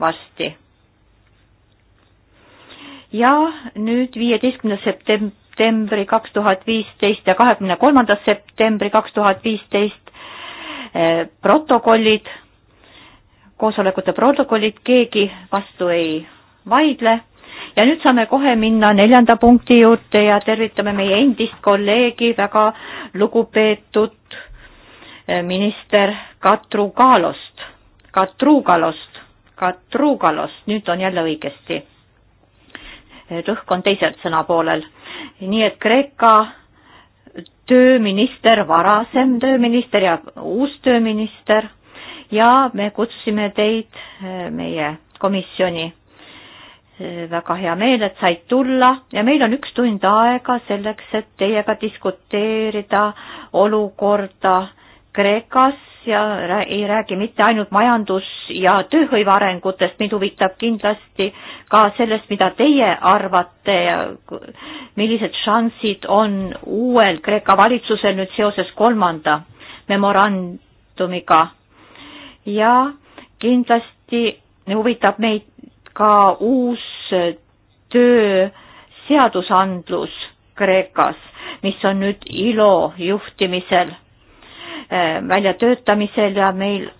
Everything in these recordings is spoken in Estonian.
varsti. ja nüüd viieteistkümnes septembri kaks tuhat viisteist ja kahekümne kolmandas septembri kaks tuhat viisteist eh, protokollid, koosolekute protokollid, keegi vastu ei vaidle ja nüüd saame kohe minna neljanda punkti juurde ja tervitame meie endist kolleegi, väga lugupeetud eh, minister Katru Kaalost, Katru Kalost. Katruugalost, nüüd on jälle õigesti. rõhk on teiselt sõna poolel. nii et Kreeka tööminister, varasem tööminister ja uus tööminister ja me kutsusime teid eh, meie komisjoni eh, väga hea meel, et said tulla ja meil on üks tund aega selleks, et teiega diskuteerida olukorda Kreekas ja ei räägi mitte ainult majandus- ja tööhõive arengutest, mind huvitab kindlasti ka sellest, mida teie arvate ja millised šansid on uuel Kreeka valitsusel nüüd seoses kolmanda memorandumiga. ja kindlasti huvitab meid ka uus tööseadusandlus Kreekas, mis on nüüd ILO juhtimisel Äh, väljatöötamisel ja meil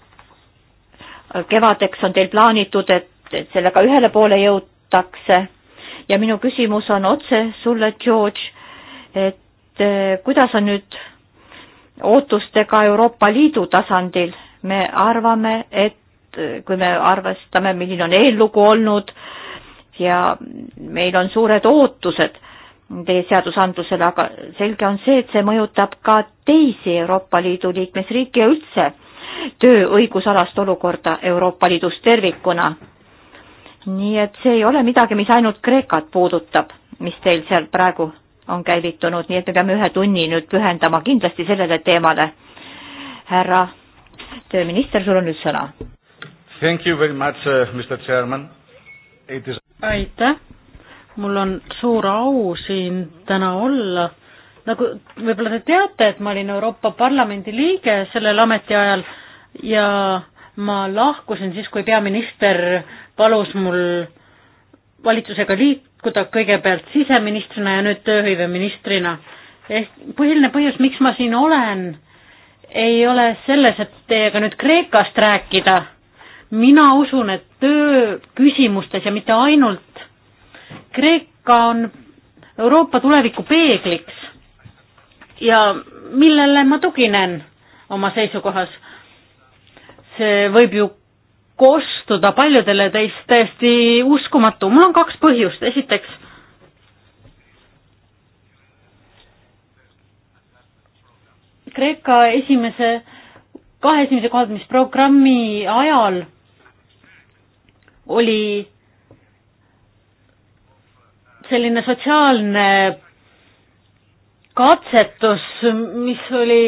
kevadeks on teil plaanitud, et sellega ühele poole jõutakse. ja minu küsimus on otse sulle, George, et äh, kuidas on nüüd ootustega Euroopa Liidu tasandil? me arvame, et äh, kui me arvestame, milline on eellugu olnud ja meil on suured ootused teie seadusandlusele, aga selge on see, et see mõjutab ka teisi Euroopa Liidu liikmesriike ja üldse tööõigusalast olukorda Euroopa Liidus tervikuna. nii et see ei ole midagi, mis ainult Kreekat puudutab, mis teil seal praegu on käivitunud, nii et me peame ühe tunni nüüd pühendama kindlasti sellele teemale. härra tööminister, sul on nüüd sõna. Thank you very much uh,, Mr Chairman. Is... aitäh mul on suur au siin täna olla. nagu võib-olla te teate, et ma olin Euroopa Parlamendi liige sellel ametiajal ja ma lahkusin siis, kui peaminister palus mul valitsusega liikuda kõigepealt siseministrina ja nüüd tööhõiveministrina. ehk põhiline põhjus, miks ma siin olen, ei ole selles, et teiega nüüd Kreekast rääkida. mina usun, et töö küsimustes ja mitte ainult Kreeka on Euroopa tuleviku peegliks ja millele ma tuginen oma seisukohas? see võib ju kostuda paljudele teist täiesti uskumatu, mul on kaks põhjust, esiteks Kreeka esimese, kahe esimese kohaldumisprogrammi ajal oli selline sotsiaalne katsetus, mis oli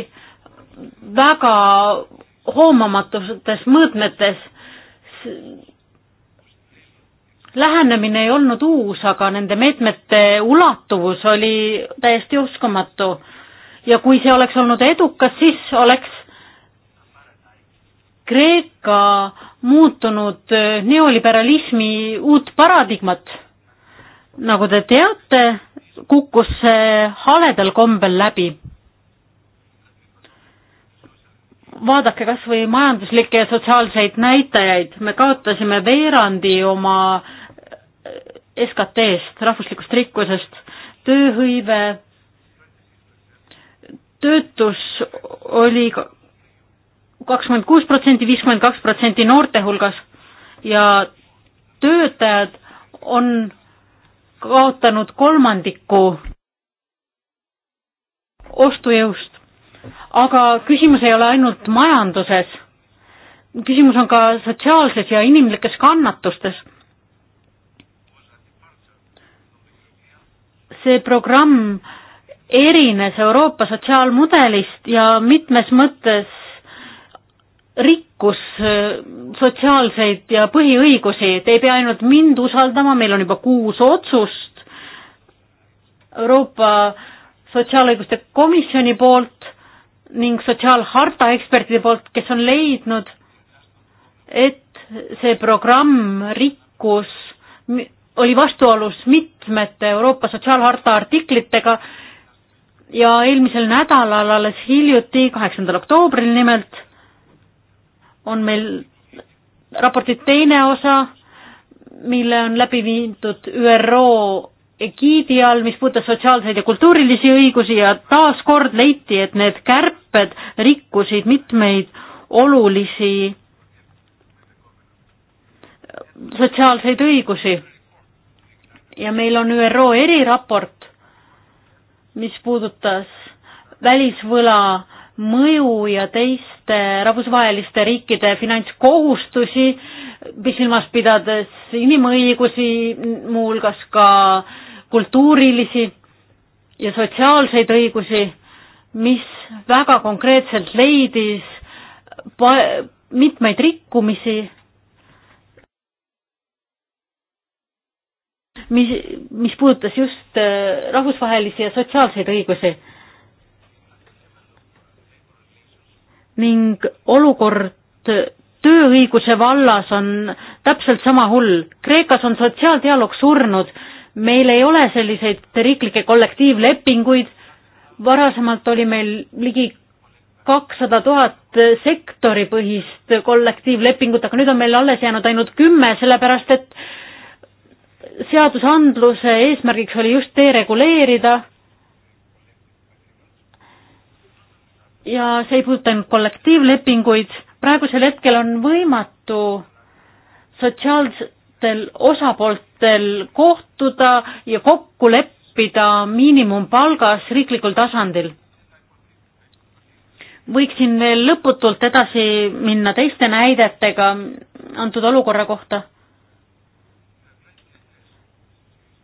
väga hoomamatutes mõõtmetes. lähenemine ei olnud uus, aga nende meetmete ulatuvus oli täiesti uskumatu. ja kui see oleks olnud edukas, siis oleks Kreeka muutunud neoliberalismi uut paradigmat nagu te teate, kukkus see haledal kombel läbi. vaadake kas või majanduslikke ja sotsiaalseid näitajaid, me kaotasime veerandi oma SKT-st, rahvuslikust rikkusest, tööhõive, töötus oli kakskümmend kuus protsenti, viiskümmend kaks protsenti noorte hulgas ja töötajad on kaotanud kolmandiku ostujõust. aga küsimus ei ole ainult majanduses, küsimus on ka sotsiaalses ja inimlikes kannatustes. see programm erines Euroopa sotsiaalmudelist ja mitmes mõttes rikkus äh, sotsiaalseid ja põhiõigusi, te ei pea ainult mind usaldama, meil on juba kuus otsust Euroopa Sotsiaalõiguste Komisjoni poolt ning sotsiaalharta ekspertide poolt, kes on leidnud, et see programm rikkus oli vastuolus mitmete Euroopa sotsiaalharta artiklitega ja eelmisel nädalal alles hiljuti, kaheksandal oktoobril nimelt on meil raporti teine osa, mille on läbi viidud ÜRO egiidi all, mis puudutas sotsiaalseid ja kultuurilisi õigusi ja taaskord leiti, et need kärped rikkusid mitmeid olulisi sotsiaalseid õigusi. ja meil on ÜRO eriraport, mis puudutas välisvõla mõju ja teiste rahvusvaheliste riikide finantskohustusi, silmas pidades inimõigusi, muuhulgas ka kultuurilisi ja sotsiaalseid õigusi, mis väga konkreetselt leidis mitmeid rikkumisi, mis, mis puudutas just äh, rahvusvahelisi ja sotsiaalseid õigusi ning olukord tööõiguse vallas on täpselt sama hull. Kreekas on sotsiaaldialoog surnud, meil ei ole selliseid riiklikke kollektiivlepinguid, varasemalt oli meil ligi kakssada tuhat sektoripõhist kollektiivlepingut, aga nüüd on meil alles jäänud ainult kümme, sellepärast et seadusandluse eesmärgiks oli just dereguleerida ja see ei puuduta ainult kollektiivlepinguid, praegusel hetkel on võimatu sotsiaalsetel osapooltel kohtuda ja kokku leppida miinimumpalgas riiklikul tasandil. võiksin veel lõputult edasi minna teiste näidetega antud olukorra kohta.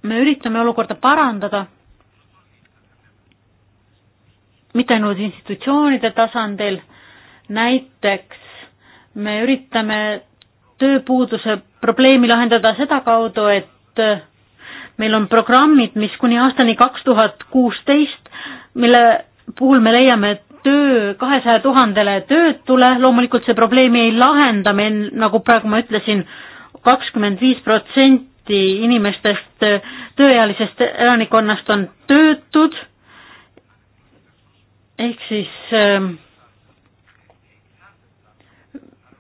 me üritame olukorda parandada mitte ainult institutsioonide tasandil, näiteks me üritame tööpuuduse probleemi lahendada sedakaudu, et meil on programmid, mis kuni aastani kaks tuhat kuusteist, mille puhul me leiame töö kahesaja tuhandele töötule, loomulikult see probleemi ei lahenda, meil nagu praegu ma ütlesin, kakskümmend viis protsenti inimestest, tööealisest elanikkonnast on töötud ehk siis ähm,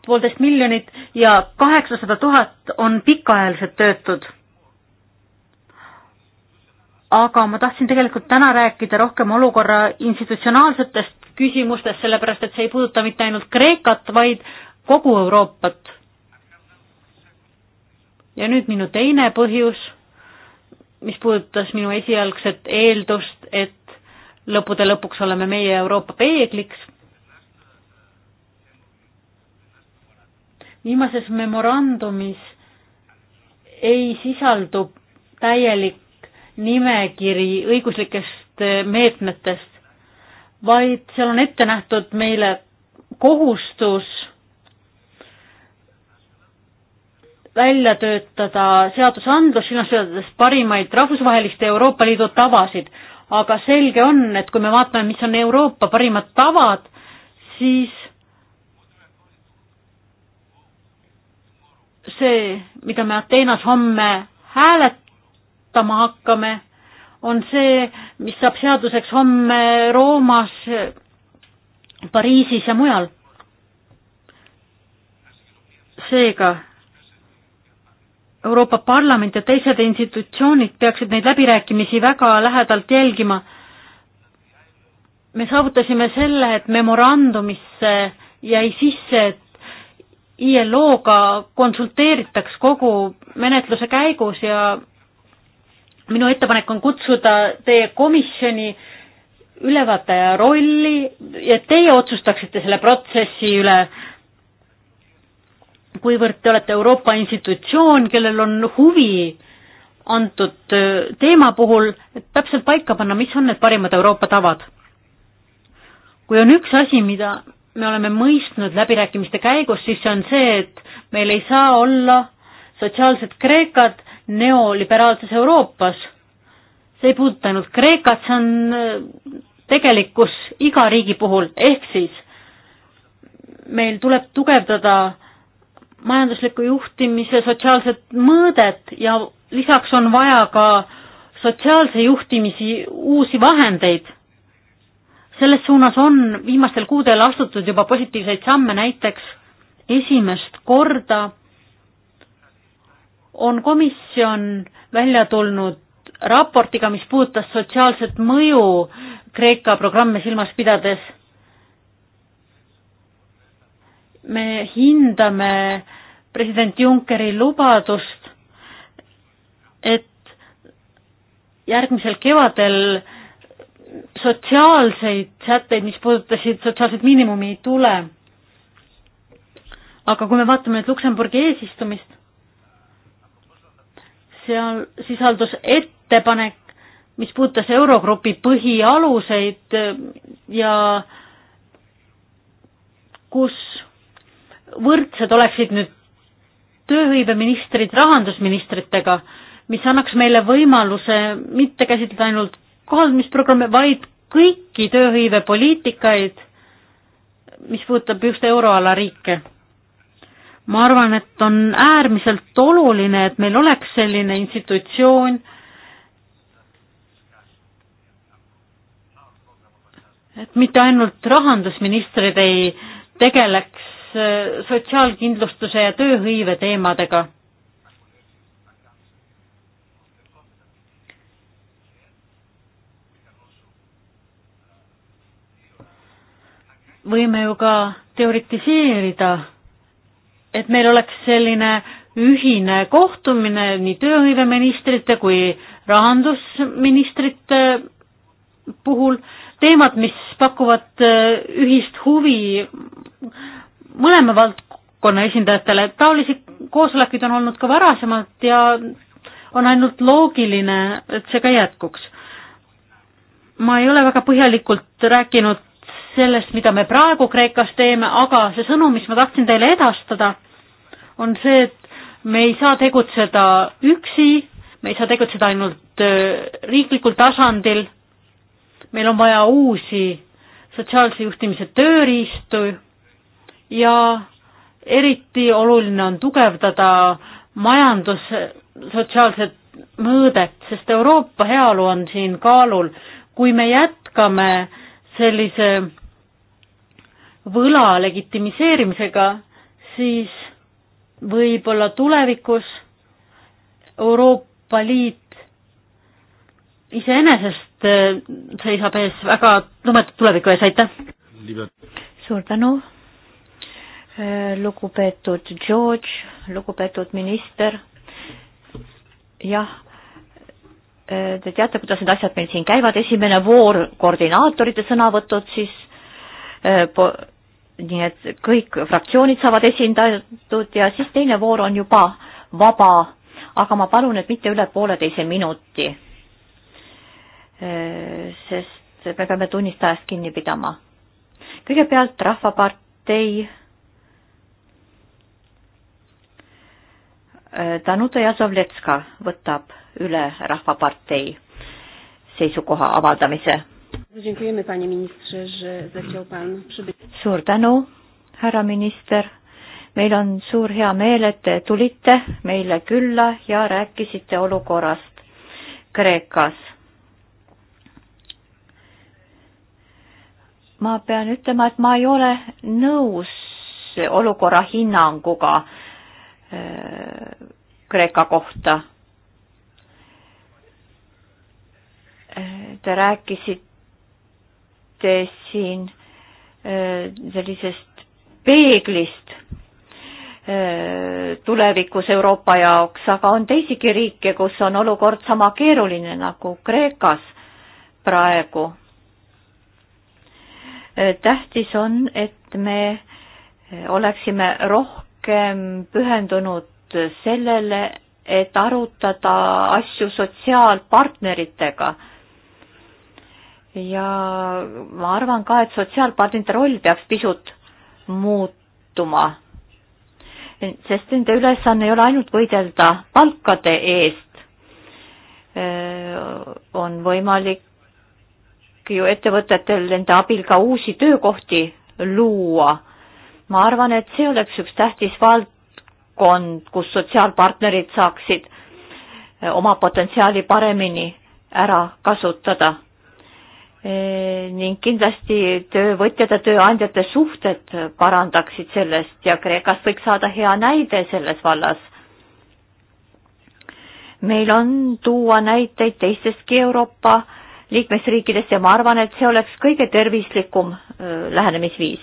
poolteist miljonit ja kaheksasada tuhat on pikaajalised töötud. aga ma tahtsin tegelikult täna rääkida rohkem olukorra institutsionaalsetest küsimustest, sellepärast et see ei puuduta mitte ainult Kreekat, vaid kogu Euroopat. ja nüüd minu teine põhjus, mis puudutas minu esialgset eeldust, et lõppude lõpuks oleme meie Euroopa peegliks. viimases memorandumis ei sisaldu täielik nimekiri õiguslikest meetmetest, vaid seal on ette nähtud meile kohustus välja töötada seadusandlus, silmas pidades parimaid rahvusvaheliste Euroopa Liidu tavasid aga selge on, et kui me vaatame, mis on Euroopa parimad tavad, siis see, mida me Ateenas homme hääletama hakkame, on see, mis saab seaduseks homme Roomas, Pariisis ja mujal. seega Euroopa Parlament ja teised institutsioonid peaksid neid läbirääkimisi väga lähedalt jälgima. me saavutasime selle, et memorandumisse jäi sisse, et ILO-ga konsulteeritaks kogu menetluse käigus ja minu ettepanek on kutsuda teie komisjoni ülevaataja rolli ja teie otsustaksite selle protsessi üle kuivõrd te olete Euroopa institutsioon, kellel on huvi antud äh, teema puhul täpselt paika panna, mis on need parimad Euroopa tavad. kui on üks asi, mida me oleme mõistnud läbirääkimiste käigus, siis see on see, et meil ei saa olla sotsiaalsed Kreekad neoliberaalses Euroopas. see ei puuduta ainult Kreekat, see on äh, tegelikkus iga riigi puhul, ehk siis meil tuleb tugevdada majanduslikku juhtimise sotsiaalset mõõdet ja lisaks on vaja ka sotsiaalse juhtimisi uusi vahendeid. selles suunas on viimastel kuudel astutud juba positiivseid samme, näiteks esimest korda on komisjon välja tulnud raportiga, mis puudutas sotsiaalset mõju Kreeka programme silmas pidades me hindame president Junckeri lubadust, et järgmisel kevadel sotsiaalseid sätteid, mis puudutasid sotsiaalset miinimumi, ei tule. aga kui me vaatame nüüd Luksemburgi eesistumist, seal sisaldus ettepanek, mis puudutas Eurogrupi põhialuseid ja kus võrdsed oleksid nüüd tööhõiveministrid rahandusministritega, mis annaks meile võimaluse mitte käsitleda ainult kohandamisprogramme, vaid kõiki tööhõivepoliitikaid, mis puudutab just euroala riike. ma arvan, et on äärmiselt oluline, et meil oleks selline institutsioon, et mitte ainult rahandusministrid ei tegeleks Äh, sotsiaalkindlustuse ja tööhõive teemadega. võime ju ka teoritiseerida, et meil oleks selline ühine kohtumine nii tööhõiveministrite kui rahandusministrite puhul, teemad, mis pakuvad äh, ühist huvi, mõlema valdkonna esindajatele, taolisi koosolekuid on olnud ka varasemalt ja on ainult loogiline, et see ka jätkuks. ma ei ole väga põhjalikult rääkinud sellest, mida me praegu Kreekas teeme, aga see sõnum, mis ma tahtsin teile edastada, on see, et me ei saa tegutseda üksi, me ei saa tegutseda ainult äh, riiklikul tasandil, meil on vaja uusi sotsiaalse juhtimise tööriistu ja eriti oluline on tugevdada majandus, sotsiaalset mõõdet, sest Euroopa heaolu on siin kaalul. kui me jätkame sellise võla legitimiseerimisega, siis võib-olla tulevikus Euroopa Liit iseenesest eh, seisab ees väga tumeda tuleviku ees, aitäh! suur tänu! lugupeetud George, lugupeetud minister. jah, te teate, kuidas need asjad meil siin käivad, esimene voor koordinaatorite sõnavõtud, siis eh, po-, nii et kõik fraktsioonid saavad esindatud ja siis teine voor on juba vaba, aga ma palun, et mitte üle pooleteise minuti. Eh, sest me peame tunnistajast kinni pidama. kõigepealt Rahvapartei Danuta Jazovletska võtab üle Rahvapartei seisukoha avaldamise. suur tänu, härra minister. meil on suur hea meel, et te tulite meile külla ja rääkisite olukorrast Kreekas. ma pean ütlema, et ma ei ole nõus olukorra hinnanguga Kreeka kohta. Te rääkisite siin eh, sellisest peeglist eh, tulevikus Euroopa jaoks, aga on teisigi riike, kus on olukord sama keeruline nagu Kreekas praegu. Eh, tähtis on, et me oleksime rohkem pühendunud sellele, et arutada asju sotsiaalpartneritega. ja ma arvan ka, et sotsiaalpartnerite roll peaks pisut muutuma, sest nende ülesanne ei ole ainult võidelda palkade eest, on võimalik ju ettevõtetel nende abil ka uusi töökohti luua. ma arvan, et see oleks üks tähtis vald, valdkond, kus sotsiaalpartnerid saaksid eh, oma potentsiaali paremini ära kasutada. Eh, ning kindlasti töövõtjate, tööandjate suhted parandaksid sellest ja Kreekast võiks saada hea näide selles vallas. meil on tuua näiteid teistestki Euroopa liikmesriikidest ja ma arvan, et see oleks kõige tervislikum eh, lähenemisviis.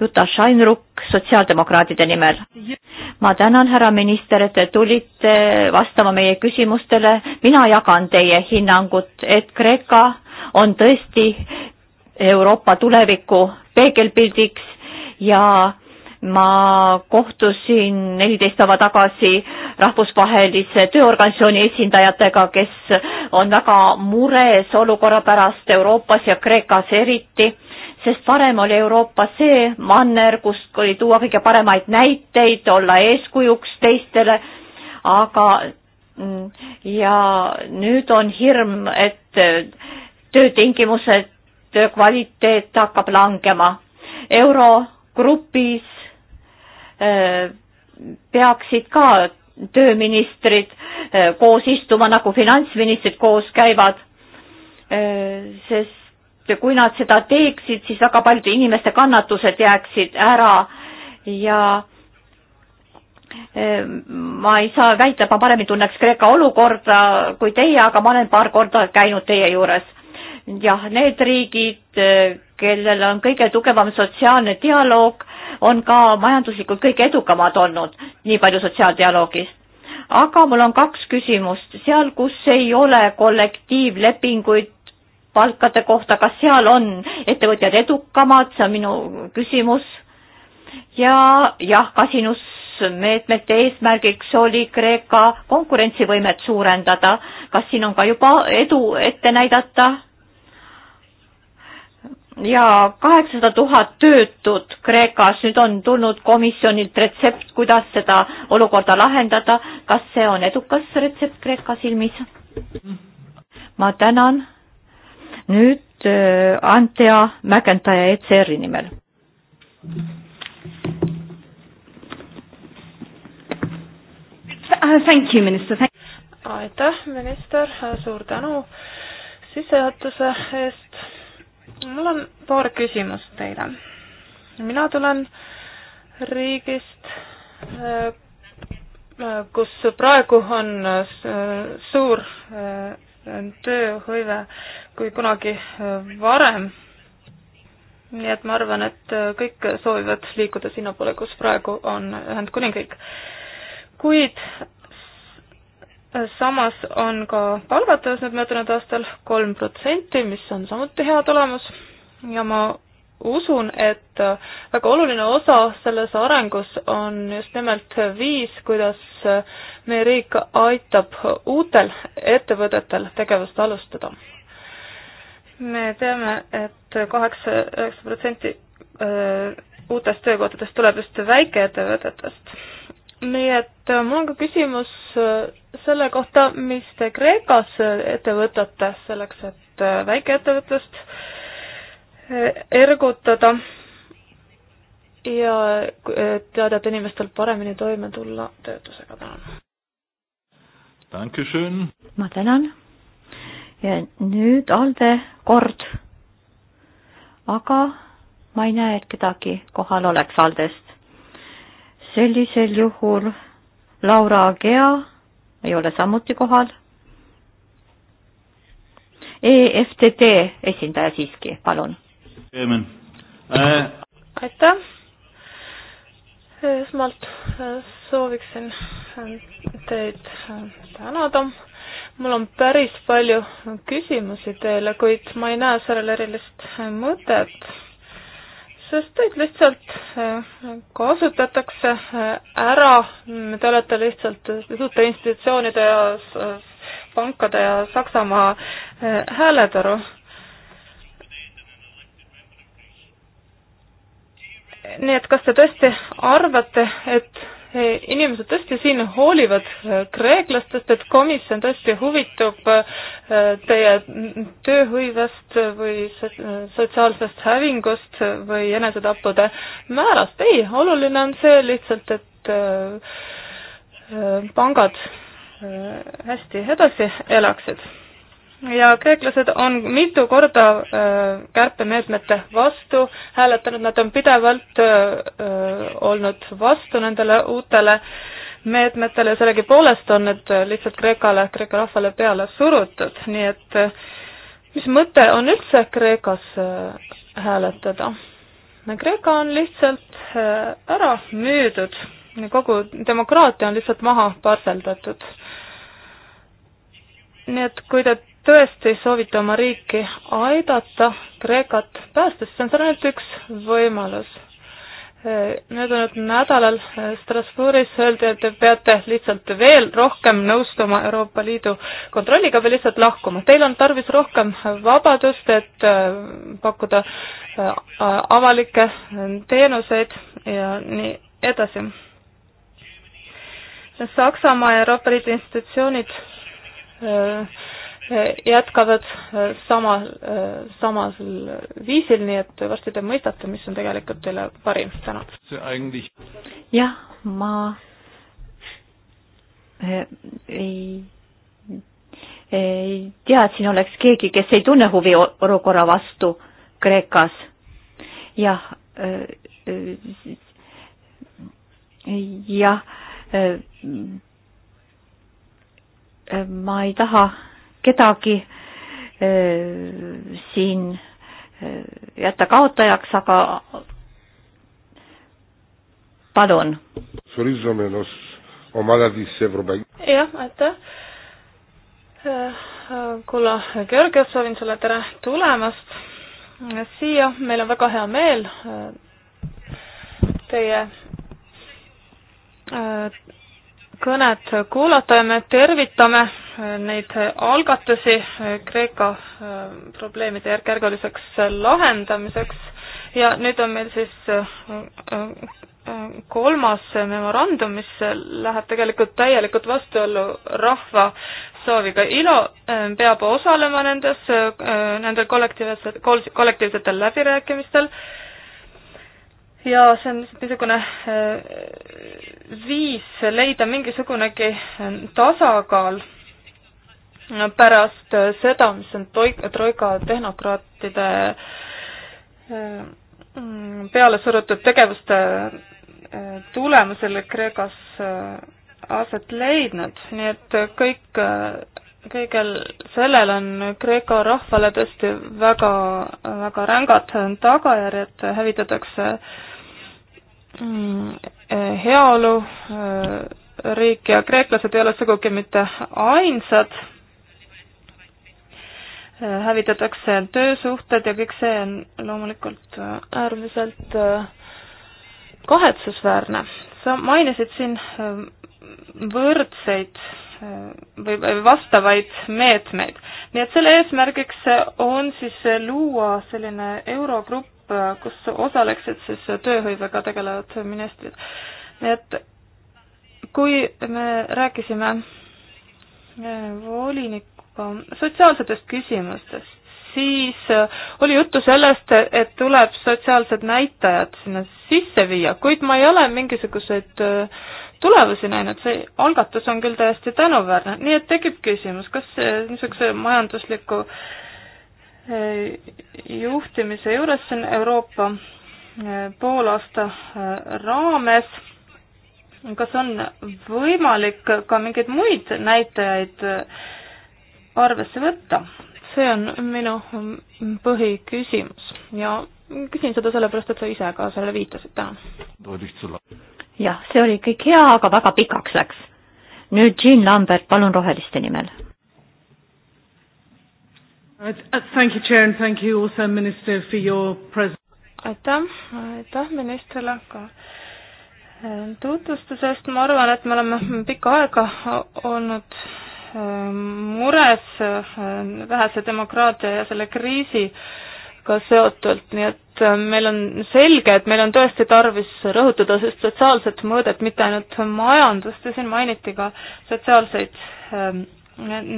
Juta Scheinruck sotsiaaldemokraatide nimel. ma tänan, härra minister, et te tulite vastama meie küsimustele. mina jagan teie hinnangut, et Kreeka on tõesti Euroopa tuleviku peegelpildiks ja ma kohtusin neliteist päeva tagasi rahvusvahelise tööorganisatsiooni esindajatega, kes on väga mures olukorra pärast Euroopas ja Kreekas eriti sest varem oli Euroopa see manner, kus oli tuua kõige paremaid näiteid, olla eeskujuks teistele, aga mm, ja nüüd on hirm, et eh, töötingimused, töö kvaliteet hakkab langema. eurogrupis eh, peaksid ka tööministrid eh, koos istuma, nagu finantsministrid koos käivad, sest ja kui nad seda teeksid, siis väga paljude inimeste kannatused jääksid ära ja ehm, ma ei saa väita, et ma paremini tunneks Kreeka olukorda kui teie, aga ma olen paar korda käinud teie juures. jah, need riigid, eh, kellel on kõige tugevam sotsiaalne dialoog, on ka majanduslikult kõige edukamad olnud, nii palju sotsiaaldialoogist aga mul on kaks küsimust. seal, kus ei ole kollektiivlepinguid, palkade kohta, kas seal on ettevõtjad edukamad, see on minu küsimus. ja jah, kasinusmeetmete eesmärgiks oli Kreeka konkurentsivõimet suurendada. kas siin on ka juba edu ette näidata? ja kaheksasada tuhat töötut Kreekas, nüüd on tulnud komisjonilt retsept, kuidas seda olukorda lahendada. kas see on edukas retsept Kreeka silmis? Mm. ma tänan nüüd äh, Antea Mägendaja ECR-i nimel. Uh, thank you, minister. aitäh, minister, suur tänu sissejuhatuse eest. mul on paar küsimust teile. mina tulen riigist, äh, kus praegu on äh, suur tööhõive kui kunagi äh, varem. nii et ma arvan, et äh, kõik soovivad liikuda sinnapoole, kus praegu on Ühendkuningriik. kuid samas on ka palgad tõusnud möödunud aastal kolm protsenti, mis on samuti hea tulemus ja ma usun, et äh, väga oluline osa selles arengus on just nimelt viis, kuidas meie riik aitab uutel ettevõtetel tegevust alustada me teame et, et kaheksa, üheksa protsenti äh, uutest töökohtadest tuleb just väikeettevõtetest. nii et äh, mul on ka küsimus äh, selle kohta, mis te Kreekas ette võtate selleks, et väikeettevõtlust ergutada ja teada, et inimestel paremini toime tulla töötusega. tänan. ma tänan ja nüüd Alde kord. aga ma ei näe, et kedagi kohal oleks Aldest. sellisel juhul Laura Agea ei ole samuti kohal. EFTT esindaja siiski, palun. Äh, aitäh. esmalt äh, sooviksin äh, teid tänada mul on päris palju küsimusi teile, kuid ma ei näe sellel erilist mõtet, sest teid lihtsalt eh, kasutatakse eh, ära, te olete lihtsalt suurte institutsioonide ja pankade ja Saksamaa eh, hääletoru. nii et kas te tõesti arvate, et inimesed tõesti siin hoolivad äh, kreeklastest, et komisjon tõesti huvitub äh, teie tööhõivest või äh, sotsiaalsest hävingust või enesetappude määrast. ei, oluline on see lihtsalt, et pangad hästi edasi elaksid ja kreeklased on mitu korda äh, kärpemeetmete vastu hääletanud, nad on pidevalt äh, äh, olnud vastu nendele uutele meetmetele ja sellegipoolest on need lihtsalt Kreekale, Kreeka rahvale peale surutud, nii et mis mõte on üldse Kreekas hääletada? Kreeka on lihtsalt ära müüdud, kogu demokraatia on lihtsalt maha parseldatud nii et kui te tõesti ei soovita oma riiki aidata, Kreekat päästes, see on seal ainult üks võimalus. möödunud nädalal Strasbourgis öeldi, et te peate lihtsalt veel rohkem nõustuma Euroopa Liidu kontrolliga või lihtsalt lahkuma. Teil on tarvis rohkem vabadust, et äh, pakkuda äh, avalikke teenuseid ja nii edasi. Saksamaa ja Euroopa Liidu institutsioonid äh, jätkavad äh, sama, äh, samal viisil, nii et varsti te mõistate, mis on tegelikult teile parim täna. jah, ma äh, ei, ei tea, et siin oleks keegi, kes ei tunne huvi olukorra vastu Kreekas. jah, jah, ma ei taha kedagi siin jätta kaotajaks, aga palun. jah, aitäh. kulla Georgios, soovin sulle tere tulemast siia, meil on väga hea meel teie kõnet kuulata ja me tervitame neid algatusi Kreeka äh, probleemide järk-järguliseks lahendamiseks ja nüüd on meil siis äh, äh, kolmas memorandum, mis läheb tegelikult täielikult vastuollu rahva sooviga. ILO peab osalema nendes, nendel kollektiivsed, kollektiivsetel läbirääkimistel ja see on lihtsalt niisugune viis leida mingisugunegi tasakaal pärast äh, seda, mis on troika tehnokraatide äh, mm, peale surutud tegevuste äh, tulemusel Kreekas aset leidnud, nii et kõik, kõigel sellel on Kreeka rahvale tõesti väga, väga rängad tagajärjed, hävitatakse mm, heaolu, riik ja kreeklased ei ole sugugi mitte ainsad hävitatakse töösuhted ja kõik see on loomulikult äh, äärmiselt äh, kahetsusväärne. sa mainisid siin äh, võrdseid või vastavaid meetmeid. nii et selle eesmärgiks on siis luua selline eurogrupp, kus osaleksid siis tööhõivega tegelevad ministrid. nii et kui me rääkisime volinik sotsiaalsetest küsimustest, siis äh, oli juttu sellest, et tuleb sotsiaalsed näitajad sinna sisse viia, kuid ma ei ole mingisuguseid äh, tulevusi näinud, see algatus on küll täiesti tänuväärne, nii et tekib küsimus, kas äh, niisuguse majandusliku juhtimise juures, see on Euroopa poolaasta raames, kas on võimalik ka mingeid muid näitajaid arvesse võtta? see on minu põhiküsimus ja küsin seda sellepärast, et sa ise ka sellele viitasid täna. jah, see oli kõik hea, aga väga pikaks läks. nüüd Jean Lambert, palun Roheliste nimel. aitäh, aitäh ministrile ka eh, tutvustusest, ma arvan, et me oleme pikka aega olnud mures äh, vähese demokraatia ja selle kriisiga seotult, nii et äh, meil on selge, et meil on tõesti tarvis rõhutada sellist sotsiaalset mõõdet, mitte ainult majandust ja siin mainiti ka sotsiaalseid ähm,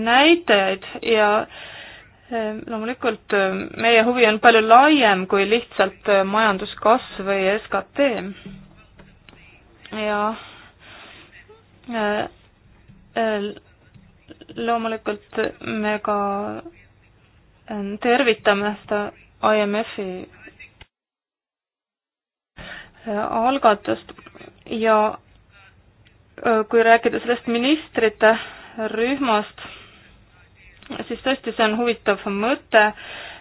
näitajaid ja ähm, loomulikult äh, meie huvi on palju laiem kui lihtsalt majanduskasv või SKT. ja loomulikult me ka ähm, tervitame seda IMF-i äh, algatust ja äh, kui rääkida sellest ministrite rühmast, siis tõesti, see on huvitav mõte,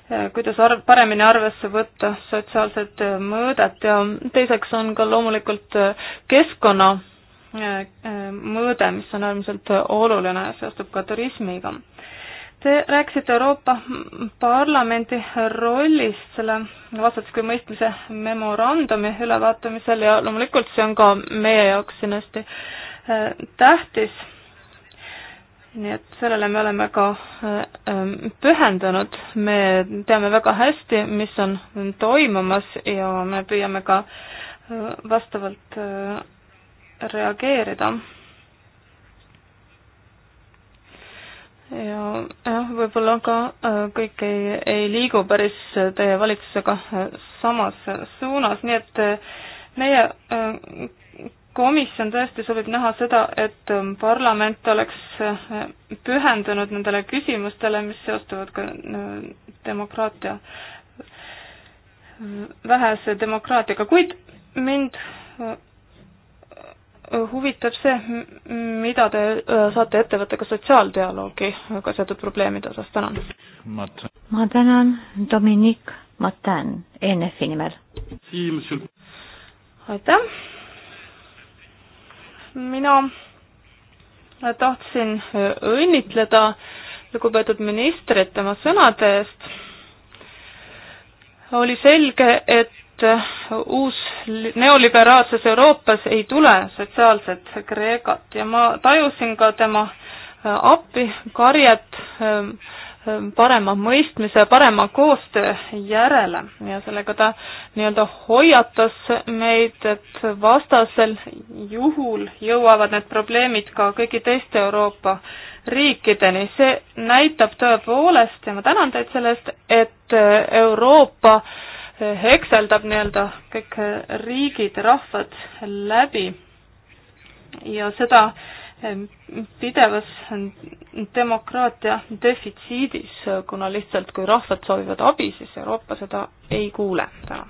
äh, kuidas arv, paremini arvesse võtta sotsiaalset mõõdet ja teiseks on ka loomulikult keskkonna Äh, äh, mõõde, mis on äärmiselt oluline, seostub ka turismiga. Te rääkisite Euroopa Parlamendi rollist selle vastastikku mõistmise memorandumi ülevaatamisel ja loomulikult see on ka meie jaoks siin hästi äh, tähtis. nii et sellele me oleme ka pühendunud, me teame väga hästi, mis on toimumas ja me püüame ka vastavalt reageerida. ja jah, võib-olla ka äh, kõik ei, ei liigu päris teie valitsusega äh, samas suunas, nii et äh, meie komisjon tõesti soovib näha seda, et parlament oleks pühendunud nendele küsimustele, mis seostuvad ka demokraatia, vähese demokraatiaga, kuid mind huvitab see, mida te äh, saate ette võtta ka sotsiaaldialoogiga seotud probleemide osas, tänan. ma tänan, Dominic Matin ENF-i nimel. aitäh. mina tahtsin õnnitleda lugupeetud ministrit tema sõnade eest. oli selge, et Äh, uus neoliberaalses Euroopas ei tule sotsiaalset Kreekat ja ma tajusin ka tema äh, appi karjet ähm, ähm, parema mõistmise, parema koostöö järele ja sellega ta nii-öelda hoiatas meid, et vastasel juhul jõuavad need probleemid ka kõigi teiste Euroopa riikideni. see näitab tõepoolest ja ma tänan teid selle eest, et äh, Euroopa äh, hekseldab nii-öelda kõik riigid, rahvad läbi ja seda pidevas demokraatia defitsiidis, kuna lihtsalt kui rahvad soovivad abi, siis Euroopa seda ei kuule täna.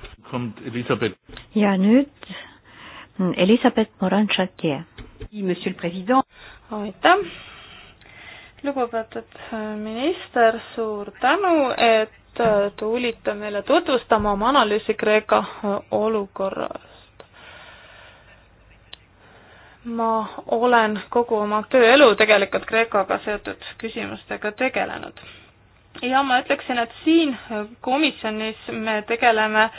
ja nüüd mm, Elizabeth Morin-Chartier. aitäh, lugupeetud minister, suur tänu, et et äh, tulite meile tutvustama oma analüüsi Kreeka äh, olukorrast. ma olen kogu oma tööelu tegelikult Kreekaga seotud küsimustega tegelenud. ja ma ütleksin, et siin äh, komisjonis me tegeleme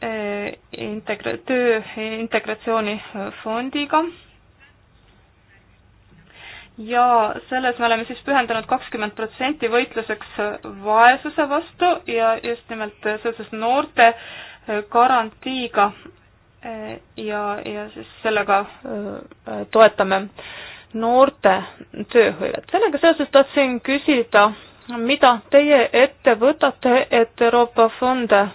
integre-, töö integratsioonifondiga ja selles me oleme siis pühendanud kakskümmend protsenti võitluseks vaesuse vastu ja just nimelt seoses noorte äh, garantiiga äh, ja, ja siis sellega äh, toetame noorte tööhõivet. sellega seoses tahtsin küsida, mida teie ette võtate, et Euroopa fonde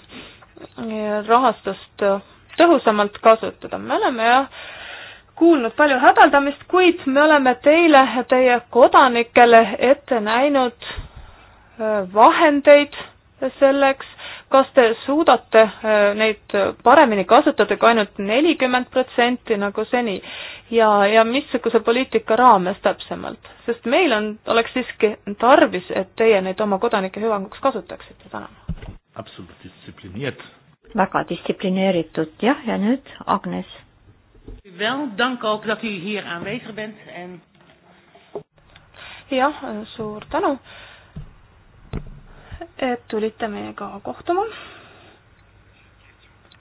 rahastust tõhusamalt kasutada. me oleme jah kuulnud palju hädaldamist, kuid me oleme teile ja teie kodanikele ette näinud äh, vahendeid selleks, kas te suudate äh, neid paremini kasutada kui ainult nelikümmend protsenti nagu seni ja, ja missuguse poliitika raames täpsemalt, sest meil on, oleks siiski tarvis, et teie neid oma kodanike hüvanguks kasutaksite täna. absoluutselt distsiplineeritud. väga distsiplineeritud jah, ja nüüd Agnes wel, dank ook dat u hier aanwezig bent. En... jah, suur tänu, et tulite meiega kohtuma.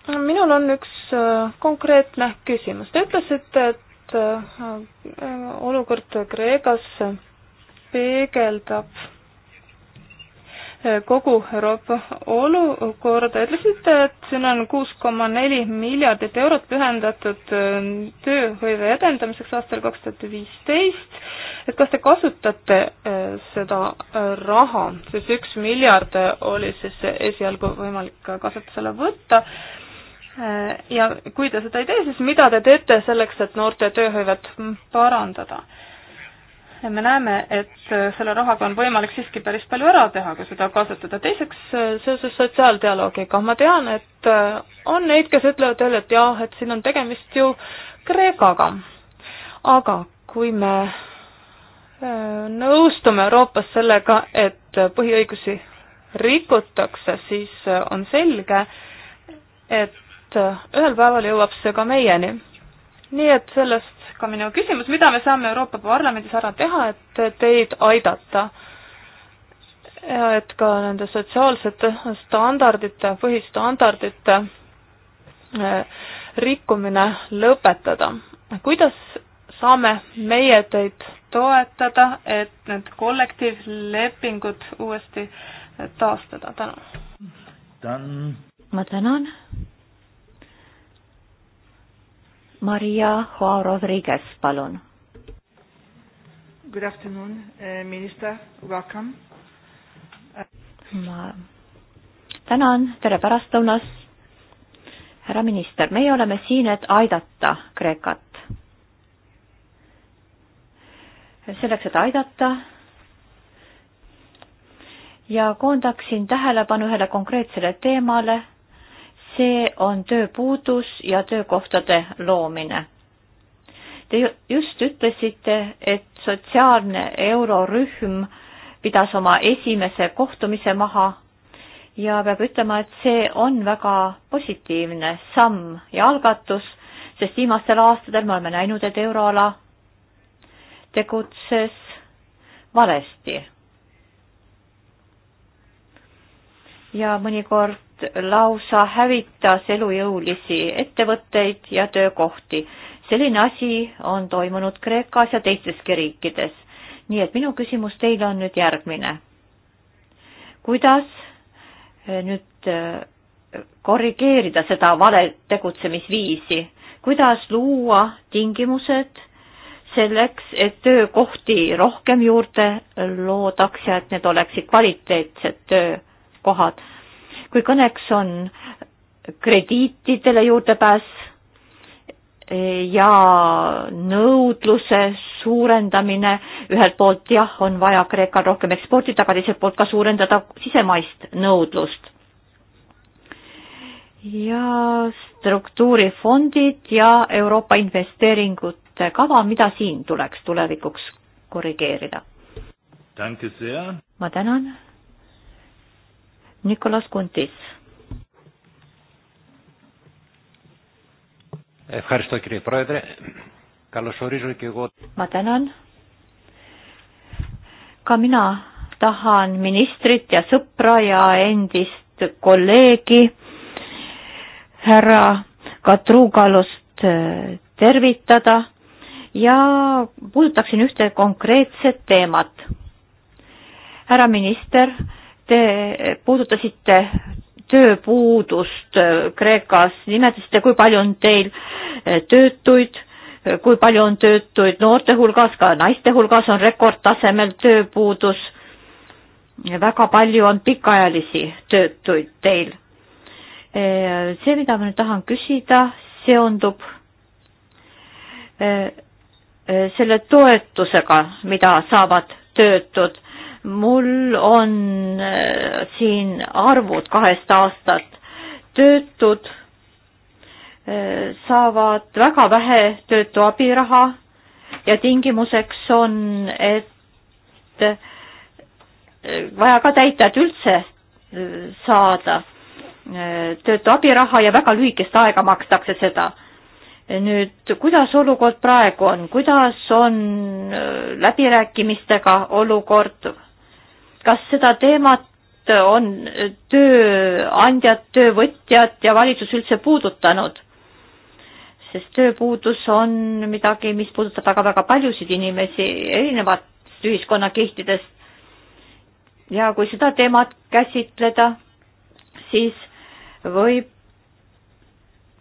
minul on üks äh, konkreetne küsimus. Te ütlesite, et äh, olukord Kreekas peegeldab kogu Euroopa olukorda. ütlesite, et siin on kuus koma neli miljardit eurot pühendatud äh, tööhõive edendamiseks aastal kaks tuhat viisteist. et kas te kasutate äh, seda äh, raha, sest üks miljard oli siis esialgu võimalik kasutusele võtta ja kui te seda ei tee, siis mida te teete selleks, et noorte tööhõivet parandada? me näeme, et äh, selle rahaga on võimalik siiski päris palju ära teha, kui seda kasutada. teiseks, äh, seoses sotsiaaldialoogiga, ma tean, et äh, on neid, kes ütlevad jälle, et jah, et siin on tegemist ju Kreekaga. aga kui me nõustume Euroopas sellega, et põhiõigusi rikutakse, siis on selge, et ühel päeval jõuab see ka meieni. nii et sellest ka minu küsimus, mida me saame Euroopa Parlamendis ära teha, et teid aidata? ja et ka nende sotsiaalsete standardite, põhistandardite äh, rikkumine lõpetada. kuidas saame meie teid toetada, et need kollektiivlepingud uuesti taastada, tänu. ma tänan. Maria Joao Rodriguez, palun. Good afternoon, eh, minister, welcome. ma tänan, tere pärastlõunas. härra minister, meie oleme siin, et aidata Kreekat. selleks, et aidata ja koondaksin tähelepanu ühele konkreetsele teemale see on tööpuudus ja töökohtade loomine. Te just ütlesite, et sotsiaalne eurorühm pidas oma esimese kohtumise maha ja peab ütlema, et see on väga positiivne samm ja algatus, sest viimastel aastatel me oleme näinud, et euroala tegutses valesti ja mõnikord lausa hävitas elujõulisi ettevõtteid ja töökohti. selline asi on toimunud Kreekas ja teisteski riikides. nii et minu küsimus teile on nüüd järgmine. kuidas eh, nüüd eh, korrigeerida seda vale tegutsemisviisi, kuidas luua tingimused selleks, et töökohti rohkem juurde loodaks ja et need oleksid kvaliteetsed töö kohad. kui kõneks on krediitidele juurdepääs e, ja nõudluse suurendamine, ühelt poolt jah, on vaja Kreekal rohkem eksportida, aga teiselt poolt ka suurendada sisemaist nõudlust. ja struktuurifondid ja Euroopa investeeringute kava, mida siin tuleks tulevikuks korrigeerida? ma tänan Nikolas Kuntis. Ευχαριστώ κύριε Πρόεδρε. Καλωσορίζω και εγώ. Μα τέναν. Ka mina tahan ministrit ja sõpra ja endist kolleegi härra Katrugalust äh, tervitada ja puudutaksin ühte konkreetset teemat. härra minister, Te puudutasite tööpuudust Kreekas, nimetasite, kui palju on teil eh, töötuid, eh, kui palju on töötuid noorte hulgas, ka naiste hulgas on rekordtasemel tööpuudus. väga palju on pikaajalisi töötuid teil. Eh, see, mida ma nüüd tahan küsida, seondub selle toetusega, mida saavad töötud mul on äh, siin arvud kahest aastast. töötud äh, saavad väga vähe töötu abiraha ja tingimuseks on, et äh, vaja ka täita, et üldse saada töötu abiraha ja väga lühikest aega makstakse seda. nüüd, kuidas olukord praegu on, kuidas on läbirääkimistega olukord kas seda teemat on tööandjad, töövõtjad ja valitsus üldse puudutanud? sest tööpuudus on midagi, mis puudutab väga-väga paljusid inimesi erinevatest ühiskonnakihtidest. ja kui seda teemat käsitleda, siis võib,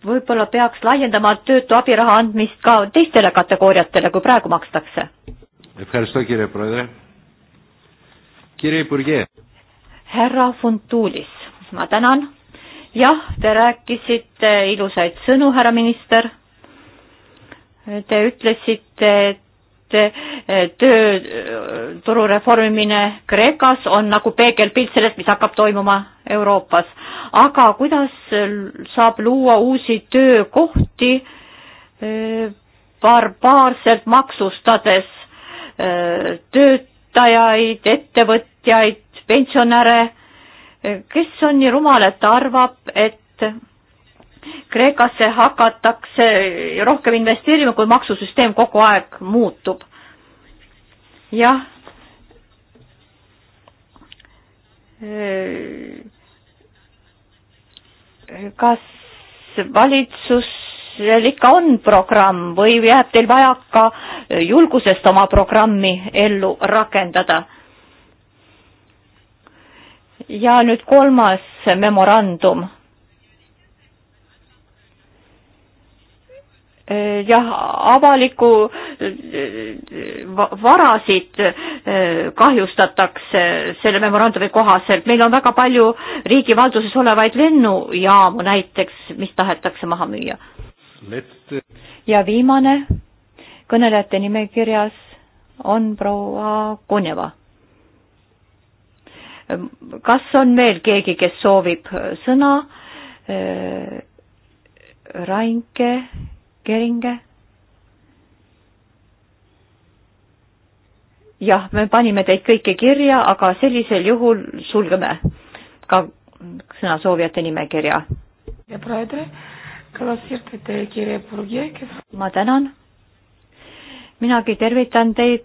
võib-olla peaks laiendama töötu abiraha andmist ka teistele kategooriatele, kui praegu makstakse härra Funtulis, ma tänan. jah, te rääkisite ilusaid sõnu, härra minister. Te ütlesite, et tööturu reformimine Kreekas on nagu peegelpilt sellest, mis hakkab toimuma Euroopas. aga kuidas saab luua uusi töökohti e, barbaarselt maksustades e, töötajaid, ettevõtteid, ettevõtjaid, pensionäre, kes on nii rumal, et ta arvab, et Kreekasse hakatakse rohkem investeerima, kui maksusüsteem kogu aeg muutub. jah. kas valitsusel ikka on programm või jääb teil vaja ka julgusest oma programmi ellu rakendada? ja nüüd kolmas memorandum. Äh, jah, avaliku äh, varasid äh, kahjustatakse selle memorandumi kohaselt, meil on väga palju riigi valduses olevaid lennujaamu näiteks, mis tahetakse maha müüa. ja viimane kõnelejate nimekirjas on proua Kunjeva kas on veel keegi, kes soovib sõna? Rainke, Keringe? jah, me panime teid kõiki kirja, aga sellisel juhul sulgeme ka sõnasoovijate nimekirja. ma tänan. minagi tervitan teid,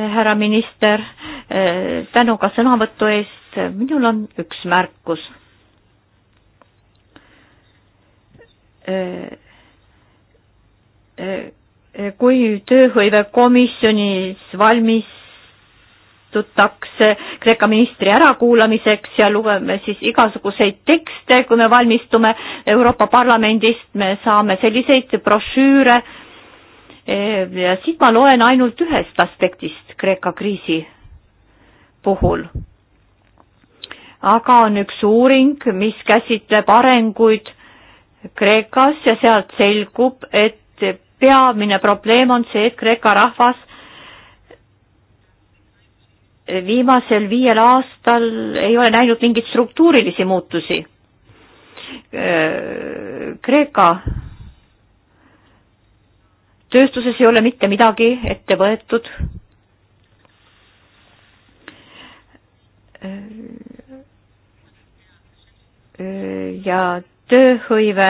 härra minister Eh, tänu ka sõnavõtu eest, minul on üks märkus. Eh, eh, kui tööhõivekomisjonis valmistutakse Kreeka ministri ärakuulamiseks ja lugeme siis igasuguseid tekste, kui me valmistume Euroopa Parlamendist, me saame selliseid brošüüre ja siit ma loen ainult ühest aspektist Kreeka kriisi puhul. aga on üks uuring, mis käsitleb arenguid Kreekas ja sealt selgub, et peamine probleem on see, et Kreeka rahvas viimasel viiel aastal ei ole näinud mingeid struktuurilisi muutusi. Kreeka tööstuses ei ole mitte midagi ette võetud ja tööhõive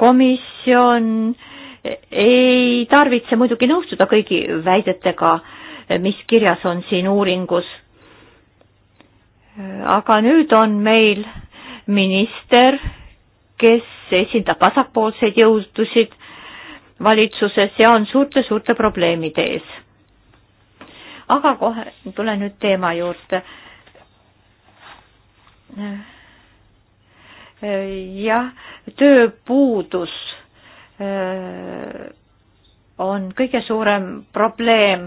komisjon ei tarvitse muidugi nõustuda kõigi väidetega, mis kirjas on siin uuringus. aga nüüd on meil minister, kes esindab vasakpoolseid jõudusid valitsuses ja on suurte-suurte probleemide ees aga kohe tulen nüüd teema juurde. jah, tööpuudus äh, on kõige suurem probleem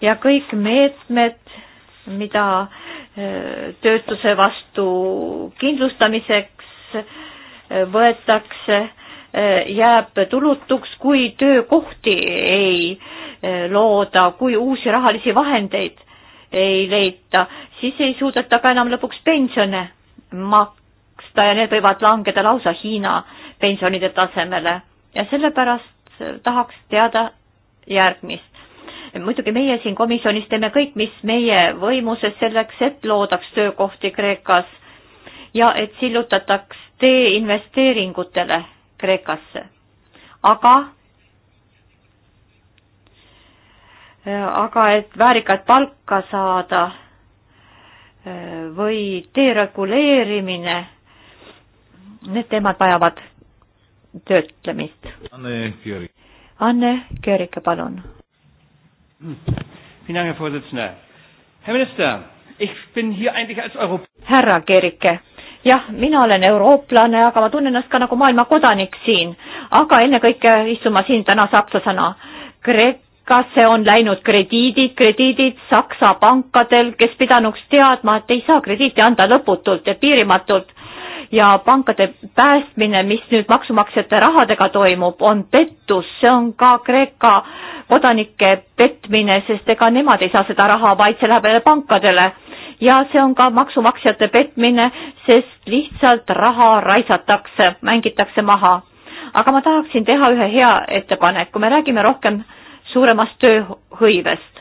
ja kõik meetmed, mida äh, töötuse vastu kindlustamiseks äh, võetakse, Eh, jääb tulutuks, kui töökohti ei eh, looda, kui uusi rahalisi vahendeid ei leita, siis ei suudeta ka enam lõpuks pensione maksta ja need võivad langeda lausa Hiina pensionide tasemele. ja sellepärast eh, tahaks teada järgmist. muidugi meie siin komisjonis teeme kõik, mis meie võimuses selleks, et loodaks töökohti Kreekas ja et sillutataks tee investeeringutele Kreekasse. aga äh, aga et väärikat palka saada äh, või dereguleerimine, need teemad vajavad töötlemist. Anne Köörik. Anne Köörike, palun. härra Köörike, jah, mina olen eurooplane, aga ma tunnen ennast ka nagu maailmakodanik siin, aga ennekõike istun ma siin täna sakslasena. Kreekasse on läinud krediidid, krediidid Saksa pankadel, kes pidanuks teadma, et ei saa krediiti anda lõputult ja piirimatult ja pankade päästmine, mis nüüd maksumaksjate rahadega toimub, on pettus, see on ka Kreeka kodanike petmine, sest ega nemad ei saa seda raha, vaid see läheb jälle pankadele ja see on ka maksumaksjate petmine, sest lihtsalt raha raisatakse, mängitakse maha. aga ma tahaksin teha ühe hea ettepaneku, me räägime rohkem suuremast tööhõivest.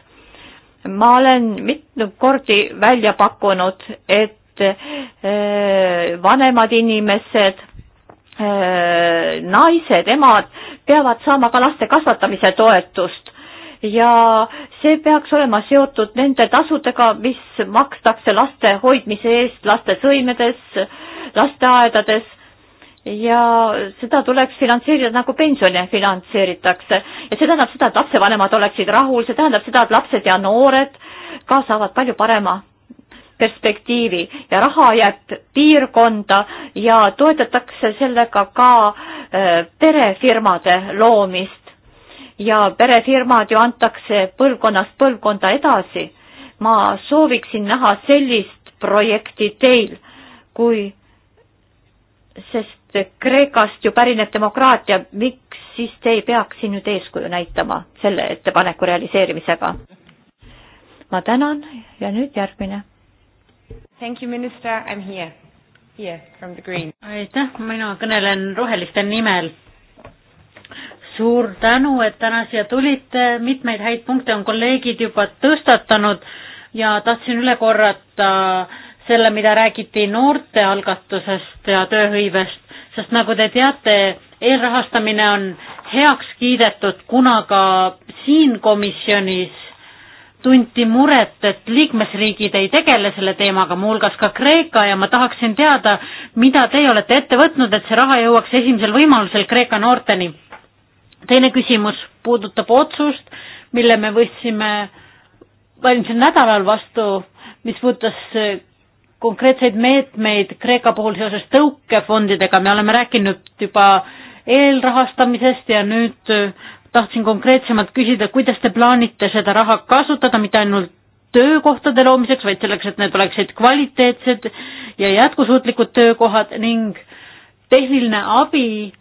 ma olen mitmeid kordi välja pakkunud, et äh, vanemad inimesed, äh, naised, emad peavad saama ka laste kasvatamise toetust ja see peaks olema seotud nende tasudega, mis makstakse laste hoidmise eest laste sõimedes, lasteaedades ja seda tuleks finantseerida nagu pensione finantseeritakse. ja see tähendab seda, et lapsevanemad oleksid rahul, see tähendab seda, et lapsed ja noored ka saavad palju parema perspektiivi ja raha jääb piirkonda ja toetatakse sellega ka äh, perefirmade loomist ja perefirmad ju antakse põlvkonnast põlvkonda edasi. ma sooviksin näha sellist projekti teil, kui, sest Kreekast ju pärineb demokraatia, miks siis te ei peaks siin nüüd eeskuju näitama selle ettepaneku realiseerimisega? ma tänan ja nüüd järgmine. Thank you, minister, I am here. Here from the green. aitäh, mina kõnelen roheliste nimel suur tänu, et täna siia tulite, mitmeid häid punkte on kolleegid juba tõstatanud ja tahtsin üle korrata selle, mida räägiti noortealgatusest ja tööhõivest, sest nagu te teate, eelrahastamine on heaks kiidetud, kuna ka siin komisjonis tunti muret, et liikmesriigid ei tegele selle teemaga, muuhulgas ka Kreeka ja ma tahaksin teada, mida teie olete ette võtnud, et see raha jõuaks esimesel võimalusel Kreeka noorteni teine küsimus puudutab otsust, mille me võtsime eelmisel nädalal vastu, mis puudutas äh, konkreetseid meetmeid Kreeka puhul seoses tõukefondidega, me oleme rääkinud juba eelrahastamisest ja nüüd äh, tahtsin konkreetsemalt küsida, kuidas te plaanite seda raha kasutada, mitte ainult töökohtade loomiseks, vaid selleks, et need oleksid kvaliteetsed ja jätkusuutlikud töökohad ning tehniline abi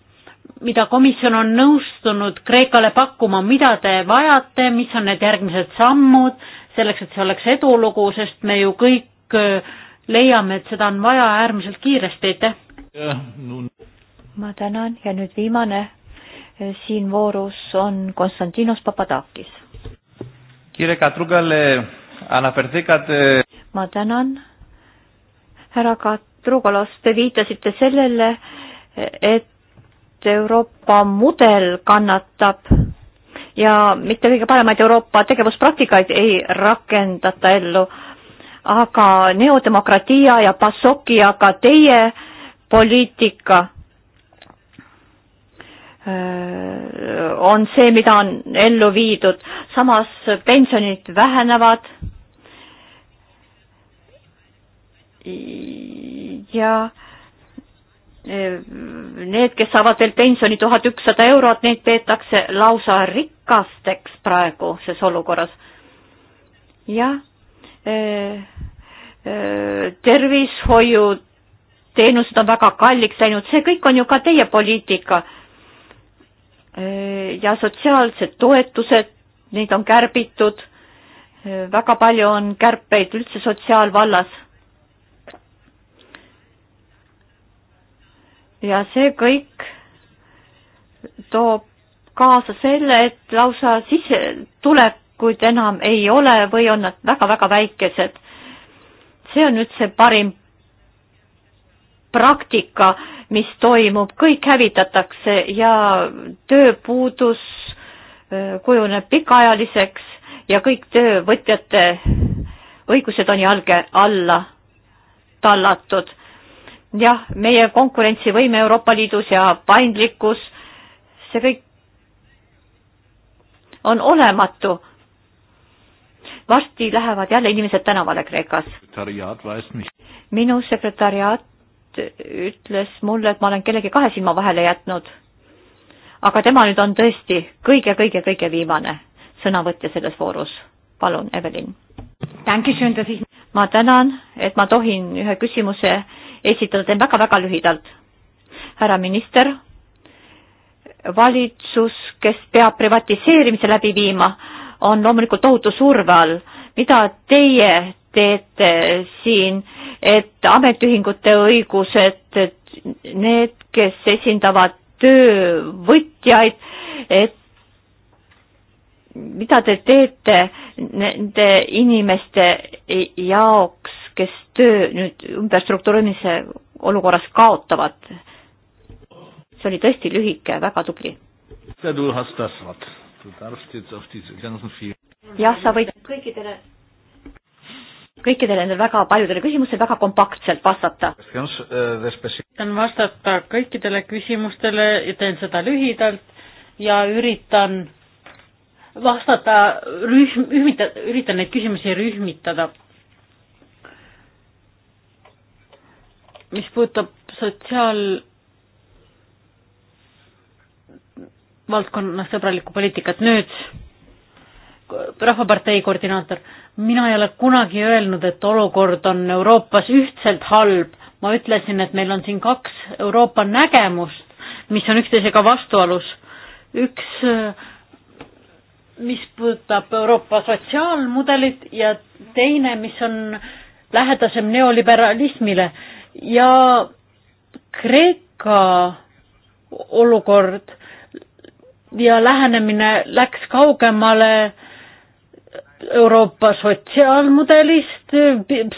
mida komisjon on nõustunud Kreekale pakkuma, mida te vajate, mis on need järgmised sammud selleks, et see oleks edulugu, sest me ju kõik äh, leiame, et seda on vaja äärmiselt kiiresti, aitäh! ma tänan ja nüüd viimane äh, siin voorus on Konstantinos Papadakis. Äh, ma tänan, härra Katrugalos, te viitasite sellele, et Euroopa mudel kannatab ja mitte kõige paremaid Euroopa tegevuspraktikaid ei rakendata ellu. aga neodemokratia ja Pasoki, aga teie poliitika on see, mida on ellu viidud, samas pensionid vähenevad. ja äh, need, kes saavad veel pensioni tuhat ükssada eurot, neid peetakse lausa rikasteks praeguses olukorras. jah, e, e, tervishoiuteenused on väga kalliks läinud, see kõik on ju ka teie poliitika. E, ja sotsiaalsed toetused, neid on kärbitud, väga palju on kärpeid üldse sotsiaalvallas ja see kõik toob kaasa selle, et lausa sissetulekuid enam ei ole või on nad väga-väga väikesed. see on nüüd see parim praktika, mis toimub, kõik hävitatakse ja tööpuudus äh, kujuneb pikaajaliseks ja kõik töövõtjate õigused on jalge alla tallatud jah, meie konkurentsivõime Euroopa Liidus ja paindlikkus, see kõik on olematu. varsti lähevad jälle inimesed tänavale Kreekas. minu sekretariaat ütles mulle, et ma olen kellegi kahe silma vahele jätnud. aga tema nüüd on tõesti kõige-kõige-kõige viimane sõnavõtja selles voorus. palun, Evelin. ma tänan, et ma tohin ühe küsimuse esitada, teen väga-väga lühidalt. härra minister, valitsus, kes peab privatiseerimise läbi viima, on loomulikult tohutu surve all. mida teie teete siin, et ametiühingute õigused, need, kes esindavad töövõtjaid, et mida te teete nende inimeste jaoks, kes töö nüüd ümberstruktureerimise olukorras kaotavad. see oli tõesti lühike, väga tubli. jah, sa võid kõikidele kõikidele nendele väga paljudele küsimustele väga kompaktselt vastata. üritan äh, vastata kõikidele küsimustele ja teen seda lühidalt ja üritan vastata rühm, ühmita, üritan neid küsimusi rühmitada mis puudutab sotsiaal valdkonna sõbralikku poliitikat, nüüd Rahvapartei koordinaator, mina ei ole kunagi öelnud, et olukord on Euroopas ühtselt halb, ma ütlesin, et meil on siin kaks Euroopa nägemust, mis on üksteisega vastuolus. üks, mis puudutab Euroopa sotsiaalmudelit ja teine, mis on lähedasem neoliberalismile ja Kreeka olukord ja lähenemine läks kaugemale Euroopa sotsiaalmudelist,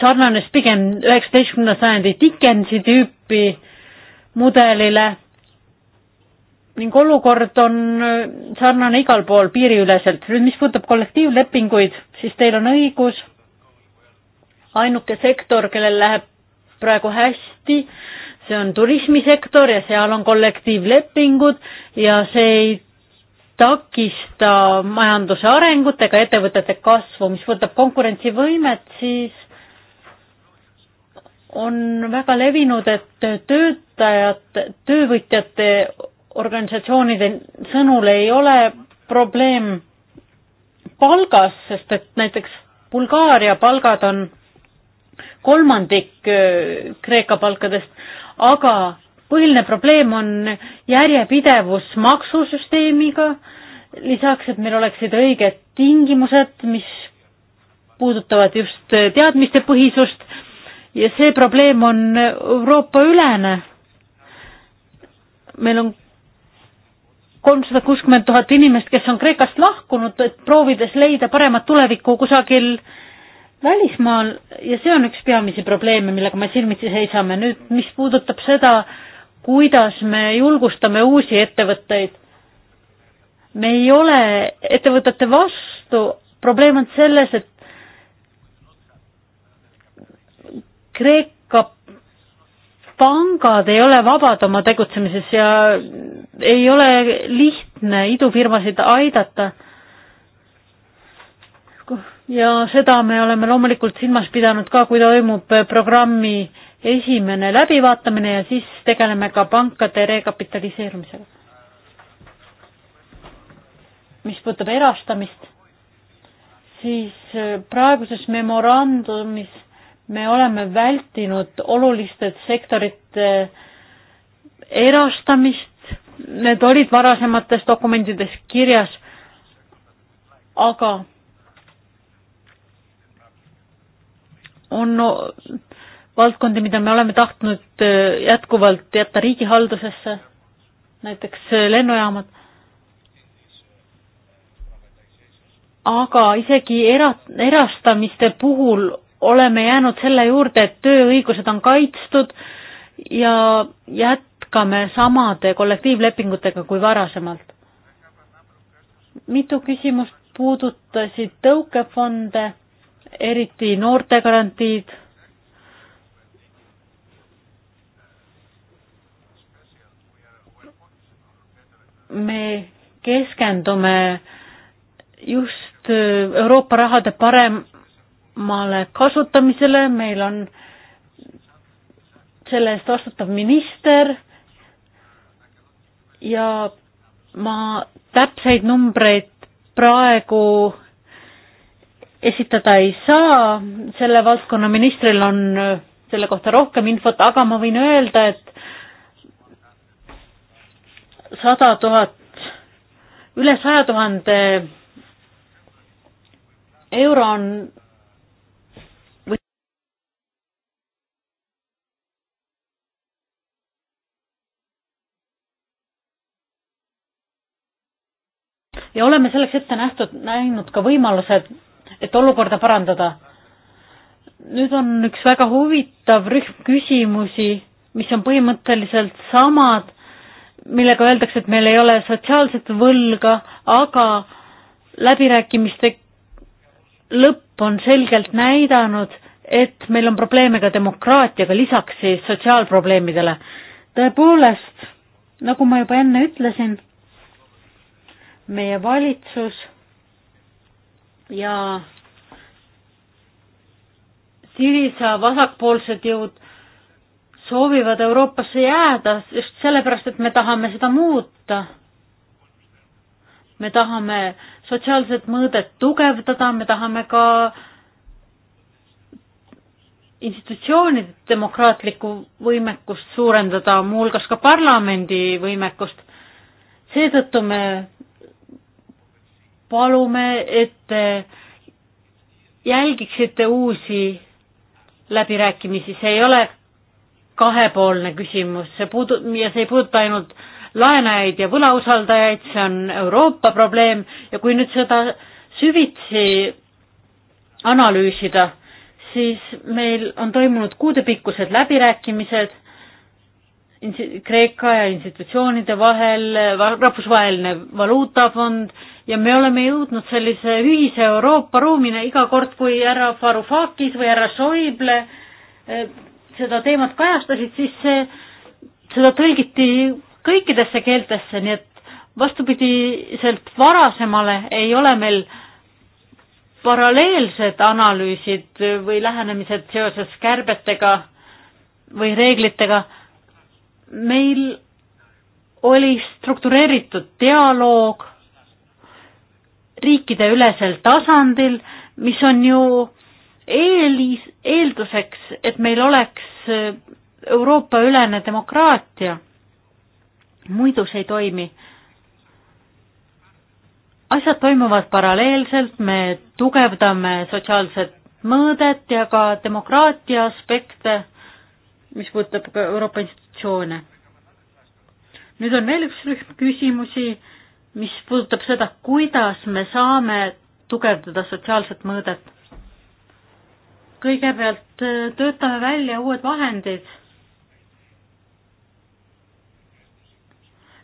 sarnanes pigem üheksateistkümnenda sajandi Dickensi tüüpi mudelile ning olukord on sarnane igal pool piiriüleselt. nüüd, mis puudutab kollektiivlepinguid, siis teil on õigus, ainuke sektor, kellel läheb praegu hästi, see on turismisektor ja seal on kollektiivlepingud ja see ei takista majanduse arengut ega ettevõtete kasvu, mis võtab konkurentsivõimet, siis on väga levinud, et töötajad, töövõtjate organisatsioonide sõnul ei ole probleem palgas, sest et näiteks Bulgaaria palgad on kolmandik Kreeka palkadest, aga põhiline probleem on järjepidevus maksusüsteemiga, lisaks, et meil oleksid õiged tingimused, mis puudutavad just teadmistepõhisust ja see probleem on Euroopa ülene. meil on kolmsada kuuskümmend tuhat inimest, kes on Kreekast lahkunud, et proovides leida paremat tulevikku kusagil äh, välismaal ja see on üks peamisi probleeme, millega me silmitsi seisame. nüüd, mis puudutab seda, kuidas me julgustame uusi ettevõtteid. me ei ole ettevõtete vastu, probleem on selles, et Kreeka pangad ei ole vabad oma tegutsemises ja ei ole lihtne idufirmasid aidata ja seda me oleme loomulikult silmas pidanud ka, kui toimub programmi esimene läbivaatamine ja siis tegeleme ka pankade rekapitaliseerumisega. mis puudutab erastamist, siis äh, praeguses memorandumis me oleme vältinud oluliste sektorite äh, erastamist, need olid varasemates dokumentides kirjas, aga on no, valdkondi, mida me oleme tahtnud eh, jätkuvalt jätta riigihaldusesse, näiteks eh, lennujaamad. aga isegi era, erastamiste puhul oleme jäänud selle juurde, et tööõigused on kaitstud ja jätkame samade kollektiivlepingutega kui varasemalt. mitu küsimust puudutasid tõukefonde eriti noortegarantiid. me keskendume just Euroopa rahade paremale kasutamisele, meil on selle eest vastutav minister ja ma täpseid numbreid praegu esitada ei saa, selle valdkonna ministril on äh, selle kohta rohkem infot, aga ma võin öelda, et sada tuhat, üle saja tuhande euro on ja oleme selleks ette nähtud, näinud ka võimalused et olukorda parandada. nüüd on üks väga huvitav rühm küsimusi, mis on põhimõtteliselt samad, millega öeldakse, et meil ei ole sotsiaalset võlga, aga läbirääkimiste lõpp on selgelt näidanud, et meil on probleeme ka demokraatiaga, lisaks siis sotsiaalprobleemidele. tõepoolest, nagu ma juba enne ütlesin, meie valitsus ja Sirisa vasakpoolsed jõud soovivad Euroopasse jääda just sellepärast, et me tahame seda muuta. me tahame sotsiaalset mõõdet tugevdada, me tahame ka institutsioonide demokraatlikku võimekust suurendada, muuhulgas ka parlamendi võimekust. seetõttu me palume, et te jälgiksite uusi läbirääkimisi, see ei ole kahepoolne küsimus, see puudu- ja see ei puuduta ainult laenajaid ja võlausaldajaid, see on Euroopa probleem ja kui nüüd seda süvitsi analüüsida, siis meil on toimunud kuudepikkused läbirääkimised Kreeka ja institutsioonide vahel, Rahvusvaheline Valuutafond ja me oleme jõudnud sellise ühise Euroopa ruumina iga kord, kui härra Varoufakis või härra Schäuble eh, seda teemat kajastasid, siis see, seda tõlgiti kõikidesse keeltesse, nii et vastupidiselt varasemale ei ole meil paralleelsed analüüsid või lähenemised seoses kärbetega või reeglitega. meil oli struktureeritud dialoog riikideülesel tasandil, mis on ju eelis, eelduseks, et meil oleks äh, Euroopa-ülene demokraatia. muidu see ei toimi. asjad toimuvad paralleelselt, me tugevdame sotsiaalset mõõdet ja ka demokraatia aspekte, mis puudutab ka Euroopa institutsioone. nüüd on veel üks rühm küsimusi, mis puudutab seda, kuidas me saame tugevdada sotsiaalset mõõdet. kõigepealt äh, töötame välja uued vahendid.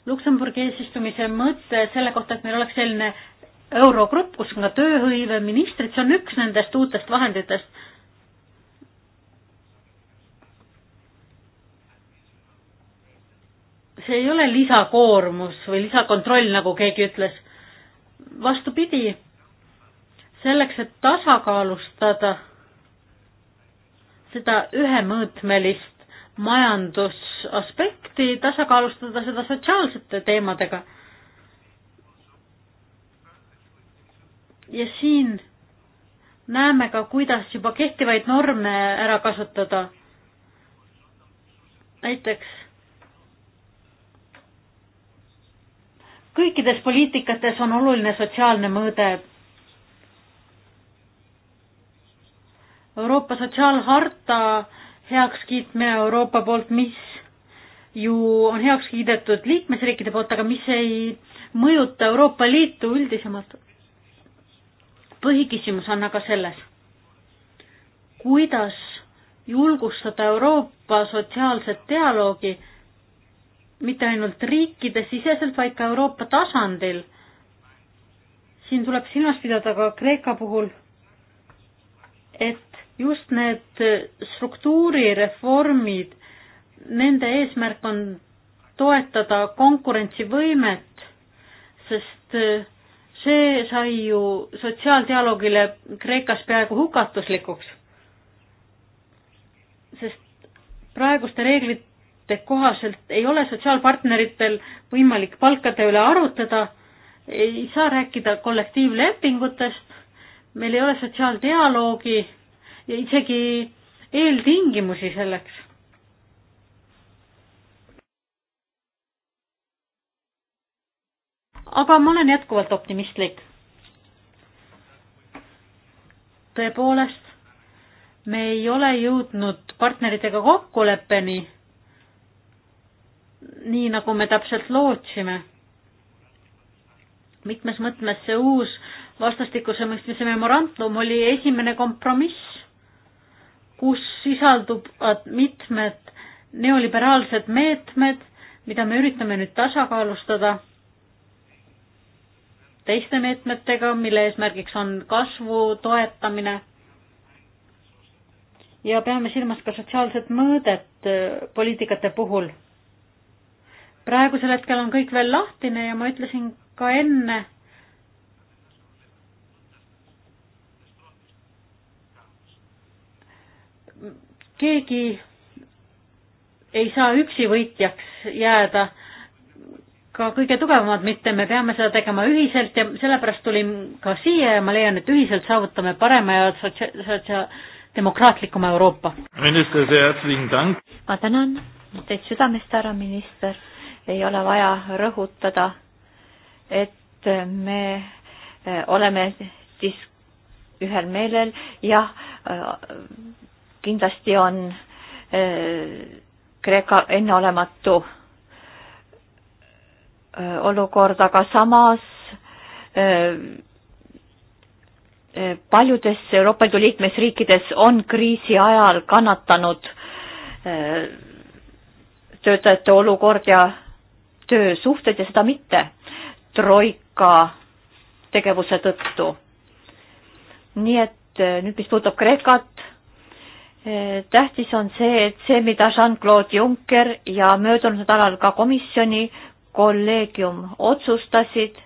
Luksemburgi eesistumise mõte selle kohta, et meil oleks selline eurogrupp, kus on ka tööhõiveministrid, see on üks nendest uutest vahenditest see ei ole lisakoormus või lisakontroll, nagu keegi ütles. vastupidi, selleks, et tasakaalustada seda ühemõõtmelist majandusaspekti, tasakaalustada seda sotsiaalsete teemadega. ja siin näeme ka, kuidas juba kehtivaid norme ära kasutada. näiteks kõikides poliitikates on oluline sotsiaalne mõõde. Euroopa sotsiaalharta heakskiitmine Euroopa poolt, mis ju on heaks kiidetud liikmesriikide poolt, aga mis ei mõjuta Euroopa Liitu üldisemalt. põhiküsimus on aga selles, kuidas julgustada Euroopa sotsiaalset dialoogi mitte ainult riikide siseselt, vaid ka Euroopa tasandil. siin tuleb silmas pidada ka Kreeka puhul, et just need struktuurireformid, nende eesmärk on toetada konkurentsivõimet, sest äh, see sai ju sotsiaaldialoogile Kreekas peaaegu hukatuslikuks. sest praeguste reeglite lepingute kohaselt ei ole sotsiaalpartneritel võimalik palkade üle arutada, ei saa rääkida kollektiivlepingutest, meil ei ole sotsiaaldialoogi ja isegi eeltingimusi selleks. aga ma olen jätkuvalt optimistlik. tõepoolest, me ei ole jõudnud partneritega kokkuleppeni nii nagu me täpselt lootsime. mitmes mõttes see uus vastastikuse mõistmise memorandum oli esimene kompromiss, kus sisalduvad mitmed neoliberaalsed meetmed, mida me üritame nüüd tasakaalustada teiste meetmetega, mille eesmärgiks on kasvu toetamine. ja peame silmas ka sotsiaalset mõõdet äh, poliitikate puhul praegusel hetkel on kõik veel lahtine ja ma ütlesin ka enne, keegi ei saa üksi võitjaks jääda, ka kõige tugevamad mitte, me peame seda tegema ühiselt ja sellepärast tulin ka siia ja ma leian, et ühiselt saavutame parema ja sotsia-, sotsia-, demokraatlikuma Euroopa. minister, ma tänan teid südamest, härra minister ei ole vaja rõhutada, et me e, oleme dis-, ühel meelel, jah, e, kindlasti on e, Kreeka enneolematu olukord, aga samas paljudes Euroopa Liidu liikmesriikides on kriisi ajal kannatanud töötajate olukord ja töösuhted ja seda mitte troika tegevuse tõttu. nii et eh, nüüd, mis puudutab Kreekat, eh, tähtis on see, et see, mida Jean-Claude Juncker ja möödunud nädalal ka komisjoni kolleegium otsustasid,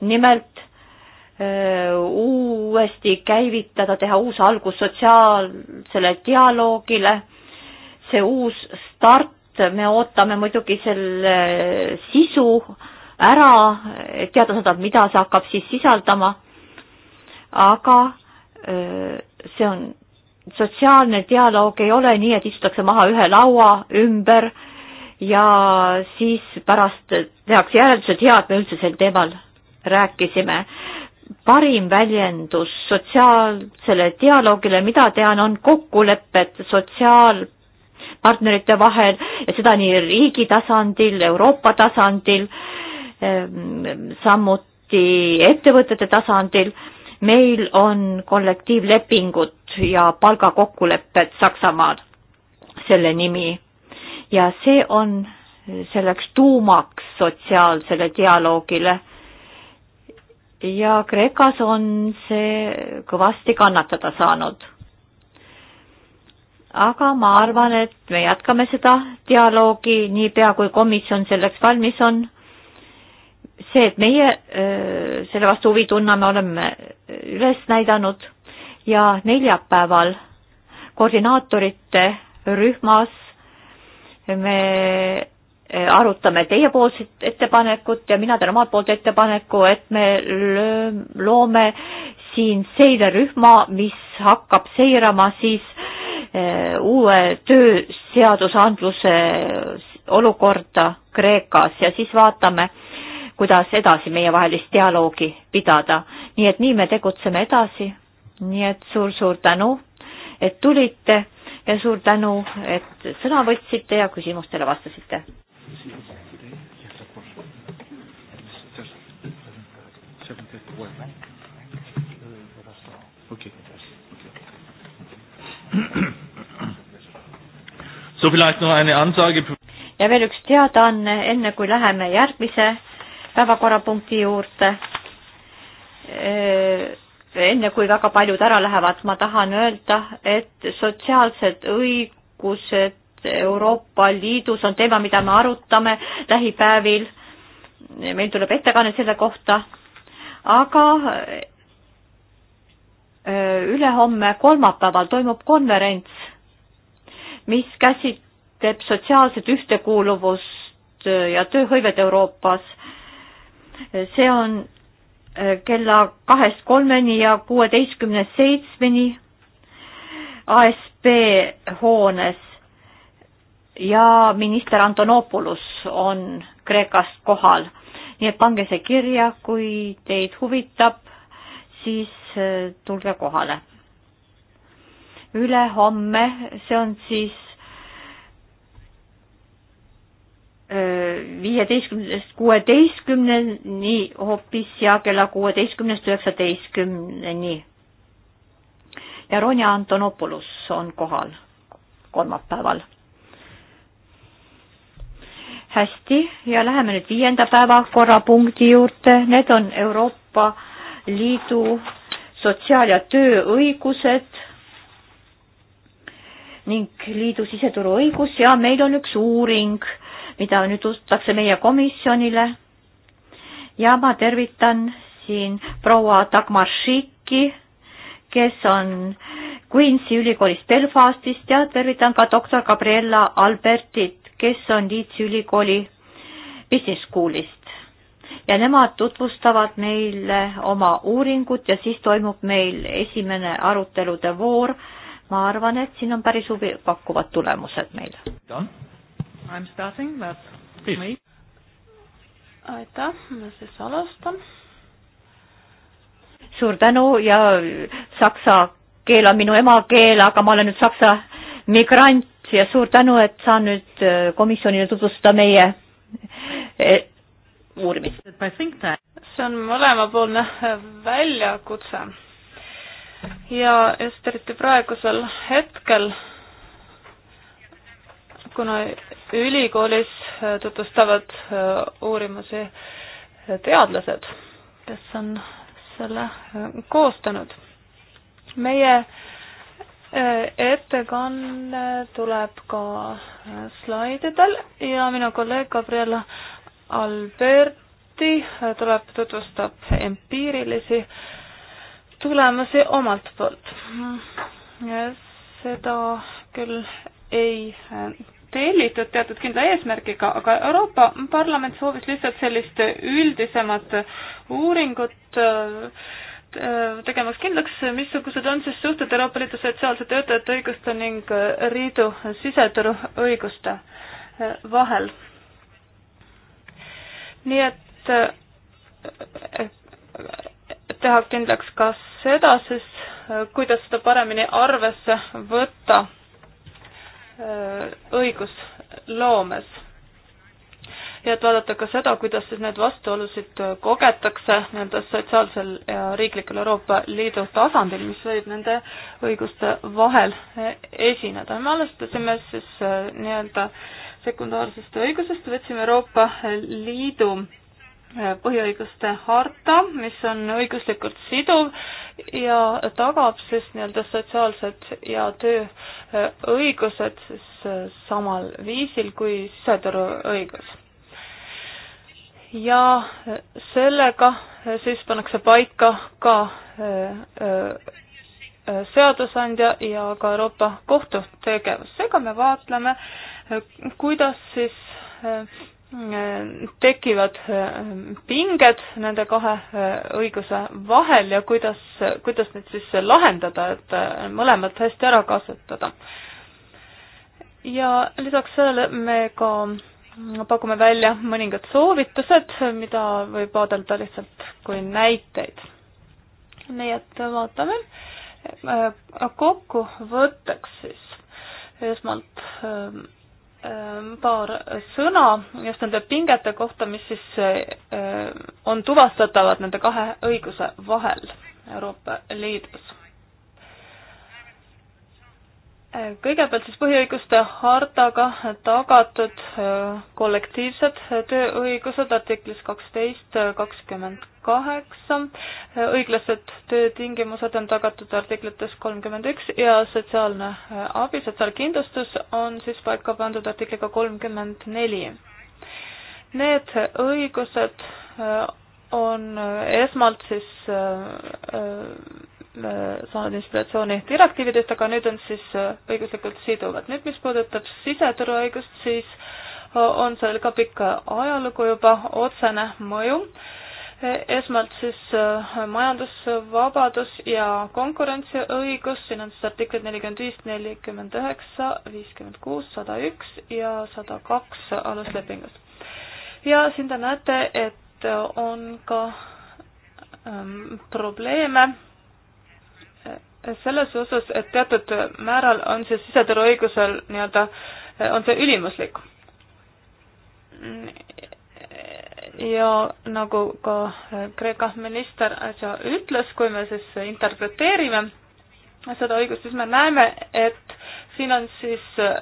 nimelt eh, uuesti käivitada, teha uus algus sotsiaalsele dialoogile, see uus start me ootame muidugi selle sisu ära, et teada saada, mida see hakkab siis sisaldama. aga see on, sotsiaalne dialoog ei ole nii, et istutakse maha ühe laua ümber ja siis pärast tehakse järeldused, hea, et me üldse sel teemal rääkisime. parim väljendus sotsiaalsele dialoogile, mida tean, on kokkulepped sotsiaal- partnerite vahel ja seda nii riigi tasandil, Euroopa tasandil, ehm, samuti ettevõtete tasandil. meil on kollektiivlepingud ja palgakokkulepped Saksamaal, selle nimi. ja see on selleks tuumaks sotsiaalsele dialoogile ja Kreekas on see kõvasti kannatada saanud aga ma arvan, et me jätkame seda dialoogi niipea, kui komisjon selleks valmis on. see, et meie öö, selle vastu huvi tunneme, oleme üles näidanud ja neljapäeval koordinaatorite rühmas me arutame teiepoolset ettepanekut ja mina teen omalt poolt ettepaneku, et me loome siin seirerühma, mis hakkab seirama siis äh, Eh, uue tööseadusandluse olukorda Kreekas ja siis vaatame, kuidas edasi meievahelist dialoogi pidada. nii et nii me tegutseme edasi, nii et suur-suur tänu, et tulite ja suur tänu, et sõna võtsite ja küsimustele vastasite. Okay. So vielleicht noch eine Ansage. ja veel üks teadaanne, enne kui läheme järgmise päevakorrapunkti juurde. enne kui väga paljud ära lähevad, ma tahan öelda, et sotsiaalsed õigused Euroopa Liidus on teema, mida me arutame lähipäevil. meil tuleb ettekanne selle kohta, aga Äh, ülehomme kolmapäeval toimub konverents, mis käsitleb sotsiaalset ühtekuuluvust äh, ja tööhõivet Euroopas. Äh, see on kella kahest kolmeni ja kuueteistkümnest seitsmeni ASB hoones ja minister Antonopoulos on Kreekast kohal. nii et pange see kirja, kui teid huvitab, siis siis eh, tulge kohale. ülehomme, see on siis eh, viieteistkümnendast kuueteistkümneni hoopis ja kella kuueteistkümnest üheksateistkümneni. ja Ronja Antonopoulos on kohal kolmapäeval. hästi, ja läheme nüüd viienda päevakorrapunkti juurde, need on Euroopa Liidu sotsiaal- ja tööõigused ning liidu siseturu õigus ja meil on üks uuring, mida nüüd tutvustatakse meie komisjonile. ja ma tervitan siin proua Dagmar Šiki, kes on Queensi ülikoolist Belfastist ja tervitan ka doktor Gabriella Albertit, kes on Leedsi ülikooli business school'ist ja nemad tutvustavad meile oma uuringut ja siis toimub meil esimene arutelude voor. ma arvan, et siin on päris huvipakkuvad tulemused meil. aitäh, ma siis alustan. suur tänu ja saksa keel on minu emakeel, aga ma olen nüüd saksa migrant ja suur tänu, et saan nüüd äh, komisjonile tutvustada meie uurimist. see on mõlemapoolne väljakutse ja just eriti praegusel hetkel, kuna ülikoolis tutvustavad äh, uurimusi äh, teadlased, kes on selle äh, koostanud. meie ettekanne tuleb ka slaididel ja minu kolleeg Gabriela Alberti tuleb, tutvustab empiirilisi tulemusi omalt poolt. seda küll ei äh, tellitud teatud kindla eesmärgiga, aga Euroopa Parlament soovis lihtsalt sellist üldisemat uuringut äh, äh, tegemaks kindlaks, missugused on siis suhted Euroopa Liidu sotsiaalse töötajate õiguste ning riidu siseturu õiguste vahel nii et teha kindlaks ka seda siis, kuidas seda paremini arvesse võtta äh, õigusloomes. ja et vaadata ka seda, kuidas siis neid vastuolusid kogetakse nii-öelda sotsiaalsel ja riiklikul Euroopa Liidu tasandil, mis võib nende õiguste vahel esineda. me alustasime siis äh, nii-öelda äh, sekundaarsest õigusest võtsime Euroopa Liidu äh, põhiõiguste harta, mis on õiguslikult siduv ja tagab siis nii-öelda sotsiaalsed ja tööõigused siis äh, samal viisil kui siseturuõigus. ja äh, sellega siis pannakse paika ka seadusandja ja ka Euroopa Kohtu tegevus, seega me vaatleme äh, kuidas siis äh, tekivad äh, pinged nende kahe äh, õiguse vahel ja kuidas, kuidas neid siis lahendada, et mõlemat hästi ära kasutada. ja lisaks sellele me ka pakume välja mõningad soovitused, mida võib vaadelda lihtsalt kui näiteid. nii et vaatame kokkuvõtteks siis esmalt ähm, Ähm, paar sõna just nende pingete kohta, mis siis äh, on tuvastatavad nende kahe õiguse vahel Euroopa Liidus. Äh, kõigepealt siis põhiõiguste hartaga tagatud äh, kollektiivsed tööõigused artiklis kaksteist, kakskümmend kaheksa, õiglased töötingimused on tagatud artiklites kolmkümmend üks ja sotsiaalne äh, abi, sotsiaalkindlustus on siis paika pandud artikliga kolmkümmend neli. Need õigused äh, on äh, esmalt siis saanud inspiratsiooni direktiividest, aga nüüd on siis õiguslikult siduvad. nüüd, mis puudutab siseturuõigust, siis on sellel ka pikk ajalugu juba, otsene mõju äh, esmalt siis äh, majandusvabadus ja konkurentsiõigus, siin on siis artiklid nelikümmend viis, nelikümmend üheksa, viiskümmend kuus, sada üks ja sada kaks aluslepingus. ja siin te näete, et on ka ähm, probleeme äh, selles osas, et teatud määral on see siseturuõigusel nii-öelda, äh, on see ülimuslik ja nagu ka äh, Kreeka minister äsja ütles, kui me siis äh, interpreteerime seda õigust, siis me näeme, et siin on siis äh,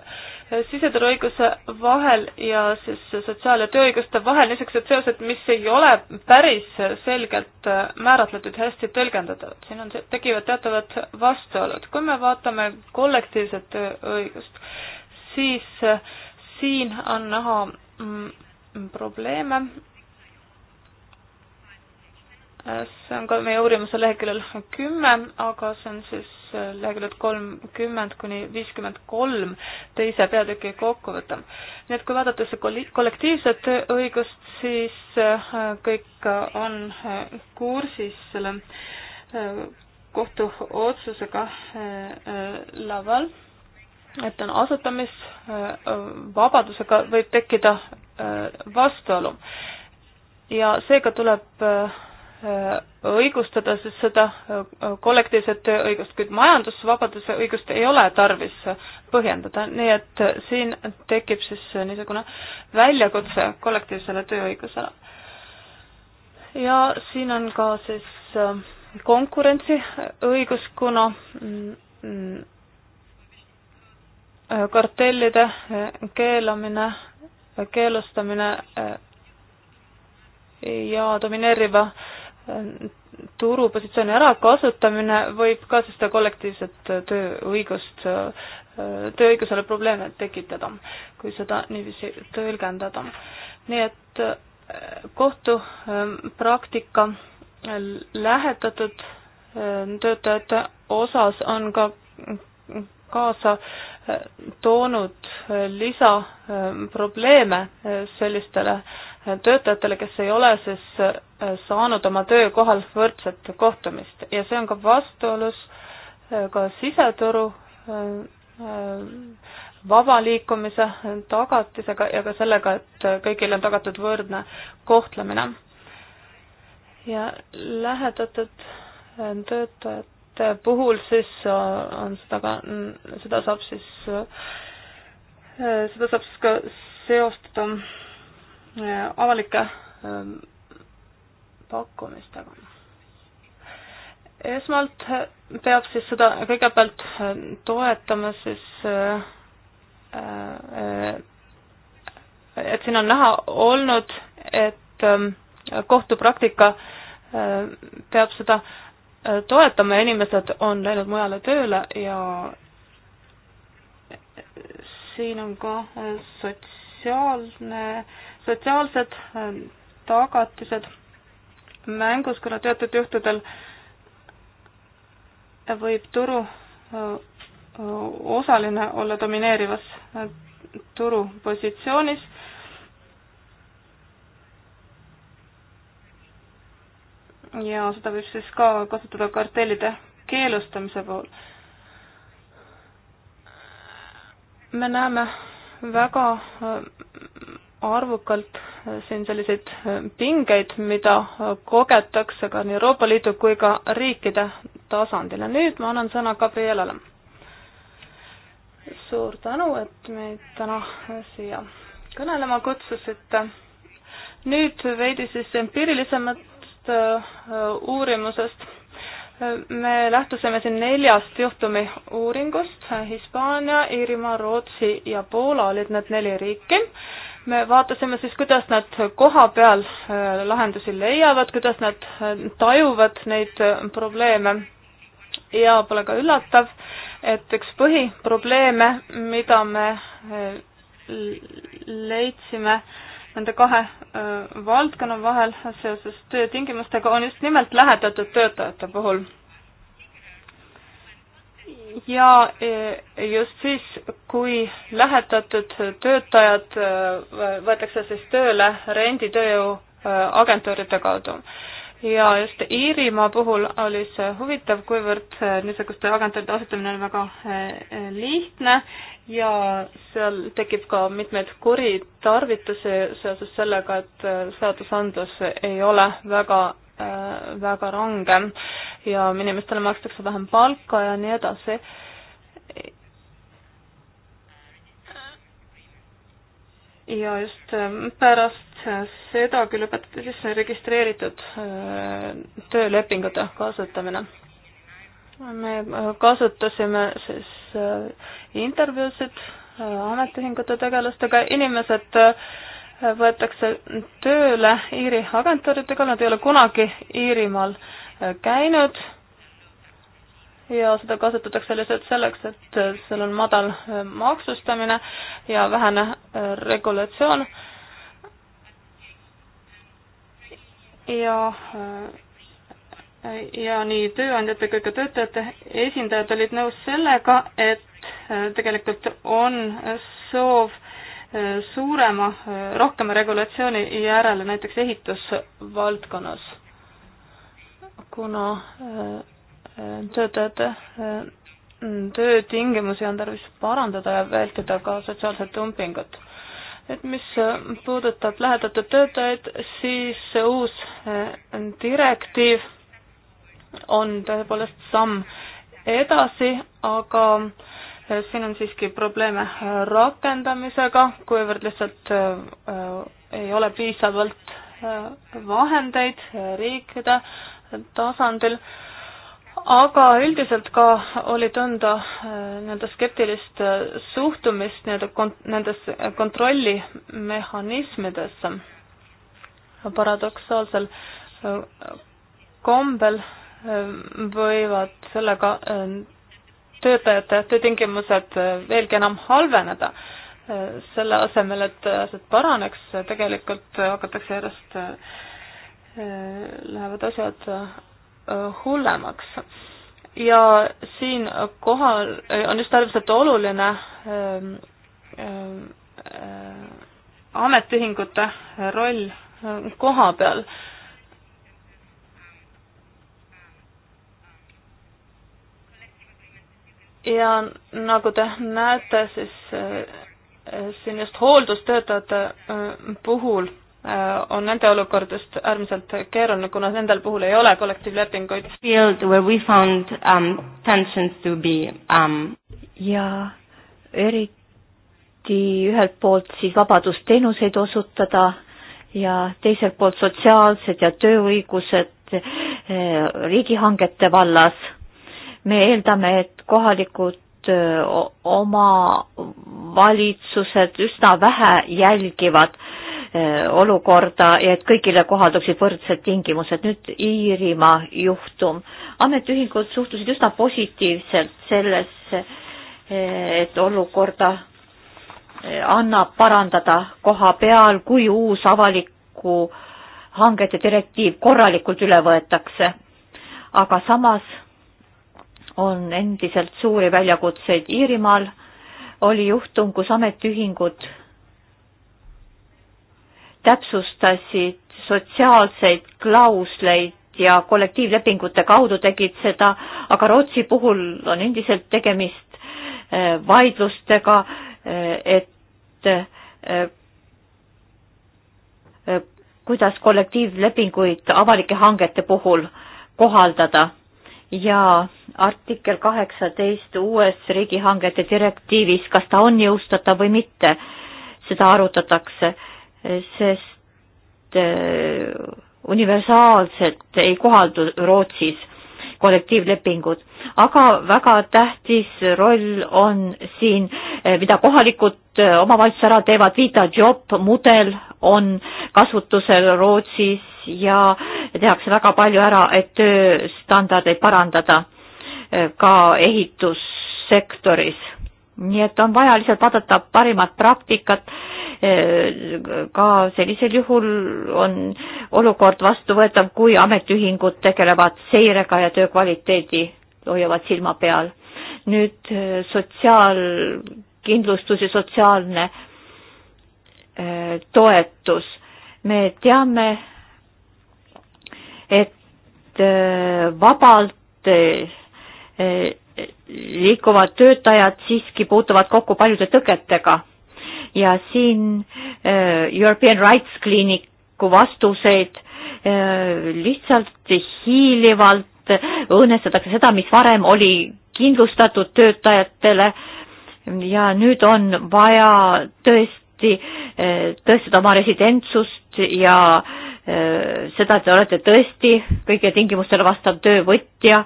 siseturuõiguse vahel ja siis sotsiaal- ja tööõiguste vahel niisugused seosed, mis ei ole päris selgelt määratletud, hästi tõlgendatavad. siin on, tekivad teatavad vastuolud. kui me vaatame kollektiivset tööõigust, siis siin on näha mm, probleeme see on ka meie uurimuse leheküljel kümme, aga see on siis leheküljelt kolmkümmend kuni viiskümmend kolm teise peatüki kokkuvõte. nii et kui vaadata see kollektiivset tööõigust, siis äh, kõik on äh, kursis selle äh, kohtuotsusega laval, et on asutamisvabadusega võib tekkida vastuolu ja seega tuleb äh, õigustada siis seda äh, kollektiivset õigust, kuid majandusvabaduse õigust ei ole tarvis põhjendada, nii et siin tekib siis niisugune väljakutse kollektiivsele tööõigusele. ja siin on ka siis äh, konkurentsiõigus, kuna mm, mm, kartellide äh, keelamine, keelustamine ja domineeriva äh, turupositsiooni ärakasutamine võib ka seda kollektiivset tööõigust, tööõigusele probleeme tekitada, kui seda niiviisi tõlgendada. nii et äh, kohtupraktika ähm, äh, lähetatud äh, töötajate osas on ka kaasa toonud lisaprobleeme sellistele äh, töötajatele, kes ei ole siis äh, saanud oma töökohal võrdset kohtumist ja see on ka vastuolus äh, ka siseturu äh, vaba liikumise tagatisega ja ka sellega, et kõigile on tagatud võrdne kohtlemine. ja lähedatud töötajate puhul siis on seda ka, mm, seda saab siis, seda saab siis ka seostada Äh, avalike ähm, pakkumistega. esmalt äh, peab siis seda kõigepealt ähm, toetama siis äh, et siin on näha olnud, et ähm, kohtupraktika peab seda toetama ja inimesed on läinud mujale tööle ja siin on ka sotsiaalne äh, sotsiaalsed ähm, tagatised mängus, kuna teatud juhtudel võib turu osaline olla domineerivas äh, turupositsioonis. ja seda võib siis ka kasutada kartellide keelustamise puhul. me näeme väga arvukalt äh, siin selliseid äh, pingeid, mida äh, kogetakse ka nii Euroopa Liidu kui ka riikide tasandil ja nüüd ma annan sõna Gabrielale. suur tänu, et meid täna siia kõnelema kutsusite. nüüd veidi siis empiirilisemast uurimusest. me lähtusime siin neljast juhtumi uuringust, Hispaania, Iirimaa, Rootsi ja Poola olid need neli riiki me vaatasime siis, kuidas nad koha peal äh, lahendusi leiavad, kuidas nad äh, tajuvad neid äh, probleeme ja pole ka üllatav, et üks põhiprobleeme, mida me leidsime nende kahe valdkonna vahel seoses töötingimustega, on just nimelt lähetatud töötajate puhul ja e, just siis, kui lähetatud töötajad e, võetakse siis tööle renditööjõu e, agentuuride kaudu. ja just Iirimaa puhul oli see huvitav, kuivõrd niisuguste agentuuride asetamine on väga lihtne ja seal tekib ka mitmeid kuritarvitusi seoses sellega, et seadusandlus ei ole väga Äh, väga range ja inimestele makstakse vähem palka ja nii edasi. ja just äh, pärast seda küll lõpetati siis registreeritud äh, töölepingute kasutamine. me kasutasime siis intervjuusid ametiühingute tegelastega, inimesed äh, võetakse tööle Iiri agentuuridega, nad ei ole kunagi Iirimaal äh, käinud ja seda kasutatakse lihtsalt selleks, et äh, seal on madal äh, maksustamine ja vähene regulatsioon. ja ja nii tööandjate kui ka töötajate esindajad olid nõus sellega, et tegelikult on soov äh, suurema, rohkema regulatsiooni järele näiteks ehitusvaldkonnas, kuna äh, äh, töötajate äh, töötingimusi on tarvis parandada ja vältida ka sotsiaalset dumpingut. et mis puudutab lähedatud töötajaid, siis see uus direktiiv on tõepoolest samm edasi, aga äh, siin on siiski probleeme rakendamisega, kuivõrd lihtsalt äh, ei ole piisavalt äh, vahendeid riikide tasandil, aga üldiselt ka oli tunda äh, nii-öelda skeptilist suhtumist nii-öelda kont-, nendesse kontrollimehhanismidesse paradoksaalsel kombel võivad sellega töötajate töötingimused äh, veelgi enam halveneda. Äh, selle asemel, et äh, asjad paraneks, tegelikult hakatakse järjest, lähevad asjad hullemaks. ja siin kohal on just äärmiselt oluline ähm, ähm, ametiühingute roll koha peal ja nagu te näete, siis äh, siin just hooldustöötajate äh, puhul äh, on nende olukord just äärmiselt keeruline, kuna nendel puhul ei ole kollektiivlepinguid. Um, um, ja eriti ühelt poolt siis vabadus teenuseid osutada ja teiselt poolt sotsiaalsed ja tööõigused riigihangete vallas me eeldame, et kohalikud omavalitsused üsna vähe jälgivad olukorda ja et kõigile kohalduksid võrdsed tingimused. nüüd Iirimaa juhtum. ametiühingud suhtusid üsna positiivselt sellesse, et olukorda annab parandada koha peal, kui uus avaliku hangete direktiiv korralikult üle võetakse. aga samas on endiselt suuri väljakutseid. Iirimaal oli juhtum, kus ametiühingud täpsustasid sotsiaalseid klausleid ja kollektiivlepingute kaudu tegid seda, aga Rootsi puhul on endiselt tegemist äh, vaidlustega, äh, et äh, kuidas kollektiivlepinguid avalike hangete puhul kohaldada ja artikkel kaheksateist uues riigihangete direktiivis, kas ta on jõustatav või mitte, seda arutatakse, sest äh, universaalselt ei kohaldu Rootsis kollektiivlepingud, aga väga tähtis roll on siin, äh, mida kohalikud äh, omavalitsused ära teevad, Vita Job mudel on kasutusel Rootsis ja tehakse väga palju ära, et tööstandardeid parandada eh, ka ehitussektoris. nii et on vaja lihtsalt vaadata parimat praktikat, eh, ka sellisel juhul on olukord vastuvõetav, kui ametiühingud tegelevad seirega ja töö kvaliteedi hoiavad silma peal. nüüd eh, sotsiaalkindlustus ja sotsiaalne toetus. me teame, et äh, vabalt äh, liikuvad töötajad siiski puutuvad kokku paljude tõketega ja siin äh, European Rights Clinicu vastuseid lihtsalt hiilivalt õõnestatakse seda, mis varem oli kindlustatud töötajatele ja nüüd on vaja tõesti tõestada oma residentsust ja Äh, seda, et te olete tõesti kõigile tingimustele vastav töövõtja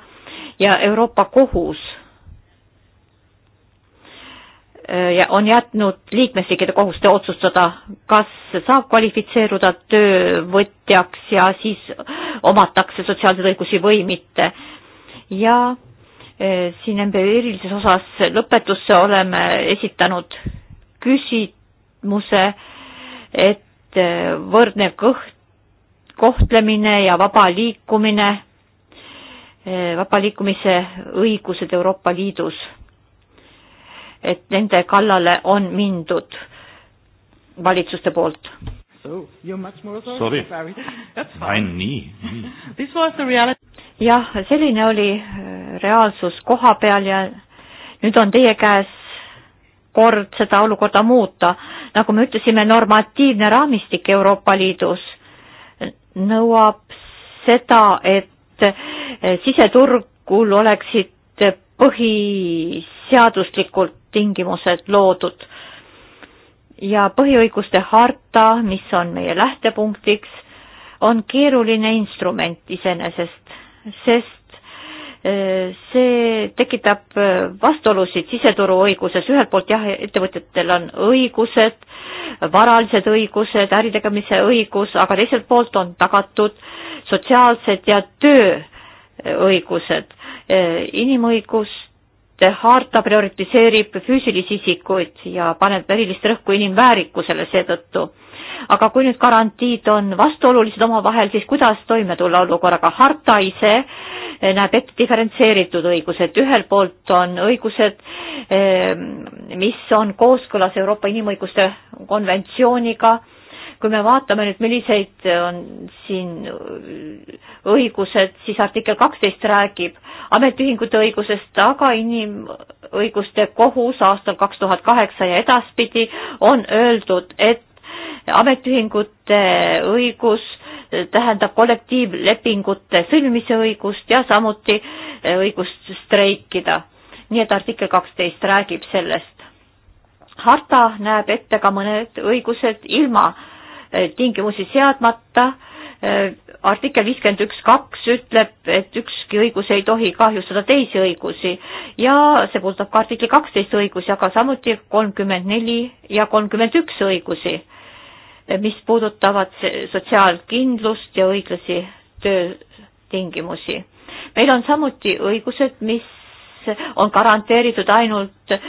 ja Euroopa Kohus äh, ja on jätnud liikmesriikide kohuste otsustada, kas saab kvalifitseeruda töövõtjaks ja siis omatakse sotsiaalseid õigusi või mitte. ja äh, siin empiirilises osas lõpetusse oleme esitanud küsimuse, et võrdne kõht kohtlemine ja vaba liikumine, eh, vaba liikumise õigused Euroopa Liidus. et nende kallale on mindud valitsuste poolt. jah, selline oli eh, reaalsus koha peal ja nüüd on teie käes kord seda olukorda muuta. nagu me ütlesime, normatiivne raamistik Euroopa Liidus nõuab seda, et eh, siseturgul oleksid põhiseaduslikult tingimused loodud ja põhiõiguste harta, mis on meie lähtepunktiks, on keeruline instrument iseenesest, sest Äh, see tekitab äh, vastuolusid siseturu õiguses, ühelt poolt jah, ettevõtjatel on õigused, varalised õigused, äritegemise õigus, aga teiselt poolt on tagatud sotsiaalsed ja tööõigused. Äh, inimõiguste harta prioritiseerib füüsilisi isikuid ja paneb erilist rõhku inimväärikusele seetõttu aga kui nüüd garantiid on vastuolulised omavahel, siis kuidas toime tulla olukorraga? harta ise eh, näeb ette diferentseeritud õigused, ühelt poolt on õigused, eh, mis on kooskõlas Euroopa Inimõiguste konventsiooniga, kui me vaatame nüüd, milliseid on siin õigused, siis artikkel kaksteist räägib ametiühingute õigusest, aga inimõiguste kohus aastal kaks tuhat kaheksa ja edaspidi on öeldud, et ametiühingute õigus tähendab kollektiivlepingute sõlmimise õigust ja samuti eh, õigust streikida. nii et artikkel kaksteist räägib sellest. harta näeb ette ka mõned õigused ilma eh, tingimusi seadmata. Eh, artikkel viiskümmend üks kaks ütleb, et ükski õigus ei tohi kahjustada teisi õigusi ja see puudutab ka artikli kaksteist õigusi, aga samuti kolmkümmend neli ja kolmkümmend üks õigusi mis puudutavad sotsiaalkindlust ja õiglasi töötingimusi. meil on samuti õigused, mis on garanteeritud ainult äh,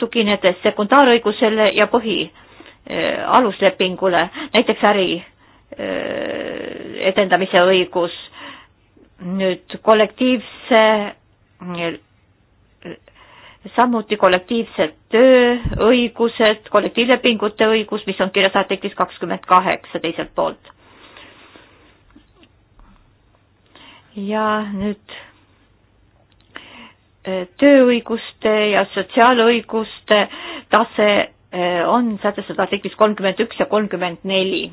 tuginedes sekundaarõigusele ja põhi äh, aluslepingule, näiteks äri äh, edendamise õigus, nüüd kollektiivse samuti kollektiivsed tööõigused, kollektiivlepingute õigus, mis on kirjas artiklis kakskümmend kaheksa teiselt poolt. ja nüüd e, tööõiguste ja sotsiaalõiguste tase e, on sätestatud artiklis kolmkümmend üks ja kolmkümmend neli.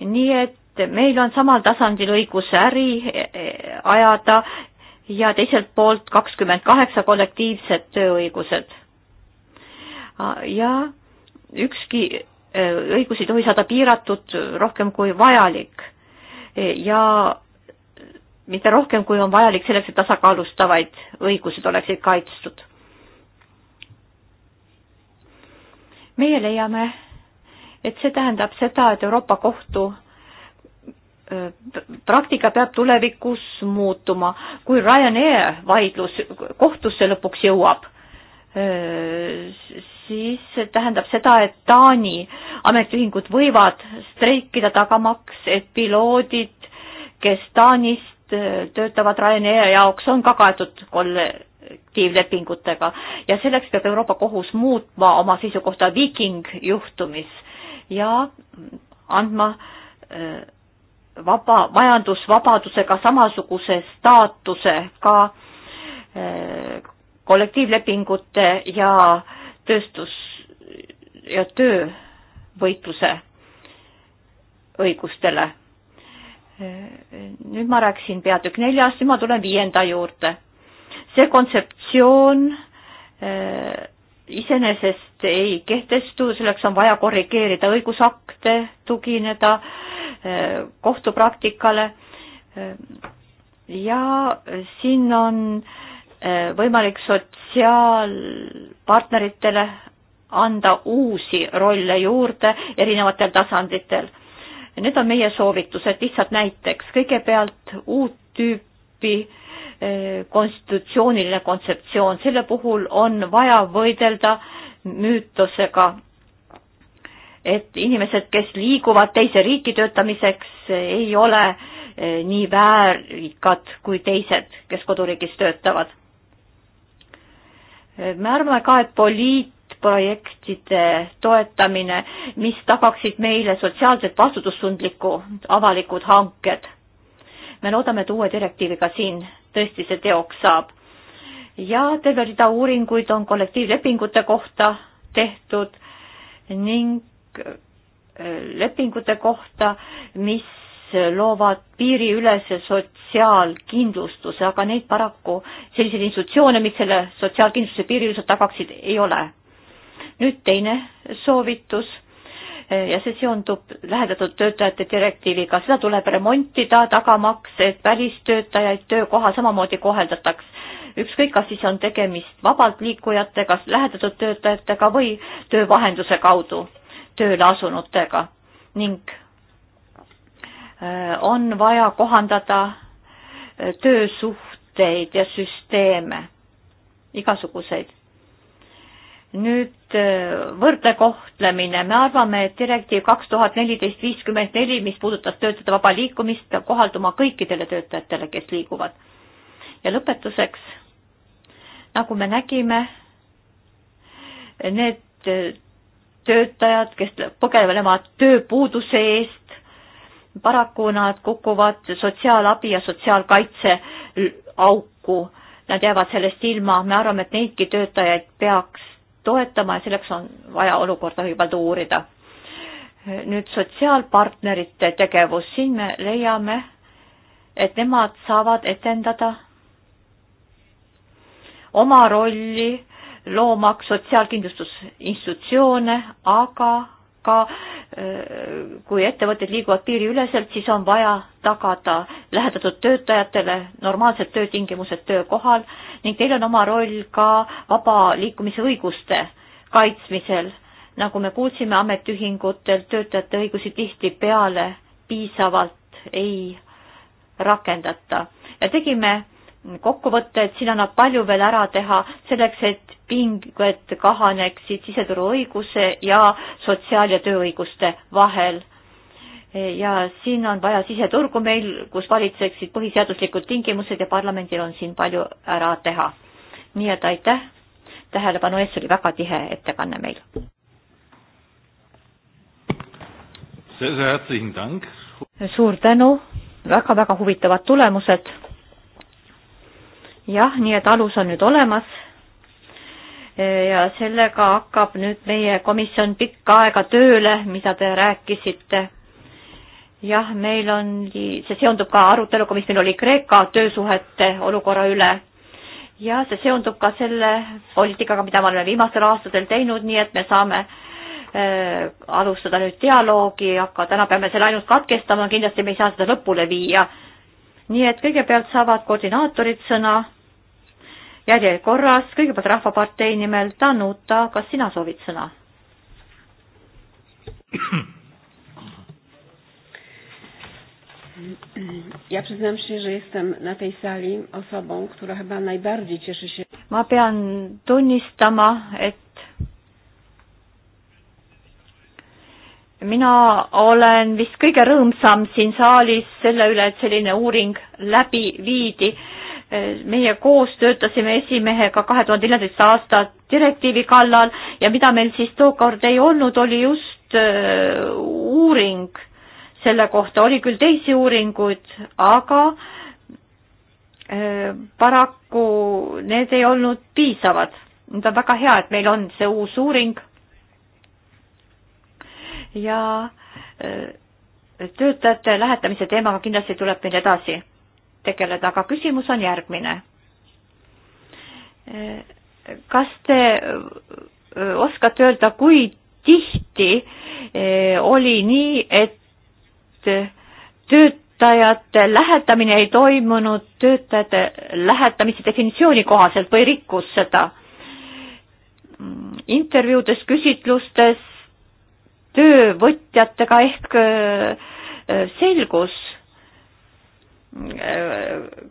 nii et meil on samal tasandil õigus äri e, ajada ja teiselt poolt kakskümmend kaheksa kollektiivsed tööõigused. ja ükski e, õigus ei tohi saada piiratud rohkem kui vajalik e, ja mitte rohkem, kui on vajalik selleks, et tasakaalustavaid õigused oleksid kaitstud. meie leiame, et see tähendab seda, et Euroopa Kohtu praktika peab tulevikus muutuma. kui Ryanair vaidlus kohtusse lõpuks jõuab, siis see tähendab seda, et Taani ametiühingud võivad streikida tagamaks, et piloodid, kes Taanist töötavad Ryanair jaoks, on ka kaetud kollektiivlepingutega ja selleks peab Euroopa Kohus muutma oma seisukohta Viking juhtumis ja andma öö, vaba, majandusvabadusega samasuguse staatuse ka eh, kollektiivlepingute ja tööstus- ja töövõitluse õigustele. Eh, nüüd ma rääkisin peatükk neljast, nüüd ma tulen viienda juurde. see kontseptsioon eh, iseenesest ei kehtestu, selleks on vaja korrigeerida õigusakte, tugineda eh, kohtupraktikale eh, ja siin on eh, võimalik sotsiaalpartneritele anda uusi rolle juurde erinevatel tasanditel. Need on meie soovitused lihtsalt näiteks, kõigepealt uut tüüpi äh, konstitutsiooniline kontseptsioon, selle puhul on vaja võidelda müütosega, et inimesed, kes liiguvad teise riiki töötamiseks, ei ole eh, nii väärikad kui teised, kes koduriigis töötavad. Eh, me arvame ka, et poliitprojektide toetamine, mis tagaksid meile sotsiaalselt vastutustundlikud avalikud hanked. me loodame, et uue direktiiviga siin tõesti see teoks saab. ja terve rida uuringuid on kollektiivlepingute kohta tehtud ning äh, lepingute kohta, mis loovad piiriülese sotsiaalkindlustuse, aga neid paraku, selliseid institutsioone, mis selle sotsiaalkindlustuse piiriüleselt tagaksid, ei ole. nüüd teine soovitus Eh, ja see seondub lähedatud töötajate direktiiviga, seda tuleb remontida, tagamaks, et välistöötajaid töökoha samamoodi koheldataks. ükskõik, kas siis on tegemist vabalt liikujatega, lähedatud töötajatega või töövahenduse kaudu tööle asunutega ning eh, on vaja kohandada eh, töösuhteid ja süsteeme, igasuguseid nüüd äh, võrdlekohtlemine, me arvame, et direktiiv kaks tuhat neliteist viiskümmend neli, mis puudutas töötajate vaba liikumist, peab kohalduma kõikidele töötajatele, kes liiguvad. ja lõpetuseks, nagu me nägime, need äh, töötajad, kes põgenevad tööpuuduse eest, paraku nad kukuvad sotsiaalabi ja sotsiaalkaitse auku, nad jäävad sellest ilma, me arvame, et neidki töötajaid peaks toetama ja selleks on vaja olukorda kõigepealt uurida. nüüd sotsiaalpartnerite tegevus, siin me leiame, et nemad saavad etendada oma rolli loomaks sotsiaalkindlustusinstitutsioone, aga ka äh, kui ettevõtted liiguvad piiriüleselt, siis on vaja tagada lähedatud töötajatele normaalsed töötingimused töökohal ning teil on oma roll ka vaba liikumise õiguste kaitsmisel. nagu me kuulsime, ametiühingutel töötajate õigusi tihtipeale piisavalt ei rakendata ja tegime kokkuvõte, et siin annab palju veel ära teha selleks, et pinged kahaneksid siseturuõiguse ja sotsiaal- ja tööõiguste vahel. ja siin on vaja siseturgu meil, kus valitseksid põhiseaduslikud tingimused ja parlamendil on siin palju ära teha. nii et aitäh tähelepanu eest, see oli väga tihe ettekanne meil. suur tänu väga,, väga-väga huvitavad tulemused jah, nii et alus on nüüd olemas e, ja sellega hakkab nüüd meie komisjon pikka aega tööle, mida te rääkisite. jah, meil on, see seondub ka aruteluga, mis meil oli Kreeka töösuhete olukorra üle ja see seondub ka selle poliitikaga, mida me oleme viimastel aastatel teinud, nii et me saame äh, alustada nüüd dialoogi, aga täna peame selle ainult katkestama, kindlasti me ei saa seda lõpule viia nii et kõigepealt saavad koordinaatorid sõna järjekorras, kõigepealt Rahvapartei nimel Danuta, kas sina soovid sõna? Ja przyznam się, że jestem na tej sali osobą, która chyba najbardziej cieszy się. Ma pean tunnistama, et mina olen vist kõige rõõmsam siin saalis selle üle, et selline uuring läbi viidi. meie koos töötasime esimehega kahe tuhande neljateist aasta direktiivi kallal ja mida meil siis tookord ei olnud, oli just äh, uuring selle kohta, oli küll teisi uuringuid, aga äh, paraku need ei olnud piisavad. nüüd on väga hea, et meil on see uus uuring ja äh, töötajate lähetamise teemaga kindlasti tuleb meil edasi tegeleda, aga küsimus on järgmine. Äh, kas te äh, oskate öelda, kui tihti oli nii, et töötajate lähetamine ei toimunud töötajate lähetamise definitsiooni kohaselt või rikkus seda? Mm, intervjuudes, küsitlustes töövõtjatega ehk selgus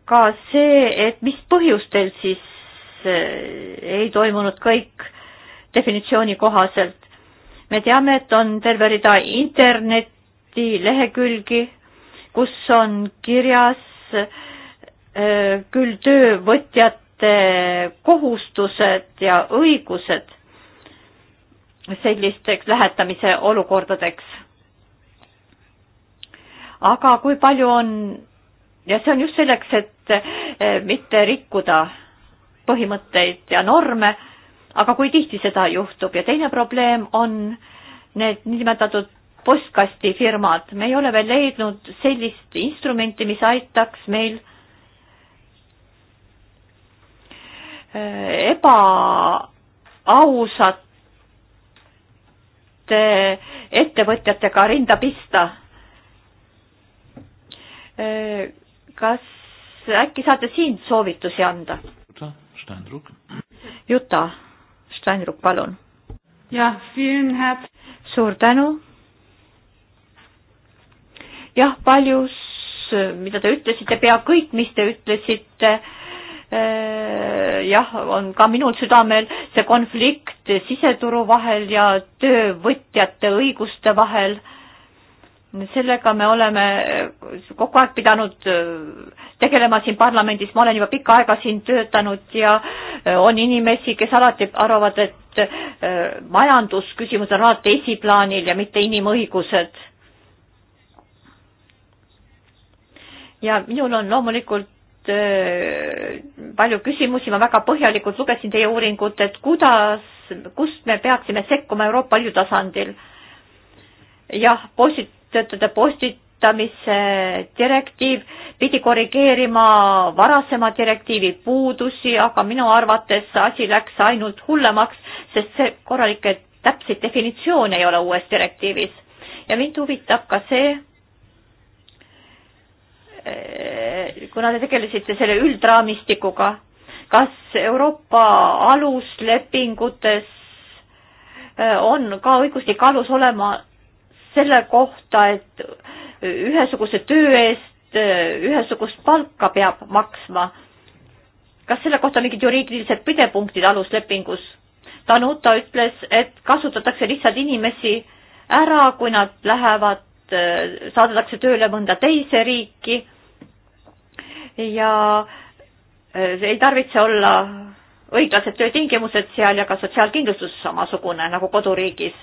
ka see, et mis põhjustel siis ei toimunud kõik definitsiooni kohaselt. me teame, et on terve rida internetilehekülgi, kus on kirjas küll töövõtjate kohustused ja õigused sellisteks lähetamise olukordadeks. aga kui palju on ja see on just selleks, et eh, mitte rikkuda põhimõtteid ja norme, aga kui tihti seda juhtub ja teine probleem on need niinimetatud postkastifirmad, me ei ole veel leidnud sellist instrumenti, mis aitaks meil eh, ebaausat suurte eh, ettevõtjatega rinda pista. Eh, kas äkki saate siin soovitusi anda? Juta Steinruck, palun. jah, suur tänu. jah, paljus, eh, mida te ütlesite, pea kõik, mis te ütlesite Äh, jah, on ka minul südamel see konflikt siseturu vahel ja töövõtjate õiguste vahel. sellega me oleme kogu aeg pidanud äh, tegelema siin parlamendis, ma olen juba pikka aega siin töötanud ja äh, on inimesi, kes alati arvavad, et majandusküsimus on alati esiplaanil ja mitte inimõigused. ja minul on loomulikult Äh, palju küsimusi, ma väga põhjalikult lugesin teie uuringut, et kuidas, kust me peaksime sekkuma Euroopa Liidu tasandil. jah, posti, töötajate postitamise direktiiv pidi korrigeerima varasema direktiivi puudusi, aga minu arvates asi läks ainult hullemaks, sest see korralikke täpseid definitsioone ei ole uues direktiivis. ja mind huvitab ka see, Äh, kuna te tegelesite selle üldraamistikuga, kas Euroopa aluslepingutes äh, on ka õiguslik alus olema selle kohta, et ühesuguse töö eest äh, ühesugust palka peab maksma. kas selle kohta mingid juriidilised pidepunktid aluslepingus? Danuta ütles, et kasutatakse lihtsalt inimesi ära, kui nad lähevad Äh, saadetakse tööle mõnda teise riiki ja äh, ei tarvitse olla õiglased töötingimused seal ja ka sotsiaalkindlustus samasugune nagu koduriigis.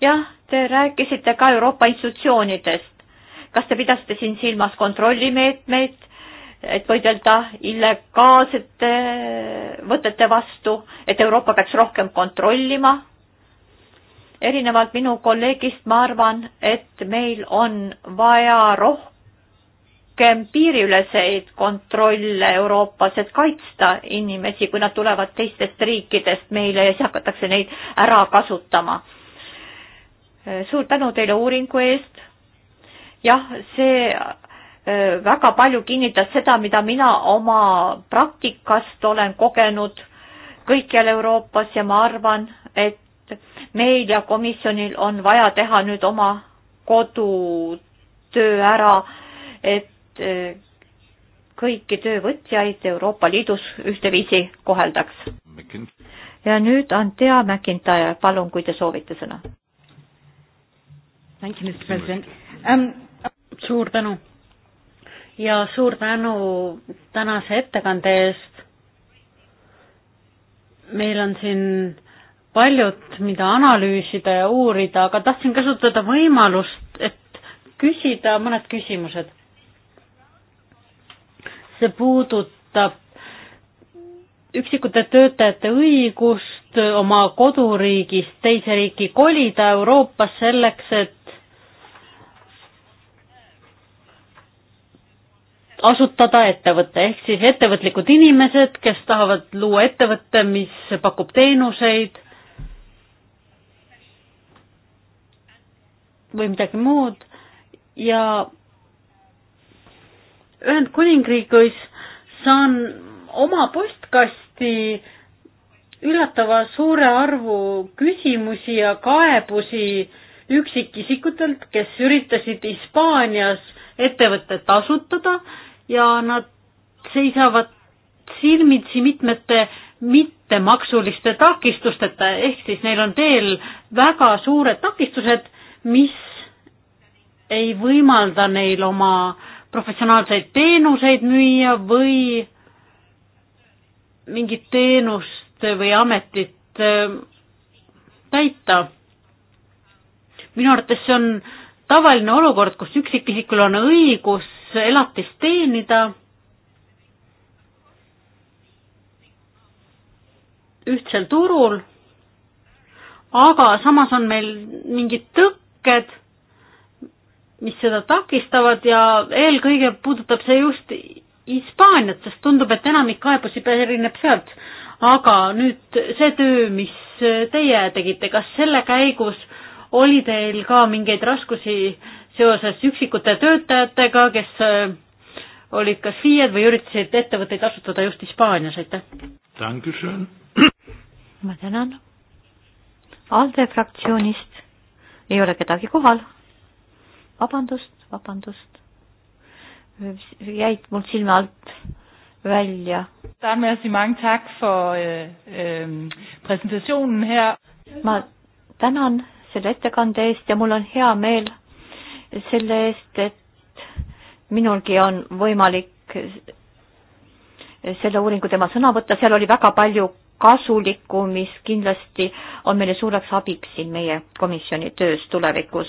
jah, te rääkisite ka Euroopa institutsioonidest. kas te pidasite siin silmas kontrollimeetmeid, et võidelda illegaalsete võtete vastu, et Euroopa peaks rohkem kontrollima erinevalt minu kolleegist ma arvan, et meil on vaja rohkem piiriüleseid kontrolle Euroopas, et kaitsta inimesi, kui nad tulevad teistest riikidest meile ja siis hakatakse neid ära kasutama. suur tänu teile uuringu eest. jah, see e, väga palju kinnitas seda, mida mina oma praktikast olen kogenud kõikjal Euroopas ja ma arvan, et meil ja komisjonil on vaja teha nüüd oma kodutöö ära, et äh, kõiki töövõtjaid Euroopa Liidus ühteviisi koheldaks. ja nüüd Antea McIntyre, palun, kui te soovite sõna. Um, suur tänu ja suur tänu tänase ettekande eest. meil on siin paljut, mida analüüsida ja uurida, aga tahtsin kasutada võimalust, et küsida mõned küsimused. see puudutab üksikute töötajate õigust oma koduriigist teise riiki kolida Euroopas selleks, et asutada ettevõte, ehk siis ettevõtlikud inimesed, kes tahavad luua ettevõtte, mis pakub teenuseid või midagi muud ja Ühendkuningriigis saan oma postkasti üllatava suure arvu küsimusi ja kaebusi üksikisikutelt, kes üritasid Hispaanias ettevõtet asutada ja nad seisavad silmitsi mitmete mittemaksuliste takistusteta, ehk siis neil on teel väga suured takistused mis ei võimalda neil oma professionaalseid teenuseid müüa või mingit teenust või ametit ähm, täita. minu arvates see on tavaline olukord, kus üksikisikul on õigus elatist teenida ühtsel turul, aga samas on meil mingid tõkked, tõkked, mis seda takistavad ja eelkõige puudutab see just Hispaaniat, sest tundub, et enamik kaebusi pärineb sealt. aga nüüd see töö, mis teie tegite, kas selle käigus oli teil ka mingeid raskusi seoses üksikute töötajatega, kes äh, olid kas FIE-d või üritasid ettevõtteid asutada just Hispaanias, aitäh! ma tänan. ALDE fraktsioonist ei ole kedagi kohal. vabandust, vabandust. jäid mul silme alt välja. Øh, øh, ma tänan selle ettekande eest ja mul on hea meel selle eest, et minulgi on võimalik selle uuringu tema sõna võtta, seal oli väga palju kasulikku, mis kindlasti on meile suureks abiks siin meie komisjoni töös tulevikus.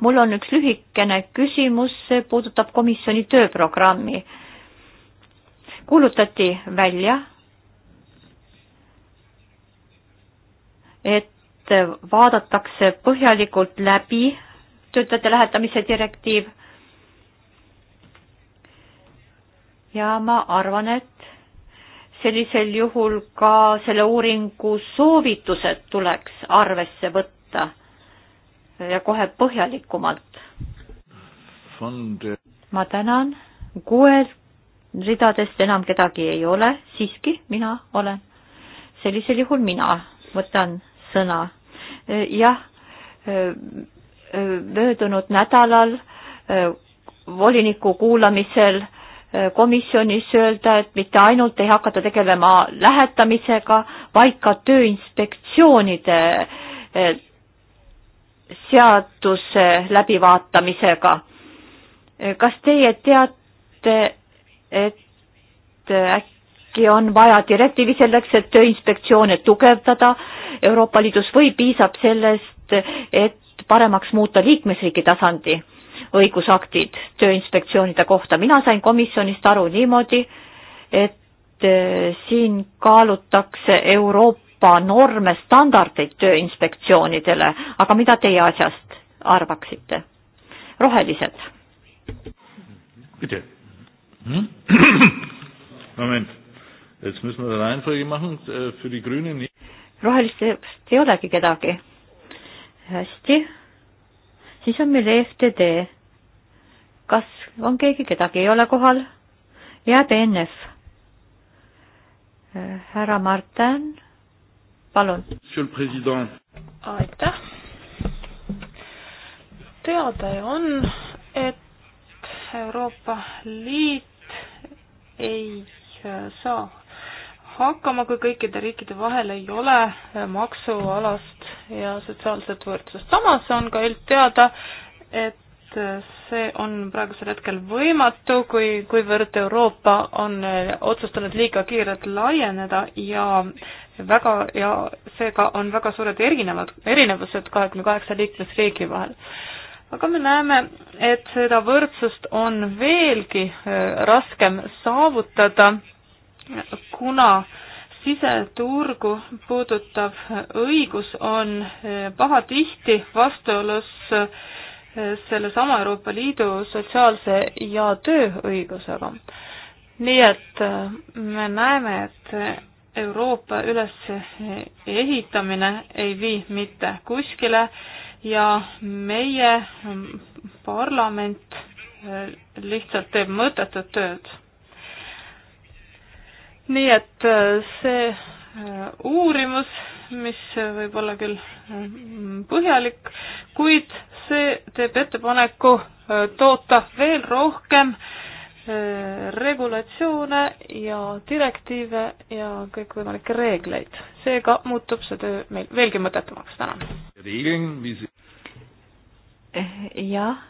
mul on üks lühikene küsimus, see puudutab komisjoni tööprogrammi. kuulutati välja, et vaadatakse põhjalikult läbi töötajate lähetamise direktiiv ja ma arvan, et sellisel juhul ka selle uuringu soovitused tuleks arvesse võtta ja kohe põhjalikumalt. ma tänan, kuuelt ridadest enam kedagi ei ole, siiski mina olen. sellisel juhul mina võtan sõna. E, jah, e, e, möödunud nädalal voliniku kuulamisel komisjonis öelda, et mitte ainult ei hakata tegelema lähetamisega, vaid ka tööinspektsioonide e, seaduse läbivaatamisega. E, kas teie teate, et äkki on vaja direktiivi selleks, et tööinspektsioone tugevdada Euroopa Liidus või piisab sellest, et paremaks muuta liikmesriigi tasandi õigusaktid tööinspektsioonide kohta. mina sain komisjonist aru niimoodi, et eh, siin kaalutakse Euroopa norme, standardeid tööinspektsioonidele, aga mida teie asjast arvaksite? rohelised. Hm? Moment, jetzt müssen wir Reihenfolge machen, äh, für die Grünen rohelistest ei olegi kedagi hästi, siis on meil EFTD. kas on keegi, kedagi ei ole kohal? jääb e NF. Äh, härra Martin, palun. aitäh. teada on, et Euroopa Liit ei äh, saa hakkama, kui kõikide riikide vahel ei ole äh, maksualast ja sotsiaalset võrdsust. samas on ka üldteada, et äh, see on praegusel hetkel võimatu, kui, kuivõrd Euroopa on äh, otsustanud liiga kiirelt laieneda ja väga, ja seega on väga suured erinevad, erinevused kahekümne kaheksa liikmesriigi vahel. aga me näeme, et seda võrdsust on veelgi raskem saavutada kuna siseturgu puudutav õigus on eh, pahatihti vastuolus eh, sellesama Euroopa Liidu sotsiaalse ja tööõigusega. nii et eh, me näeme, et Euroopa ülesehitamine ei vii mitte kuskile ja meie mm, parlament lihtsalt teeb mõttetut tööd nii et äh, see äh, uurimus, mis äh, võib olla küll mm, põhjalik, kuid see teeb ettepaneku toota veel rohkem regulatsioone ja direktiive ja kõikvõimalikke reegleid. seega muutub see töö meil veelgi mõttetumaks täna. jah,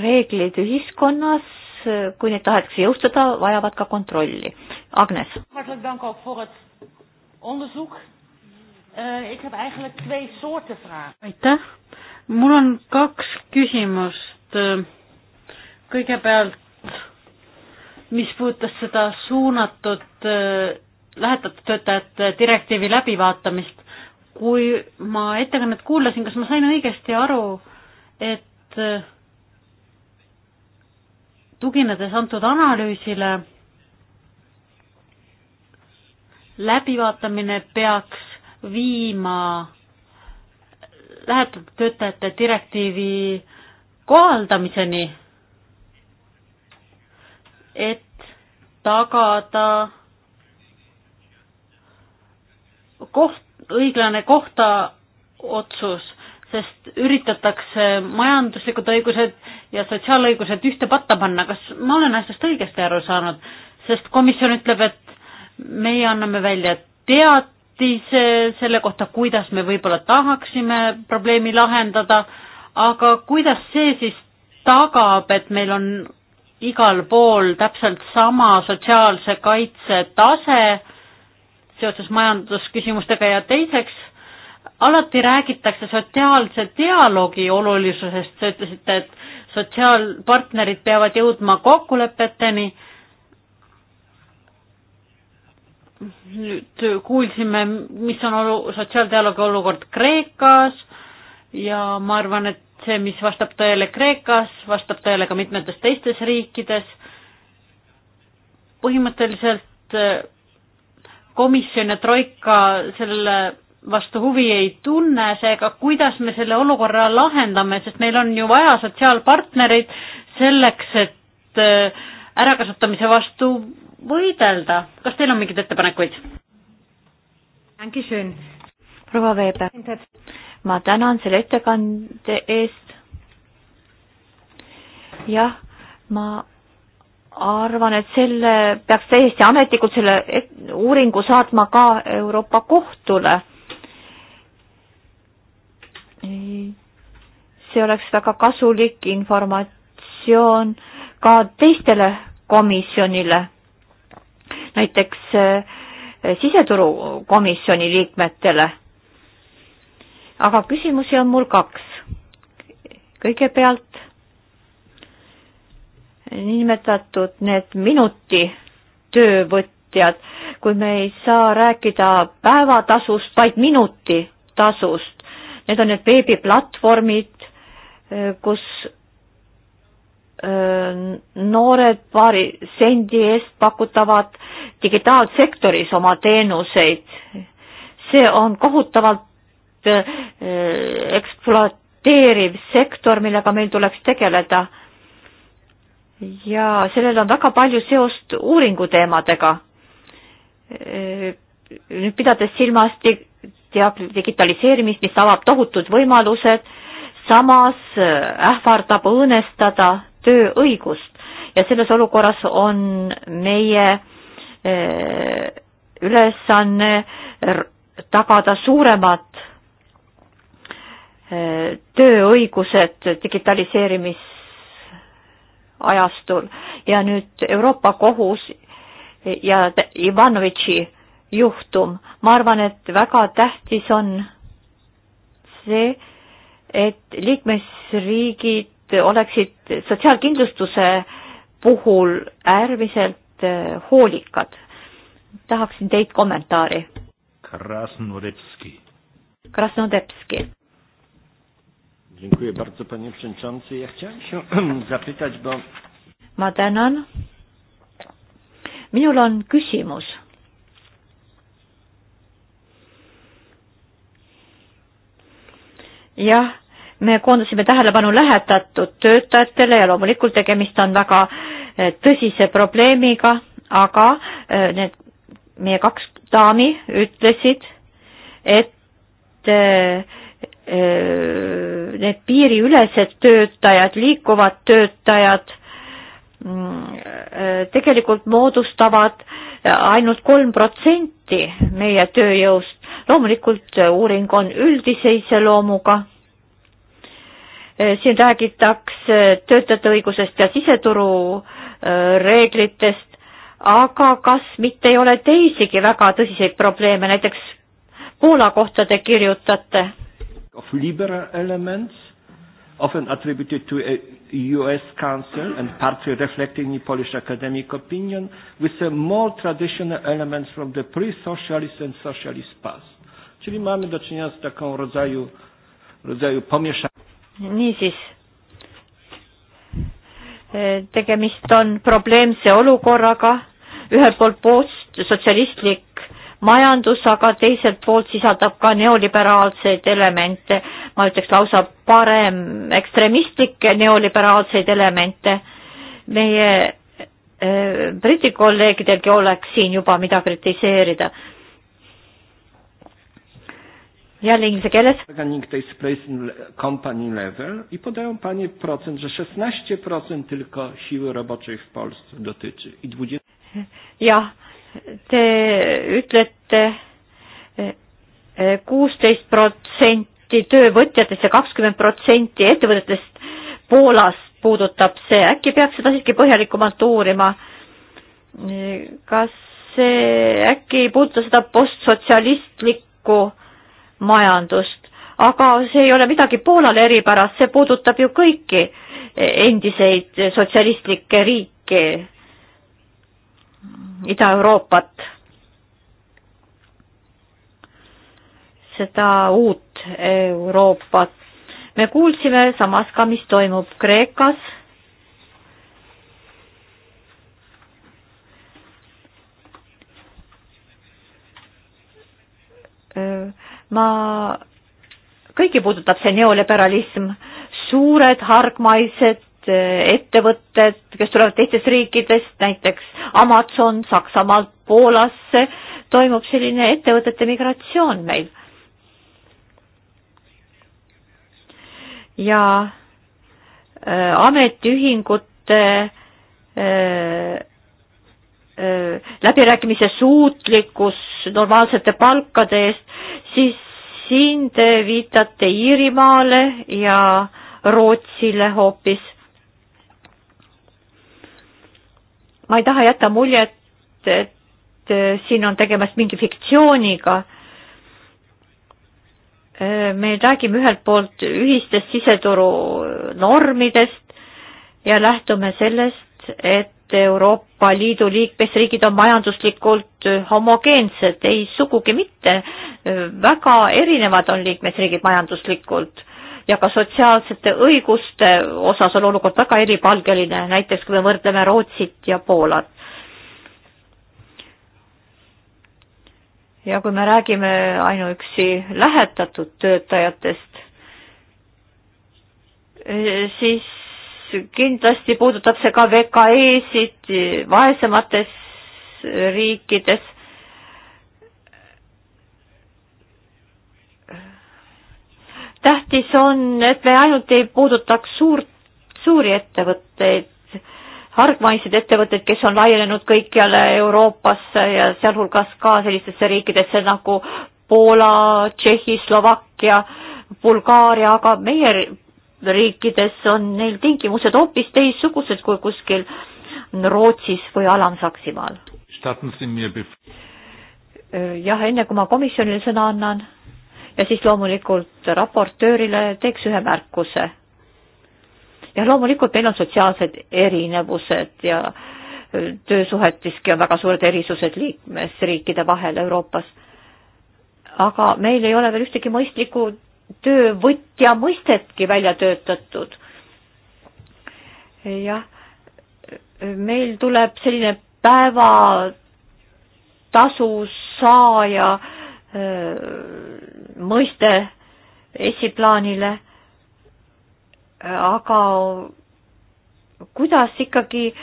reeglid ühiskonnas kui neid tahetakse jõustada, vajavad ka kontrolli. Agnes. Eh, aitäh, mul on kaks küsimust. kõigepealt, mis puudutas seda suunatud eh, lähetatud töötajate direktiivi läbivaatamist, kui ma ettekannet kuulasin, kas ma sain õigesti aru, et eh, tuginedes antud analüüsile, läbivaatamine peaks viima lähetatud töötajate direktiivi kohaldamiseni, et tagada koht, õiglane kohta otsus sest üritatakse majanduslikud õigused ja sotsiaalõigused ühte patta panna, kas ma olen asjast õigesti aru saanud, sest komisjon ütleb, et meie anname välja teatise selle kohta, kuidas me võib-olla tahaksime probleemi lahendada, aga kuidas see siis tagab, et meil on igal pool täpselt sama sotsiaalse kaitse tase seoses majandusküsimustega ja teiseks alati räägitakse sotsiaalse dialoogi olulisusest, sa ütlesite, et sotsiaalpartnerid peavad jõudma kokkulepeteni. nüüd kuulsime, mis on olu-, sotsiaaldialoogi olukord Kreekas ja ma arvan, et see, mis vastab tõele Kreekas, vastab tõele ka mitmetes teistes riikides. põhimõtteliselt eh, komisjon ja Troika selle vastu huvi ei tunne, seega kuidas me selle olukorra lahendame, sest meil on ju vaja sotsiaalpartnereid selleks, et äh, ärakasutamise vastu võidelda. kas teil on mingeid ettepanekuid? proua Veebe, ma tänan selle ettekande eest. jah, ma arvan, et selle peaks täiesti ametlikult selle uuringu saatma ka Euroopa Kohtule see oleks väga kasulik informatsioon ka teistele komisjonile, näiteks eh, siseturukomisjoni liikmetele. aga küsimusi on mul kaks. kõigepealt niinimetatud need minuti töövõtjad, kui me ei saa rääkida päevatasust, vaid minuti tasust, Need on need veebiplatvormid, eh, kus eh, noored paari sendi eest pakutavad digitaalsektoris oma teenuseid. see on kohutavalt eh, ekspluateeriv sektor, millega meil tuleks tegeleda. ja sellel on väga palju seost uuringuteemadega. nüüd pidades silmas dig-, ja digitaliseerimist, mis avab tohutud võimalused, samas äh, ähvardab õõnestada tööõigust ja selles olukorras on meie äh, ülesanne tagada suuremad äh, tööõigused digitaliseerimisajastul ja nüüd Euroopa Kohus ja Ivanovitši juhtum. ma arvan, et väga tähtis on see, et liikmesriigid oleksid sotsiaalkindlustuse puhul äärmiselt eh, hoolikad. tahaksin teilt kommentaari. Krasnodebski. Krasnodebski. Dziękuję bardzo panie przewodniczący. Ja chciałem się zapytać, bo ma tänan. minul on küsimus jah, me koondasime tähelepanu lähetatud töötajatele ja loomulikult tegemist on väga eh, tõsise probleemiga, aga eh, need meie kaks daami ütlesid, et eh, need piiriülesed töötajad, liikuvad töötajad mm, tegelikult moodustavad ainult kolm protsenti meie tööjõust loomulikult äh, uuring on üldise iseloomuga, äh, siin räägitakse äh, töötajate õigusest ja siseturu reeglitest, aga kas mitte ei ole teisigi väga tõsiseid probleeme, näiteks Poola kohta te kirjutate. Of liberal elements often attributed to a US Council and partly reflecting in Polish academic opinion with a more traditional elements from the pre-socialist and socialist past. Czyli mamy do czynienia z taką rodzaju, rodzaju pomieszaniem. niisiis, e, tegemist on probleemse olukorraga, ühelt poolt poost sotsialistlik majandus, aga teiselt poolt sisaldab ka neoliberaalseid elemente, ma ütleks lausa parem ekstremistlikke neoliberaalseid elemente. meie e, Briti kolleegidelgi oleks siin juba mida kritiseerida Jälle inglise keeles. company level i podają Panie procent, że 16% tylko siły roboczej w Polsce dotyczy i 20... Jah, te ütlete e, e, kuusteist protsenti töövõtjatest ja kakskümmend protsenti ettevõtetest Poolas puudutab see, äkki peaks seda siiski põhjalikumalt uurima. E, kas see äkki ei puuduta seda postsotsialistlikku majandust, aga see ei ole midagi Poolale eripärast, see puudutab ju kõiki endiseid sotsialistlikke riike, Ida-Euroopat, seda uut Euroopat. me kuulsime samas ka, mis toimub Kreekas öö äh, ma, kõiki puudutab see neoliberalism, suured hargmaised eh, ettevõtted, kes tulevad teistest riikidest, näiteks Amazon Saksamaalt Poolasse, toimub selline ettevõtete migratsioon meil. ja äh, ametiühingute äh, Äh, läbirääkimise suutlikkus normaalsete palkade eest, siis siin te viitate Iirimaale ja Rootsile hoopis. ma ei taha jätta muljet, et äh, siin on tegemist mingi fiktsiooniga. Äh, me räägime ühelt poolt ühistest siseturu normidest ja lähtume sellest, et Euroopa Liidu liikmesriigid on majanduslikult äh, homogeensed, ei sugugi mitte. Äh, väga erinevad on liikmesriigid majanduslikult ja ka sotsiaalsete õiguste osas on olukord väga eripalgeline, näiteks kui me võrdleme Rootsit ja Poolat. ja kui me räägime ainuüksi lähetatud töötajatest, äh, siis kindlasti puudutab see ka VKE-sid vaesemates riikides. tähtis on, et me ainult ei puudutaks suurt, suuri ettevõtteid, hargmaised ettevõtted, kes on laienenud kõikjale Euroopasse ja sealhulgas ka sellistesse riikidesse nagu Poola, Tšehhi, Slovakkia, Bulgaaria, aga meie riikides on neil tingimused hoopis teistsugused kui kuskil Rootsis või Alam-Saksimaal. jah, enne kui ma komisjonile sõna annan ja siis loomulikult raportöörile teeks ühe märkuse. jah, loomulikult meil on sotsiaalsed erinevused ja töösuhetiski on väga suured erisused liikmesriikide vahel Euroopas. aga meil ei ole veel ühtegi mõistlikku töövõtja mõistetki välja töötatud. jah, meil tuleb selline päevatasu saaja äh, mõiste esiplaanile, aga kuidas ikkagi äh,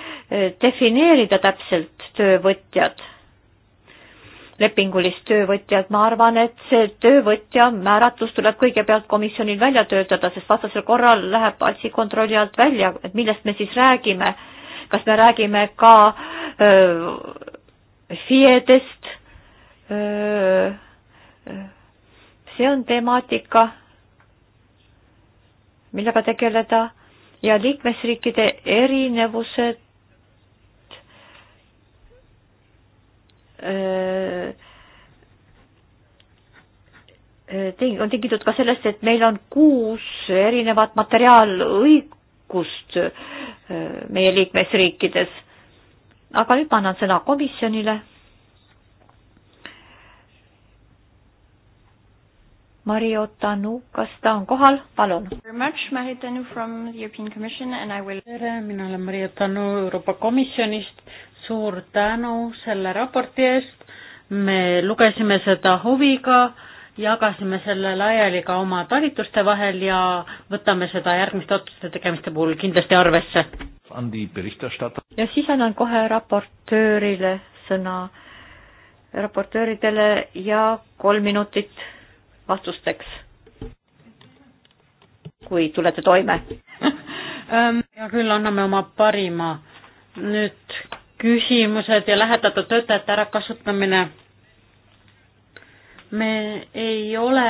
defineerida täpselt töövõtjad lepingulist töövõtjat, ma arvan, et see töövõtja määratlus tuleb kõigepealt komisjonil välja töötada, sest vastasel korral läheb asi kontrolli alt välja, et millest me siis räägime. kas me räägime ka öö, äh, FIE-dest, äh, äh, see on temaatika, millega tegeleda ja liikmesriikide erinevused on tingitud ka sellest, et meil on kuus erinevat materiaalõigust meie liikmesriikides. aga nüüd ma annan sõna komisjonile. Mariota Nu, kas ta on kohal, palun? tere, mina olen Mariota Nu Euroopa Komisjonist suur tänu selle raporti eest, me lugesime seda huviga, jagasime selle laiali ka oma talituste vahel ja võtame seda järgmiste otsuste tegemiste puhul kindlasti arvesse. ja siis annan kohe raportöörile sõna, raportööridele ja kolm minutit vastusteks, kui tulete toime. hea küll, anname oma parima. nüüd küsimused ja lähetatud töötajate ärakasutamine. me ei ole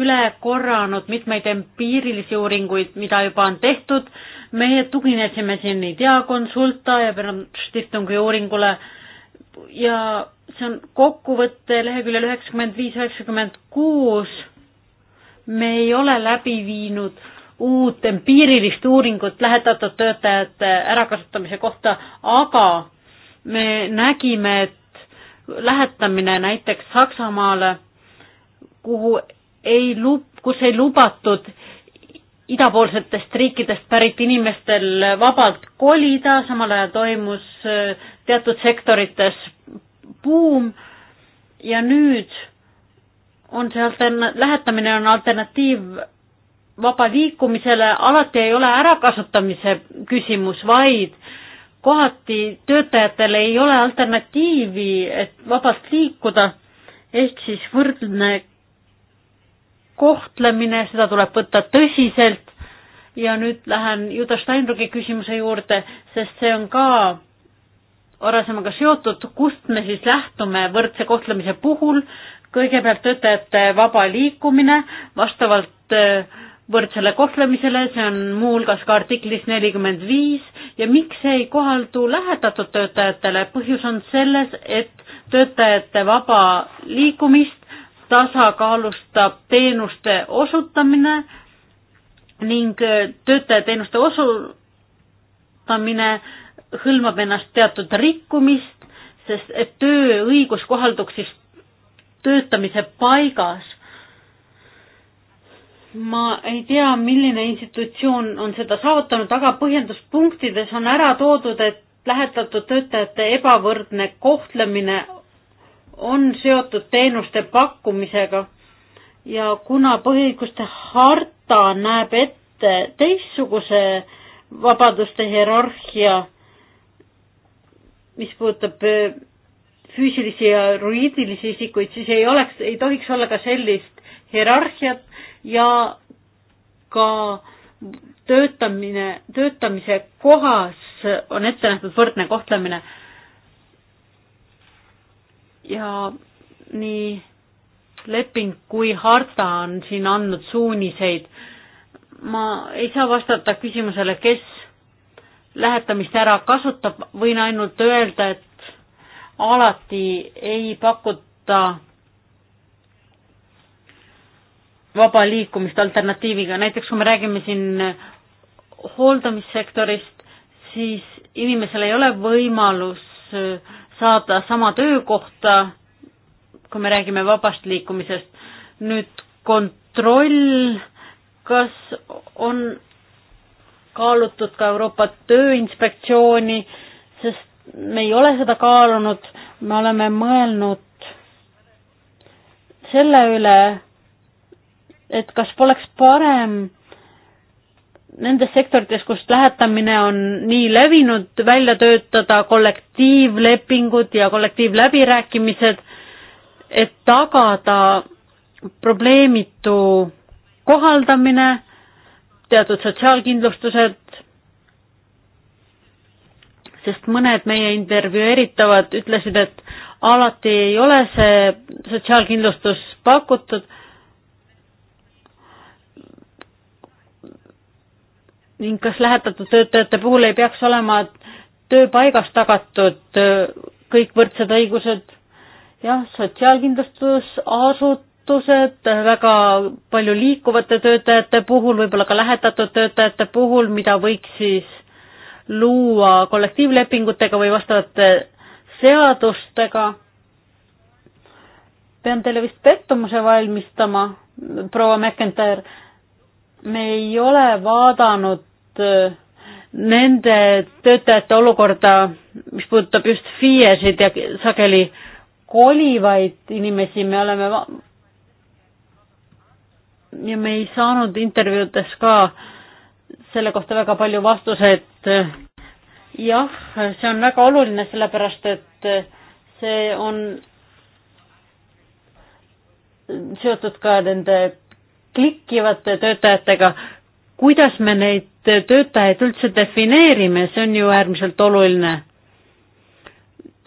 üle korranud mitmeid empiirilisi uuringuid, mida juba on tehtud, meie tuginesime siin IDEA konsulta ja Stiftungi uuringule ja see on kokkuvõte leheküljel üheksakümmend viis, üheksakümmend kuus. me ei ole läbi viinud uut empiirilist uuringut lähetatud töötajate ärakasutamise kohta, aga me nägime, et lähetamine näiteks Saksamaale, kuhu ei lub-, kus ei lubatud idapoolsetest riikidest pärit inimestel vabalt kolida, samal ajal toimus äh, teatud sektorites buum ja nüüd on see altern-, lähetamine on alternatiiv vaba liikumisele, alati ei ole ärakasutamise küsimus, vaid äh, kohati töötajatel ei ole alternatiivi, et vabalt liikuda, ehk siis võrdne kohtlemine, seda tuleb võtta tõsiselt ja nüüd lähen Juta Steinbrücki küsimuse juurde, sest see on ka varasemaga seotud, kust me siis lähtume võrdse kohtlemise puhul, kõigepealt töötajate vaba liikumine vastavalt äh, võrdsele kohtlemisele, see on muuhulgas ka artiklis nelikümmend viis ja miks see ei kohaldu lähetatud töötajatele, põhjus on selles, et töötajate vaba liikumist tasakaalustab teenuste osutamine ning töötajateenuste osutamine hõlmab ennast teatud rikkumist, sest et tööõigus kohalduks siis töötamise paigas ma ei tea, milline institutsioon on seda saavutanud, aga põhjenduspunktides on ära toodud, et lähetatud töötajate ebavõrdne kohtlemine on seotud teenuste pakkumisega ja kuna põhiõiguste harta näeb ette teistsuguse vabaduste hierarhia, mis puudutab äh, füüsilisi ja juriidilisi isikuid, siis ei oleks, ei tohiks olla ka sellist hierarhiat ja ka töötamine, töötamise kohas on ette nähtud võrdne kohtlemine. ja nii leping kui harta on siin andnud suuniseid. ma ei saa vastata küsimusele, kes lähetamist ära kasutab, võin ainult öelda, et alati ei pakuta vaba liikumist alternatiiviga, näiteks kui me räägime siin hooldamissektorist, siis inimesel ei ole võimalus äh, saada sama töökohta, kui me räägime vabast liikumisest. nüüd kontroll, kas on kaalutud ka Euroopa Tööinspektsiooni, sest me ei ole seda kaalunud, me oleme mõelnud selle üle, et kas poleks parem nendes sektorites, kust lähetamine on nii levinud, välja töötada kollektiivlepingud ja kollektiivläbirääkimised, et tagada probleemitu kohaldamine, teatud sotsiaalkindlustused, sest mõned meie intervjueeritavad ütlesid, et alati ei ole see sotsiaalkindlustus pakutud ning kas lähetatud töötajate puhul ei peaks olema tööpaigas tagatud äh, kõik võrdsed õigused? jah, sotsiaalkindlustusasutused väga palju liikuvate töötajate puhul, võib-olla ka lähetatud töötajate puhul, mida võiks siis luua kollektiivlepingutega või vastavate seadustega. pean teile vist pettumuse valmistama, proua McIntyre me ei ole vaadanud äh, nende töötajate olukorda, mis puudutab just FIE-sid ja sageli kolivaid inimesi, me oleme va-, ja me ei saanud intervjuudes ka selle kohta väga palju vastuseid. jah, see on väga oluline, sellepärast et see on seotud ka nende klikkivate töötajatega, kuidas me neid töötajaid üldse defineerime, see on ju äärmiselt oluline.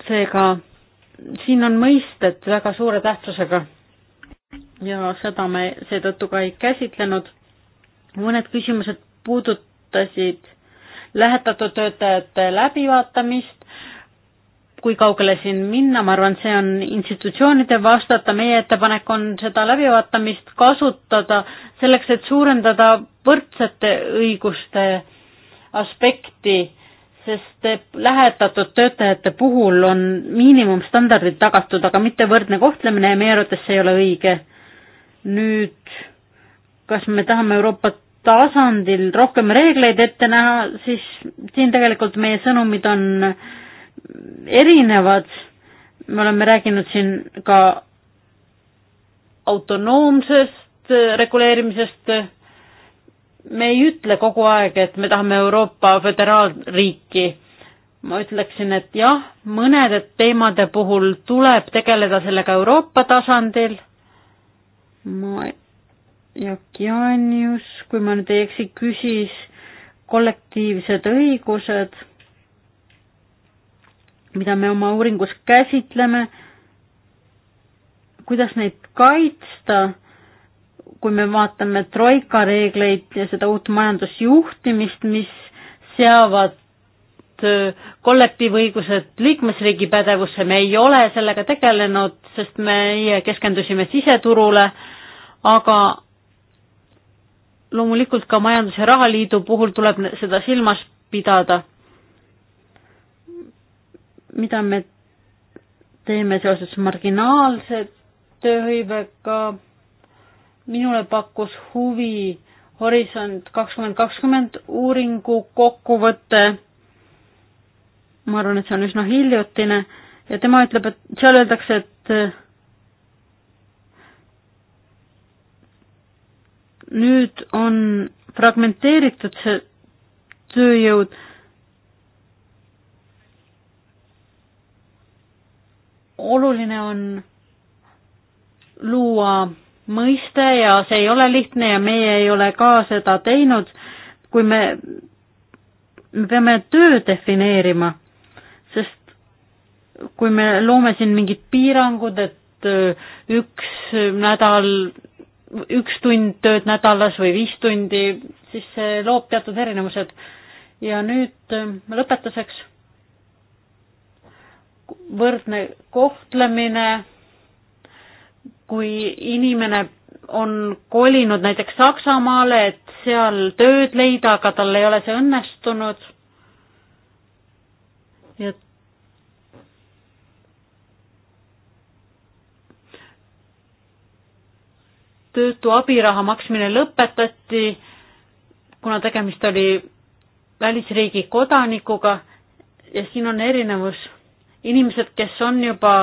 seega siin on mõisted väga suure tähtsusega ja seda me seetõttu ka ei käsitlenud. mõned küsimused puudutasid lähetatud töötajate läbivaatamist, kui kaugele siin minna, ma arvan, see on institutsioonide vastata, meie ettepanek on seda läbivaatamist kasutada selleks, et suurendada võrdsete õiguste aspekti, sest lähetatud töötajate puhul on miinimumstandardid tagatud, aga mitte võrdne kohtlemine ja meie arvates see ei ole õige. nüüd, kas me tahame Euroopa tasandil rohkem reegleid ette näha, siis siin tegelikult meie sõnumid on äh, erinevad, me oleme rääkinud siin ka autonoomsest reguleerimisest, me ei ütle kogu aeg, et me tahame Euroopa föderaalriiki. ma ütleksin, et jah, mõnede teemade puhul tuleb tegeleda sellega Euroopa tasandil, ma Jakianius, kui ma nüüd ei eksi, küsis kollektiivsed õigused mida me oma uuringus käsitleme, kuidas neid kaitsta, kui me vaatame troika reegleid ja seda uut majandusjuhtimist, mis seavad äh, kollektiivõigused liikmesriigi pädevusse, me ei ole sellega tegelenud, sest meie keskendusime siseturule, aga loomulikult ka Majandus- ja Rahaliidu puhul tuleb seda silmas pidada mida me teeme seoses marginaalse tööhõivega. minule pakkus huvi Horisont kakskümmend kakskümmend uuringu kokkuvõte. ma arvan, et see on üsna hiljutine ja tema ütleb, et seal öeldakse, et nüüd on fragmenteeritud see tööjõud oluline on luua mõiste ja see ei ole lihtne ja meie ei ole ka seda teinud, kui me, me peame töö defineerima, sest kui me loome siin mingid piirangud, et äh, üks nädal, üks tund tööd nädalas või viis tundi, siis see loob teatud erinevused. ja nüüd äh, lõpetuseks võrdne kohtlemine, kui inimene on kolinud näiteks Saksamaale, et seal tööd leida, aga tal ei ole see õnnestunud. ja töötu abiraha maksmine lõpetati, kuna tegemist oli välisriigi kodanikuga ja siin on erinevus inimesed, kes on juba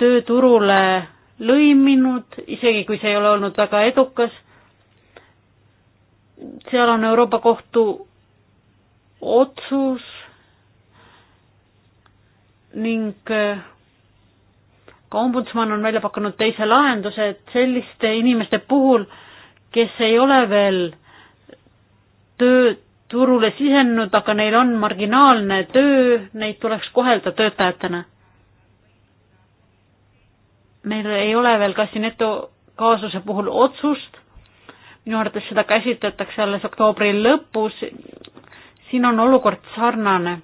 tööturule lõiminud, isegi kui see ei ole olnud väga edukas. seal on Euroopa Kohtu otsus ning äh, ka ombudsman on välja pakkunud teise lahenduse, et selliste inimeste puhul, kes ei ole veel töö turule sisenenud, aga neil on marginaalne töö, neid tuleks kohelda töötajatena. meil ei ole veel Kassineto kaasuse puhul otsust, minu arvates seda käsitletakse alles oktoobri lõpus, siin on olukord sarnane.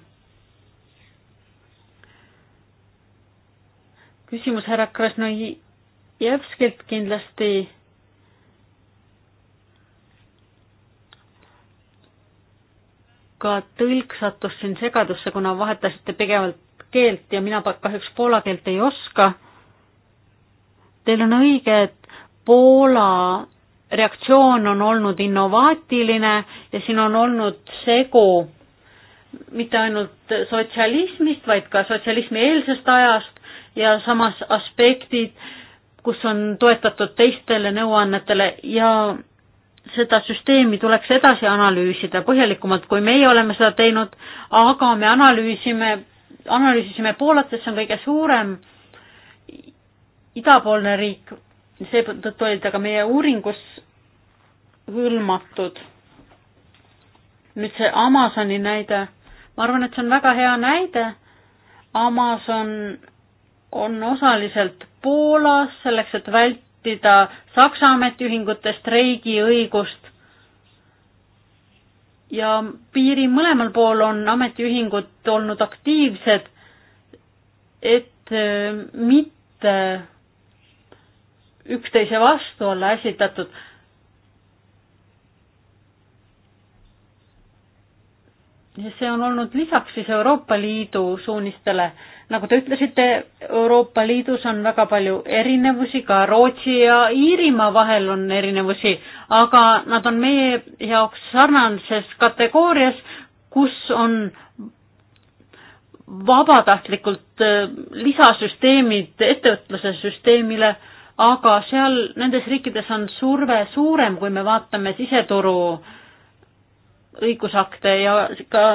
küsimus härra Krasnojevskilt kindlasti ka tõlk sattus siin segadusse, kuna vahetasite pigemalt keelt ja mina kahjuks poola keelt ei oska. Teil on õige, et Poola reaktsioon on olnud innovaatiline ja siin on olnud segu mitte ainult sotsialismist, vaid ka sotsialismi eelsest ajast ja samas aspektid, kus on toetatud teistele nõuannetele ja seda süsteemi tuleks edasi analüüsida põhjalikumalt, kui meie oleme seda teinud, aga me analüüsime, analüüsisime Poolat, sest see on kõige suurem idapoolne riik, seetõttu oli ta ka meie uuringus hõlmatud. nüüd see Amazoni näide, ma arvan, et see on väga hea näide. Amazon on osaliselt Poolas selleks, et vält-, vältida Saksa ametiühingute streigiõigust. ja piiri mõlemal pool on ametiühingud olnud aktiivsed, et äh, mitte üksteise vastu olla äsitatud ja see on olnud lisaks siis Euroopa Liidu suunistele nagu te ütlesite, Euroopa Liidus on väga palju erinevusi, ka Rootsi ja Iirimaa vahel on erinevusi, aga nad on meie jaoks sarnases kategoorias, kus on vabatahtlikult äh, lisasüsteemid ettevõtluse süsteemile, aga seal nendes riikides on surve suurem, kui me vaatame siseturu õigusakte ja ka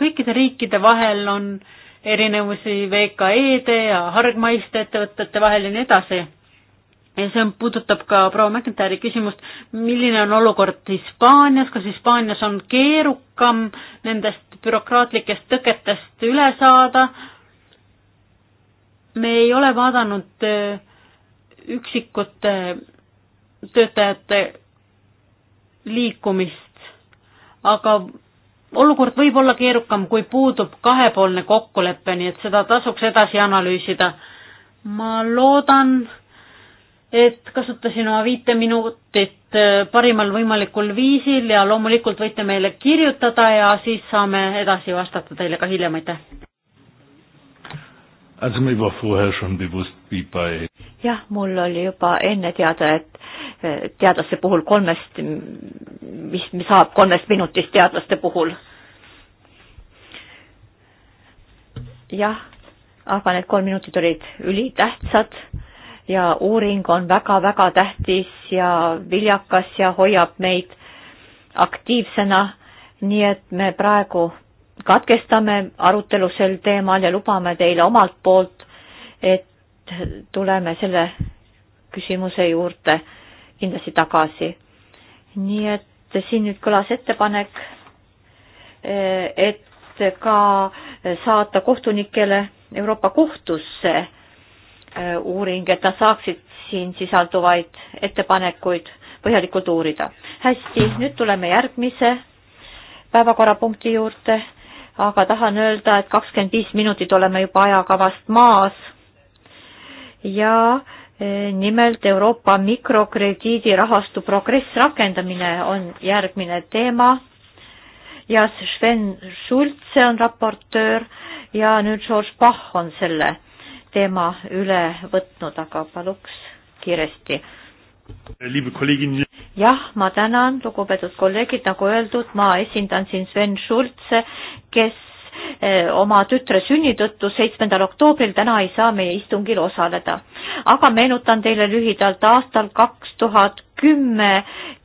kõikide riikide vahel on äh, erinevusi VKE-de ja hargmaiste ettevõtete vahel ja nii edasi. ja see puudutab ka proua McIntyre'i küsimust, milline on olukord Hispaanias, kas Hispaanias on keerukam nendest bürokraatlikest tõketest üle saada? me ei ole vaadanud äh, üksikute töötajate liikumist, aga olukord võib olla keerukam, kui puudub kahepoolne kokkulepe, nii et seda tasuks edasi analüüsida. ma loodan, et kasutasin oma viite minutit äh, parimal võimalikul viisil ja loomulikult võite meile kirjutada ja siis saame edasi vastata teile ka hiljem, aitäh! Also mir war vorher schon bewusst wie bei jah, mul oli juba enne teada, et e, teadlaste puhul kolmest, mis, mis saab kolmest minutist teadlaste puhul. jah, aga need kolm minutit olid ülitähtsad ja uuring on väga-väga tähtis ja viljakas ja hoiab meid aktiivsena, nii et me praegu katkestame arutelu sel teemal ja lubame teile omalt poolt, et tuleme selle küsimuse juurde kindlasti tagasi. nii et siin nüüd kõlas ettepanek, eh, et ka saata kohtunikele Euroopa Kohtusse eh, uuring, et nad saaksid siin sisalduvaid ettepanekuid põhjalikult uurida. hästi, nüüd tuleme järgmise päevakorrapunkti juurde aga tahan öelda, et kakskümmend viis minutit oleme juba ajakavast maas ja e, nimelt Euroopa mikrokrediidirahastu progress rakendamine on järgmine teema ja Sven Schulze on raportöör ja nüüd George Bach on selle teema üle võtnud, aga paluks kiiresti jah, ma tänan, lugupeetud kolleegid, nagu öeldud, ma esindan siin Sven Schulze, kes eh, oma tütre sünni tõttu seitsmendal oktoobril täna ei saa meie istungil osaleda. aga meenutan teile lühidalt, aastal kaks tuhat kümme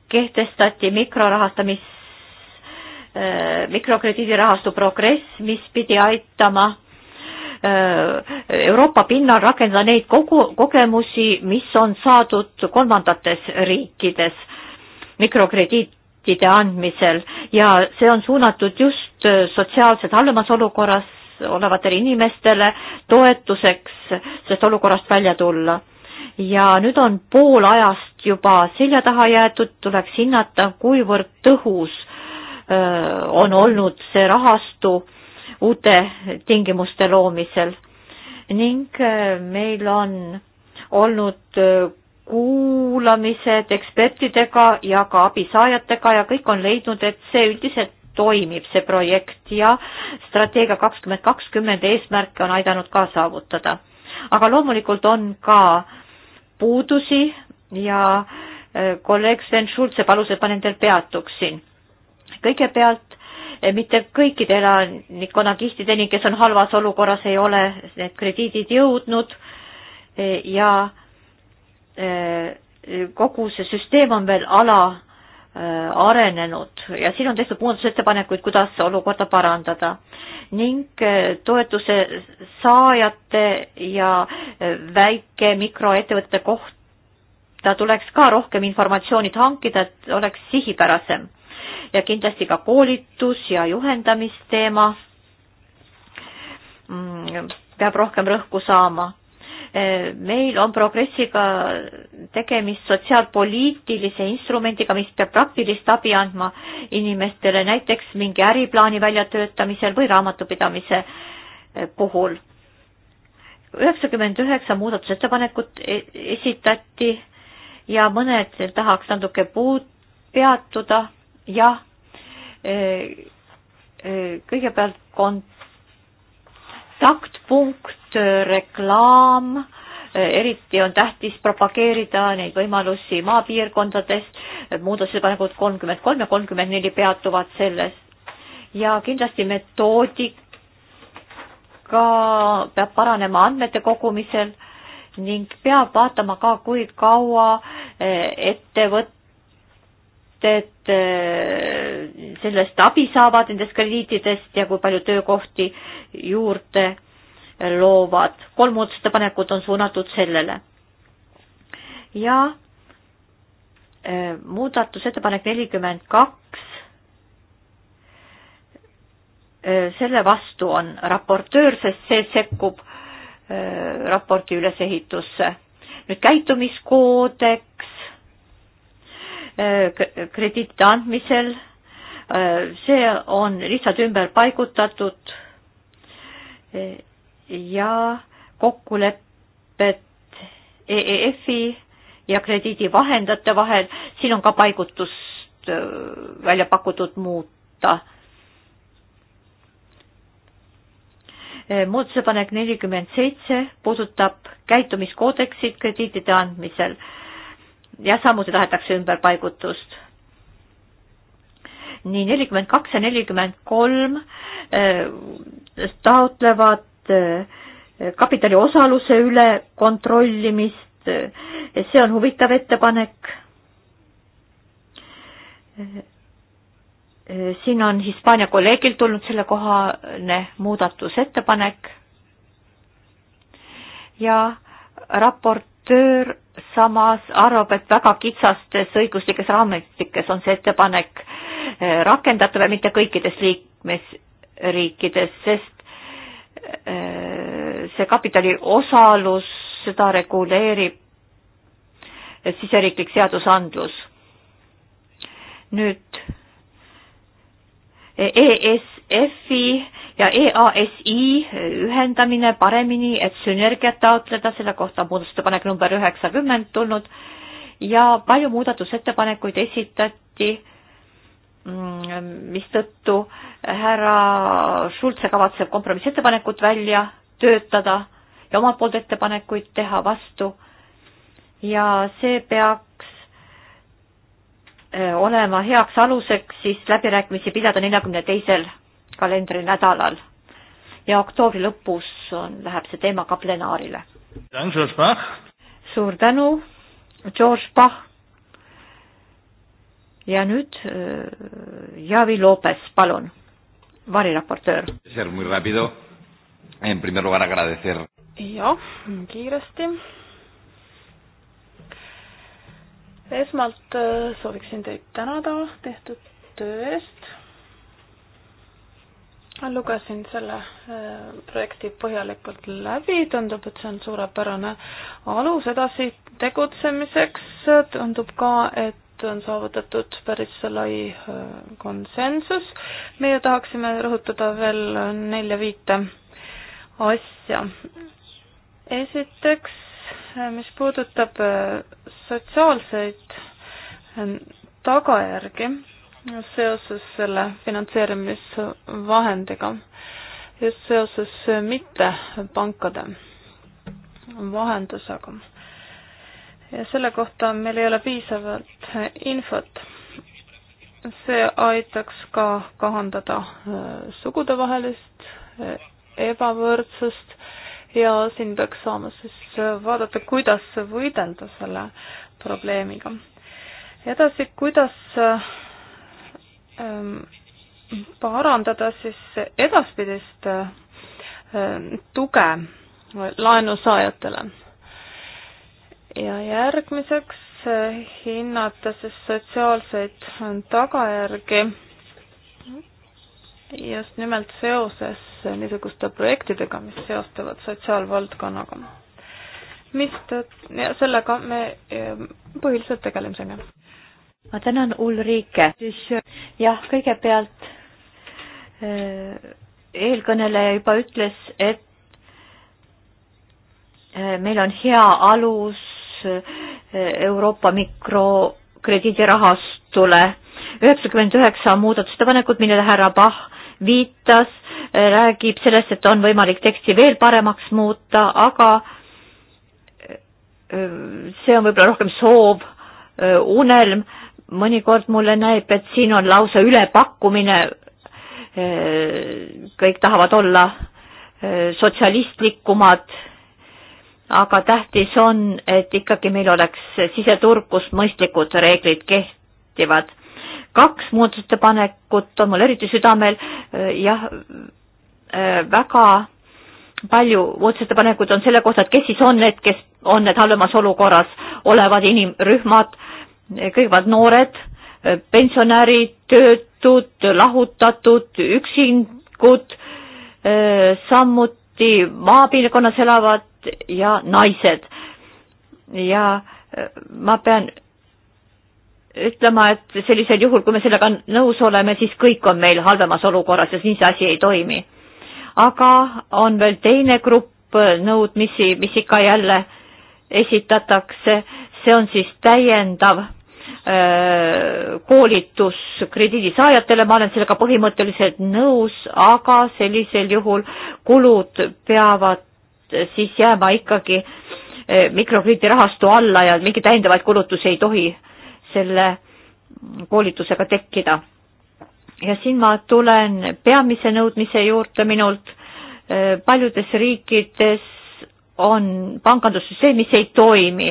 kehtestati mikrorahastamis, eh, mikrokrediidirahastu progress, mis pidi aitama Äh, Euroopa pinnal rakendada neid kogu, kogemusi, mis on saadud kolmandates riikides mikrokrediitide andmisel ja see on suunatud just äh, sotsiaalselt halvemas olukorras olevatele inimestele toetuseks, sest olukorrast välja tulla ja nüüd on pool ajast juba selja taha jäetud, tuleks hinnata, kuivõrd tõhus öö, äh, on olnud see rahastu uute tingimuste loomisel ning äh, meil on olnud äh, kuulamised ekspertidega ja ka abisaajatega ja kõik on leidnud, et see üldiselt toimib, see projekt ja strateegia kakskümmend kakskümmend eesmärke on aidanud ka saavutada. aga loomulikult on ka puudusi ja äh, kolleeg Sven Schulze palus, et ma nendel peatuksin. kõigepealt Eh, mitte kõikide elanikkonnakihtideni, kes on halvas olukorras, ei ole need krediidid jõudnud eh, ja eh, kogu see süsteem on veel ala arenenud ja siin on tehtud muudatusettepanekuid, kuidas olukorda parandada ning toetuse saajate ja väike mikroettevõtete kohta tuleks ka rohkem informatsioonid hankida, et oleks sihipärasem ja kindlasti ka koolitus ja juhendamisteema mm, peab rohkem rõhku saama. E, meil on progressiga tegemist sotsiaalpoliitilise instrumendiga, mis peab praktilist abi andma inimestele näiteks mingi äriplaani väljatöötamisel või raamatupidamise e, puhul. üheksakümmend üheksa muudatusettepanekut e, esitati ja mõned tahaks natuke puud peatuda jah, e, e, kõigepealt kontaktpunkt, e, reklaam, eriti on tähtis propageerida neid võimalusi maapiirkondades, muudatusettepanekud kolmkümmend kolm ja kolmkümmend neli peatuvad selles. ja kindlasti metoodika peab paranema andmete kogumisel ning peab vaatama ka, kui kaua ettevõte ettevõtted äh, sellest abi saavad nendest krediitidest ja kui palju töökohti juurde loovad. kolm muudatusettepanekut on suunatud sellele. ja äh, muudatusettepanek nelikümmend kaks, äh, selle vastu on raportöör, sest see sekkub raporti ülesehitusse. nüüd käitumiskoodeks, Äh, krediitide andmisel. Äh, see on lihtsalt ümber paigutatud ja kokkulepped EEF-i ja krediidivahendajate vahel, siin on ka paigutust äh, välja pakutud muuta. muudatusepanek nelikümmend seitse puudutab käitumiskoodeksit krediitide andmisel ja samuti tahetakse ümberpaigutust. nii nelikümmend kaks ja nelikümmend kolm eh, taotlevad eh, kapitali osaluse üle kontrollimist. Eh, see on huvitav ettepanek. siin on Hispaania kolleegilt tulnud sellekohane muudatusettepanek ja raport raportöör samas arvab, et väga kitsastes õiguslikes raamistikes on see ettepanek eh, rakendatav ja mitte kõikides liikmesriikides, sest eh, see kapitali osalus, seda reguleerib eh, siseriiklik seadusandlus. nüüd ESF-i e ja EASI ühendamine paremini, et sünergiat taotleda, selle kohta on muudatusettepanek number üheksakümmend tulnud ja palju muudatusettepanekuid esitati, mm, mistõttu härra Schulze kavatseb kompromissettepanekut välja töötada ja omalt poolt ettepanekuid teha vastu ja see peaks Eh, olema heaks aluseks siis läbirääkimisi pidada neljakümne teisel kalendrinädalal ja oktoobri lõpus on, läheb see teema ka plenaarile. suur tänu, George Bach. ja nüüd eh, Javi Lopes, palun, variraportöör. jah, kiiresti esmalt äh, sooviksin teid tänada tehtud töö eest. lugesin selle äh, projekti põhjalikult läbi, tundub, et see on suurepärane alus edasi tegutsemiseks, tundub ka, et on saavutatud päris lai äh, konsensus. meie tahaksime rõhutada veel nelja-viite asja. esiteks mis puudutab äh, sotsiaalseid äh, tagajärgi seoses selle finantseerimisvahendiga, just seoses äh, mittepankade vahendusega. ja selle kohta meil ei ole piisavalt infot. see aitaks ka kahandada sugudevahelist ebavõrdsust ja siin peaks saama siis vaadata, kuidas võidelda selle probleemiga. edasi, kuidas ähm, parandada siis edaspidist äh, tuge laenusaajatele. ja järgmiseks äh, hinnata siis sotsiaalseid tagajärgi just nimelt seoses niisuguste projektidega, mis seostavad sotsiaalvaldkonnaga. mistõttu, ja sellega me e, põhiliselt tegeleme sellega. ma tänan Ulrike. jah, kõigepealt e, eelkõneleja juba ütles, et e, meil on hea alus Euroopa mikrokrediidirahastule üheksakümmend üheksa muudatusettepanekut, millele härra Pahh viitas, räägib sellest, et on võimalik teksti veel paremaks muuta, aga äh, see on võib-olla rohkem soov, äh, unelm, mõnikord mulle näib, et siin on lausa ülepakkumine, äh, kõik tahavad olla sotsialistlikumad, aga tähtis on, et ikkagi meil oleks siseturg, kus mõistlikud reeglid kehtivad kaks muudatusettepanekut on mul eriti südamel, jah, väga palju muudatusettepanekuid on selle kohta, et kes siis on need, kes on need halvemas olukorras olevad inimrühmad, kõigepealt noored, pensionärid, töötud, lahutatud, üksikud, samuti maapiirkonnas elavad ja naised. ja ma pean ütlema, et sellisel juhul, kui me sellega nõus oleme, siis kõik on meil halvemas olukorras ja nii see asi ei toimi. aga on veel teine grupp nõudmisi, mis ikka jälle esitatakse, see on siis täiendav öö, äh, koolitus krediidisaajatele, ma olen sellega põhimõtteliselt nõus, aga sellisel juhul kulud peavad siis jääma ikkagi äh, mikrokrediidirahastu alla ja mingeid täiendavaid kulutusi ei tohi äh, selle koolitusega tekkida. ja siin ma tulen peamise nõudmise juurde minult, paljudes riikides on pangandussüsteem, mis ei toimi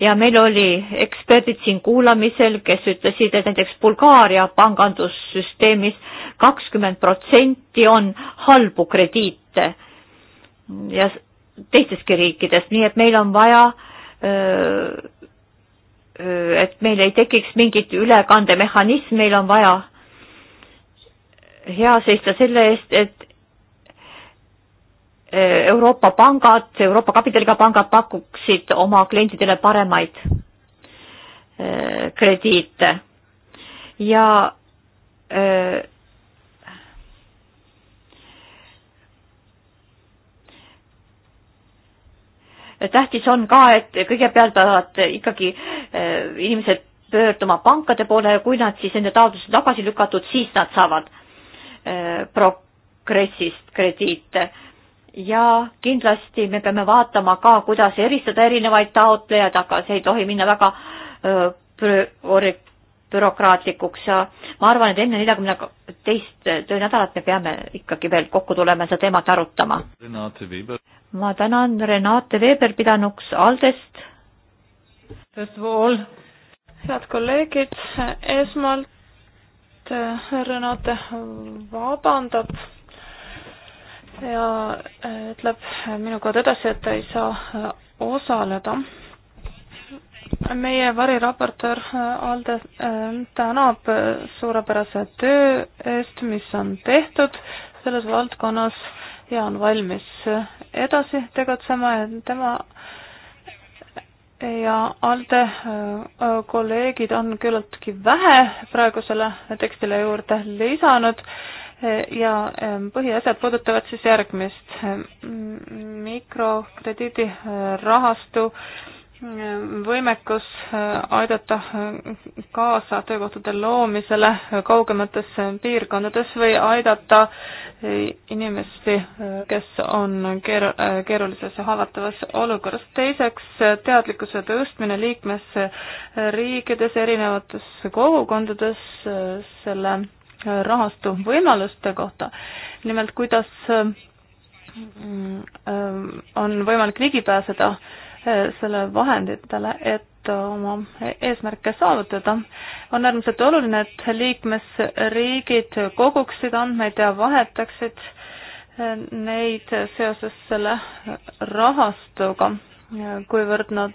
ja meil oli eksperdid siin kuulamisel, kes ütlesid, et näiteks Bulgaaria pangandussüsteemis kakskümmend protsenti on halbu krediite ja teisteski riikides, nii et meil on vaja öö, et meil ei tekiks mingit ülekandemehhanismi, meil on vaja hea seista selle eest, et Euroopa pangad, Euroopa kapitaliga pangad pakuksid oma klientidele paremaid krediite ja öö, tähtis on ka, et kõigepealt peavad ikkagi eh, inimesed pöörduma pankade poole ja kui nad siis enda taotlused tagasi lükatud, siis nad saavad eh, progressist krediite. ja kindlasti me peame vaatama ka, kuidas eristada erinevaid taotlejaid, aga see ei tohi minna väga eh, bürokraatlikuks ja ma arvan, et enne neljakümne teist töönädalat me peame ikkagi veel kokku tulema ja seda teemat arutama. ma tänan Renate Veber pidanuks Aldest. head kolleegid, esmalt eh, Renate vabandab ja eh, ütleb minu kaudu edasi, et ta ei saa osaleda meie variraportöör äh, Alde äh, tänab äh, suurepärase töö eest, mis on tehtud selles valdkonnas ja on valmis edasi tegutsema ja tema ja ALDE kolleegid on küllaltki vähe praegusele tekstile juurde lisanud ja põhiasjad puudutavad siis järgmist mikrokrediidirahastu äh, võimekus äh, aidata äh, kaasa töökohtade loomisele kaugemates äh, piirkondades või aidata inimesi, kes on keer-, keerulises ja haavatavas olukorras. teiseks, teadlikkuse tõstmine liikmesriikides, erinevates kogukondades selle rahastu võimaluste kohta. nimelt, kuidas mm, on võimalik ligi pääseda äh, selle vahenditele, et oma eesmärke saavutada. on äärmiselt oluline, et liikmesriigid koguksid andmeid ja vahetaksid neid seoses selle rahastuga, kuivõrd nad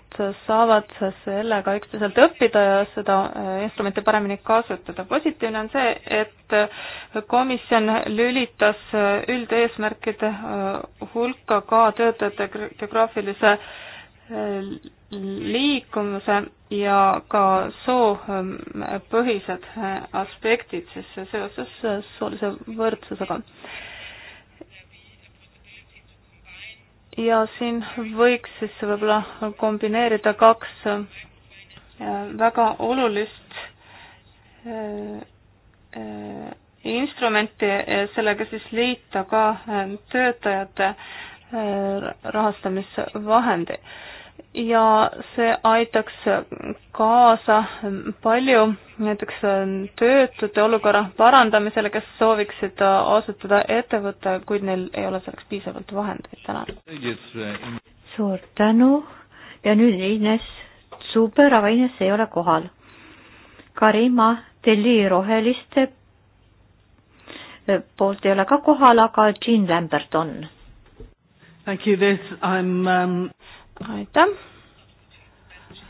saavad sellega üksteiselt õppida ja seda instrumenti paremini kasutada. positiivne on see, et komisjon lülitas üldeesmärkide hulka ka töötajate geograafilise liikumise ja ka soopõhised aspektid siis seoses soolise võrdsusega. ja siin võiks siis võib-olla kombineerida kaks väga olulist eh, instrumenti, eh, sellega siis liita ka eh, töötajate rahastamisvahendi ja see aitaks kaasa palju näiteks äh, töötute olukorra parandamisele, kes sooviksid äh, asutada ettevõtte, kuid neil ei ole selleks piisavalt vahendeid täna. suur tänu ja nüüd Ines Zuber, aga Ines ei ole kohal. Karima Telli Roheliste äh, poolt ei ole ka kohal, aga Jean Lambert on. Thank you, this I am um aitäh!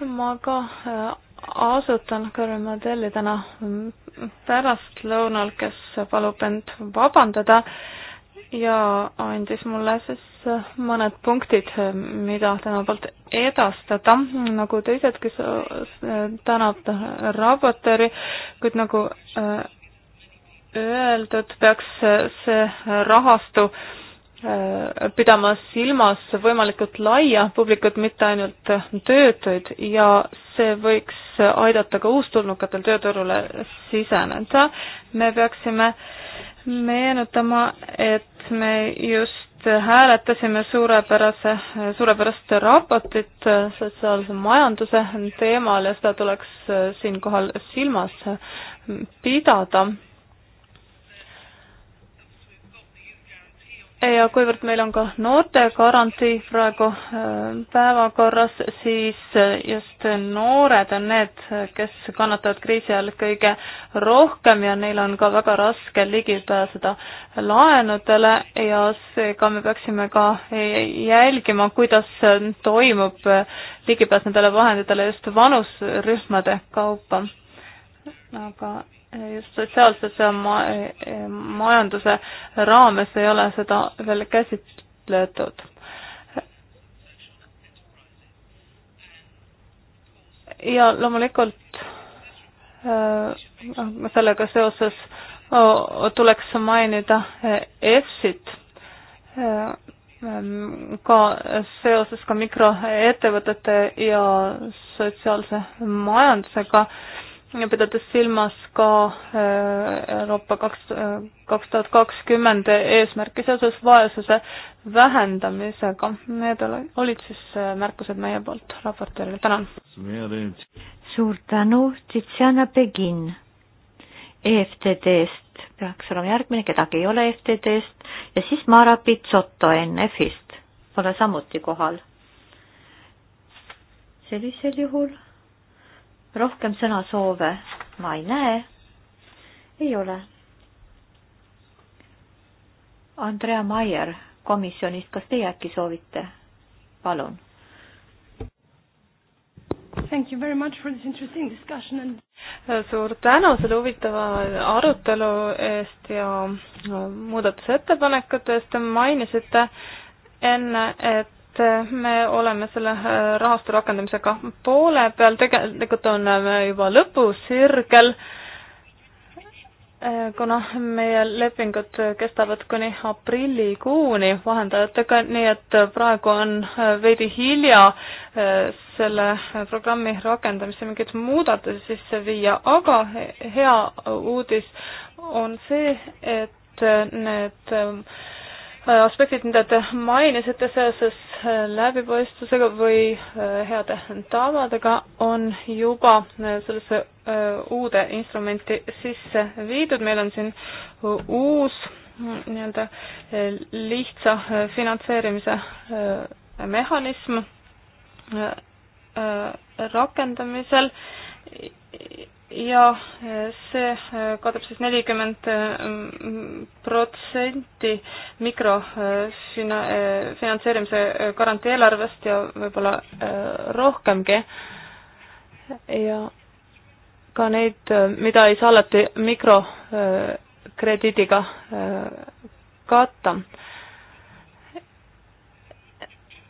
ma ka äh, asutan Karin Modelli täna pärastlõunal, kes palub end vabandada ja andis mulle siis äh, mõned punktid, mida tema poolt edastada, nagu teised, kes äh, tänab raportööri, kuid nagu öeldud, peaks see rahastu äh, Äh, pidama silmas võimalikult laia publikut, mitte ainult töötuid ja see võiks aidata ka uustulnukatel tööturule siseneda. me peaksime meenutama, et me just hääletasime suurepärase, suurepärast raportit sotsiaalse majanduse teemal ja seda tuleks siinkohal silmas pidada ja kuivõrd meil on ka noortegarantii praegu äh, päevakorras, siis äh, just noored on need, kes kannatavad kriisi ajal kõige rohkem ja neil on ka väga raske ligi pääseda laenudele ja seega me peaksime ka äh, jälgima, kuidas toimub ligipääs nendele vahenditele just vanusrühmade kaupa. aga just sotsiaalsesse ma majanduse raames ei ole seda veel käsitletud. ja loomulikult äh, noh, sellega seoses äh, tuleks mainida äh, EFSit ka seoses ka mikroettevõtete ja sotsiaalse majandusega äh, pidades silmas ka äh, Euroopa kaks, äh, kaks tuhat kakskümmend eesmärki seoses vaesuse vähendamisega. Need olid siis äh, märkused meie poolt raportöörile, tänan. suur tänu, Tiziana Begin EFTD-st, peaks olema järgmine, kedagi ei ole EFTD-st ja siis Mara Pitsoto NF-ist, pole samuti kohal. sellisel juhul rohkem sõnasoove ma ei näe. ei ole. Andrea Maier komisjonist, kas teie äkki soovite? palun. Thank you very much for this interesting discussion and suur tänu selle huvitava arutelu eest ja muudatusettepanekute eest, te mainisite enne, et me oleme selle äh, rahastu rakendamisega poole peal, tegelikult on äh, juba lõpusirgel, äh, kuna meie lepingud kestavad kuni aprillikuuni vahendajatega, nii et praegu on veidi hilja selle programmi rakendamisse mingeid muudatusi sisse viia, aga hea uudis on see, et need ähm, Äh, aspektid, mida te mainisite seoses äh, läbipaistvusega või äh, heade tavadega, on juba sellesse uude instrumenti sisse viidud, meil on siin uus mm, nii-öelda lihtsa finantseerimise mehhanism rakendamisel ja eh, see eh, katab siis nelikümmend mm, protsenti mikrofina-, eh, finantseerimise garantii eelarvest ja võib-olla rohkemgi ja ka neid, mida ei saa alati mikrokrediidiga katta.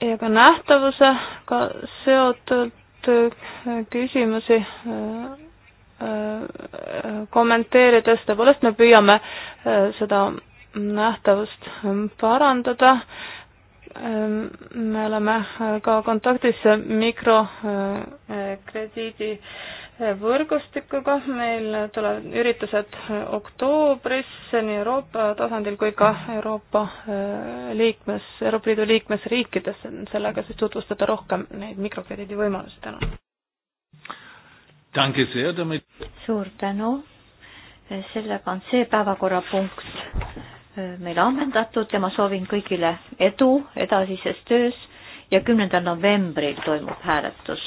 ja ka nähtavusega seotud küsimusi kommenteerides, tõepoolest me püüame äh, seda nähtavust parandada. Ähm, me oleme äh, ka kontaktis mikrokrediidi äh, võrgustikuga, meil tulevad üritused oktoobris nii Euroopa tasandil kui ka Euroopa liikmes, Euroopa Liidu liikmesriikides, sellega siis tutvustada rohkem neid mikrokrediidi võimalusi täna suur tänu. sellega on see päevakorrapunkt äh, meil ammendatud ja ma soovin kõigile edu edasises töös ja kümnendal novembril toimub hääletus.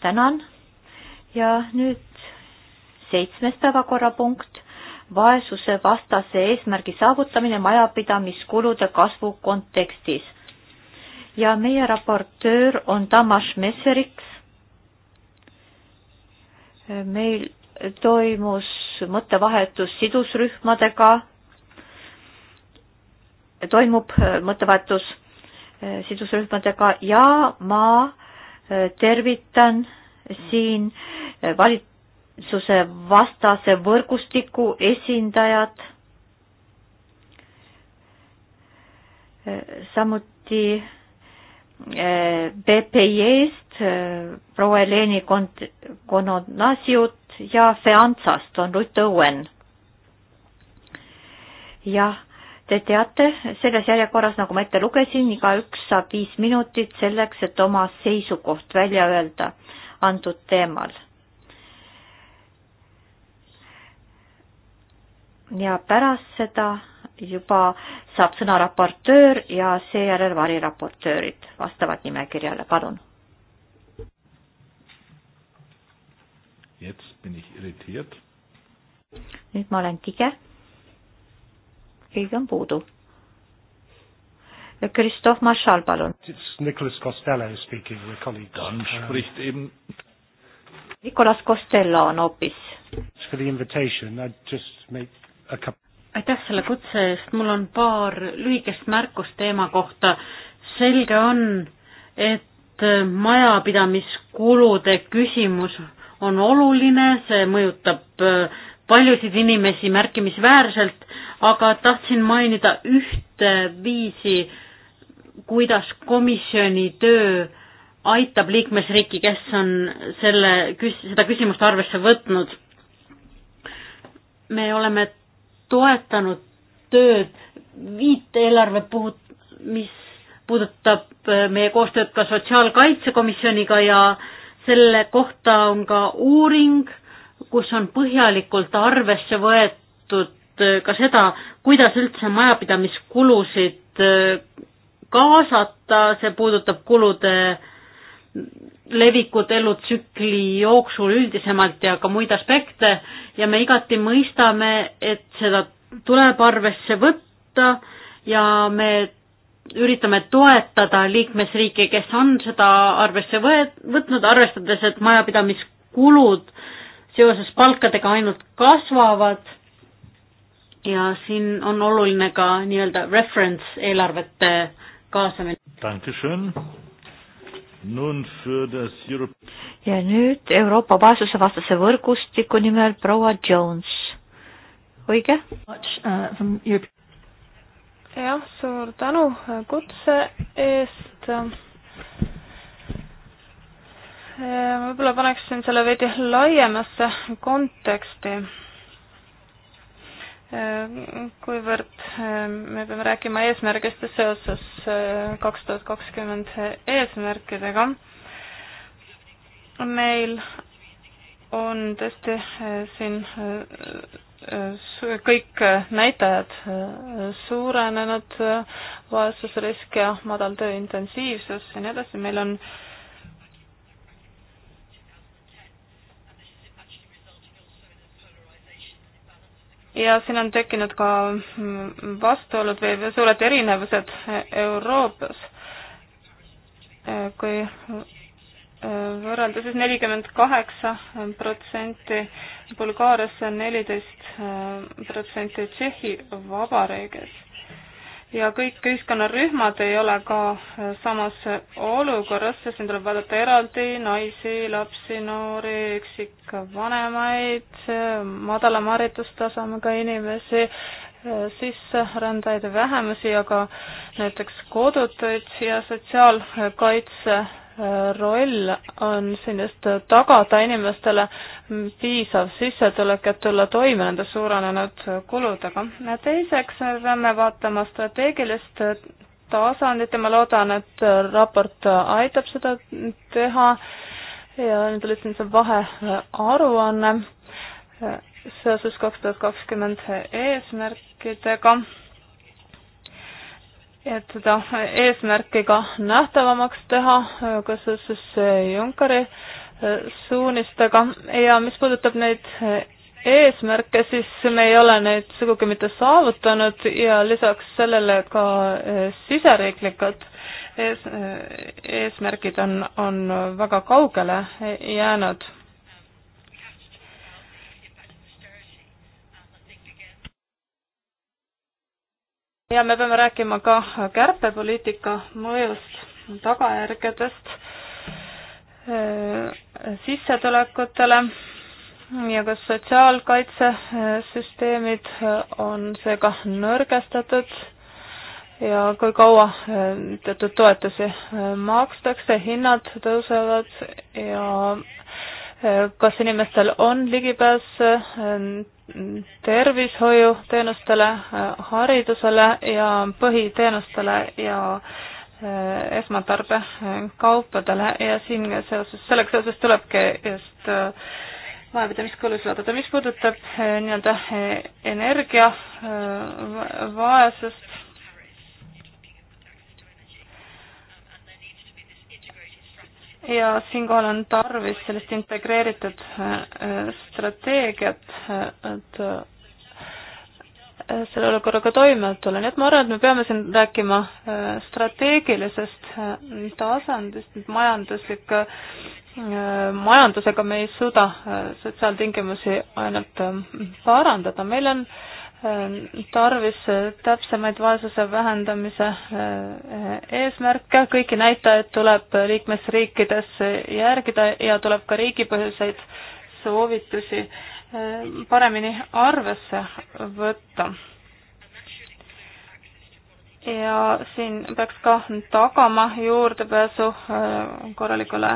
tänan ja nüüd seitsmes päevakorrapunkt, vaesuse vastase eesmärgi saavutamine majapidamiskulude kasvu kontekstis. ja meie raportöör on Tamas Messeriks meil toimus mõttevahetus sidusrühmadega, toimub mõttevahetus sidusrühmadega ja ma tervitan siin valitsuse vastase võrgustiku esindajad, samuti BPI-st äh, proua Eleni Kont-, Kononasiut ja Feantsast on Ruth Owen. jah, te teate, selles järjekorras, nagu ma ette lugesin, igaüks saab viis minutit selleks, et oma seisukoht välja öelda antud teemal. ja pärast seda juba saab sõna raportöör ja seejärel variraportöörid vastavalt nimekirjale, palun. nüüd ma olen tige. keegi on puudu. Kristof Marshall, palun. Um, Nicolas Costello on hoopis aitäh selle kutse eest, mul on paar lühikest märkust teema kohta. selge on, et majapidamiskulude küsimus on oluline, see mõjutab äh, paljusid inimesi märkimisväärselt, aga tahtsin mainida ühte viisi, kuidas komisjoni töö aitab liikmesriiki, kes on selle, seda küsimust arvesse võtnud. me oleme toetanud tööd viit eelarve puhul, mis puudutab äh, meie koostööd ka Sotsiaalkaitsekomisjoniga ja selle kohta on ka uuring, kus on põhjalikult arvesse võetud äh, ka seda, kuidas üldse majapidamiskulusid äh, kaasata, see puudutab kulude levikut elutsükli jooksul üldisemalt ja ka muid aspekte ja me igati mõistame, et seda tuleb arvesse võtta ja me üritame toetada liikmesriike, kes on seda arvesse võet-, võtnud, arvestades, et majapidamiskulud seoses palkadega ainult kasvavad ja siin on oluline ka nii-öelda reference eelarvete kaasamine ja nüüd Euroopa vaesusevastase võrgustiku nimel proua Jones, õige? jah, suur tänu kutse eest. võib-olla paneksin selle veidi laiemasse konteksti Ehm, kuivõrd ehm, me peame rääkima eesmärgist seoses ehm, kaks tuhat kakskümmend eesmärkidega. meil on tõesti siin kõik näitajad suurenenud, vaesusrisk ja madal töö intensiivsus ja nii edasi, meil on äh, ja siin on tekkinud ka mm, vastuolud või suured erinevused Euroopas. Eh, kui eh, võrrelda siis nelikümmend kaheksa protsenti Bulgaariasse, neliteist eh, protsenti Tšehhi Vabariigis ja kõik ühiskonnarühmad ei ole ka äh, samas olukorras, sest siin tuleb vaadata eraldi naisi, lapsi, noori, üksikvanemaid, madalama haridustasemega inimesi, äh, sisserändajaid ja vähemusi, aga näiteks kodutuid ja sotsiaalkaitse roll on siin just tagada inimestele piisav sissetulek, et tulla toime nende suurenenud kuludega. teiseks me peame vaatama strateegilist tasandit ja ma loodan, et raport aitab seda teha ja nüüd oli siin see vahearuanne seoses kaks tuhat kakskümmend eesmärkidega et seda eesmärki ka nähtavamaks teha, ka seoses Junckeri suunistega ja mis puudutab neid eesmärke, siis me ei ole neid sugugi mitte saavutanud ja lisaks sellele ka siseriiklikud ees, eesmärgid on, on väga kaugele jäänud ja me peame rääkima ka kärpepoliitika mõjust, tagajärgedest äh, sissetulekutele ja kas sotsiaalkaitsesüsteemid äh, on seega nõrgestatud ja kui kaua äh, teatud toetusi makstakse, hinnad tõusevad ja kas inimestel on ligipääs äh, tervishoiuteenustele, äh, haridusele ja põhiteenustele ja äh, esmatarbekaupadele ja siin seoses, sellega seoses tulebki just majapidamiskulus vaadata, mis puudutab nii-öelda energia vaesust, ja siinkohal on tarvis sellist integreeritud äh, strateegiat, äh, et äh, selle olukorraga toime tulla, nii et ma arvan, et me peame siin rääkima strateegilisest tasandist, et majanduslik, majandusega me ei suuda sotsiaaltingimusi ainult parandada, meil on äh, Ähm, tarvis äh, täpsemaid vaesuse vähendamise äh, eesmärke, kõiki näitajaid tuleb äh, liikmesriikides järgida ja tuleb ka riigipõhjuseid soovitusi ähm, paremini arvesse võtta. ja siin peaks ka tagama juurdepääsu korralikule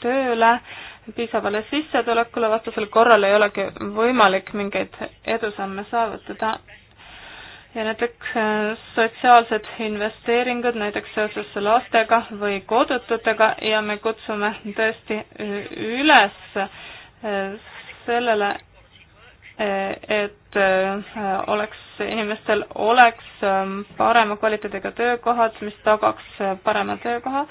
tööle piisavale sissetulekule, vastasel korral ei olegi võimalik mingeid edusamme saavutada. ja näiteks äh, sotsiaalsed investeeringud näiteks seoses lastega või kodututega ja me kutsume tõesti äh, üles äh, sellele, et oleks, inimestel oleks parema kvaliteediga töökohad, mis tagaks parema töökoha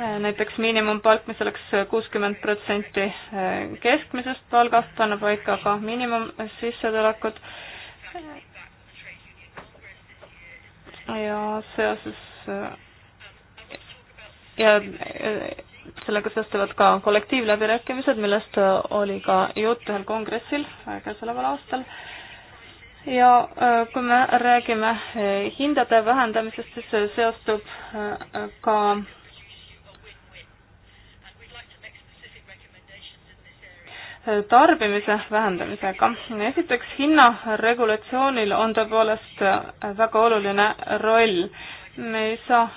Äh, näiteks miinimumpalk, mis oleks kuuskümmend protsenti äh, keskmisest palgast, panna paika ka miinimumsissetulekud. ja seoses äh, ja sellega seostuvad ka kollektiivläbirääkimised, millest oli ka juttu ühel kongressil käesoleval aastal ja kui me räägime hindade vähendamisest, siis seostub ka tarbimise vähendamisega. esiteks, hinnaregulatsioonil on tõepoolest väga oluline roll. me ei saa äh,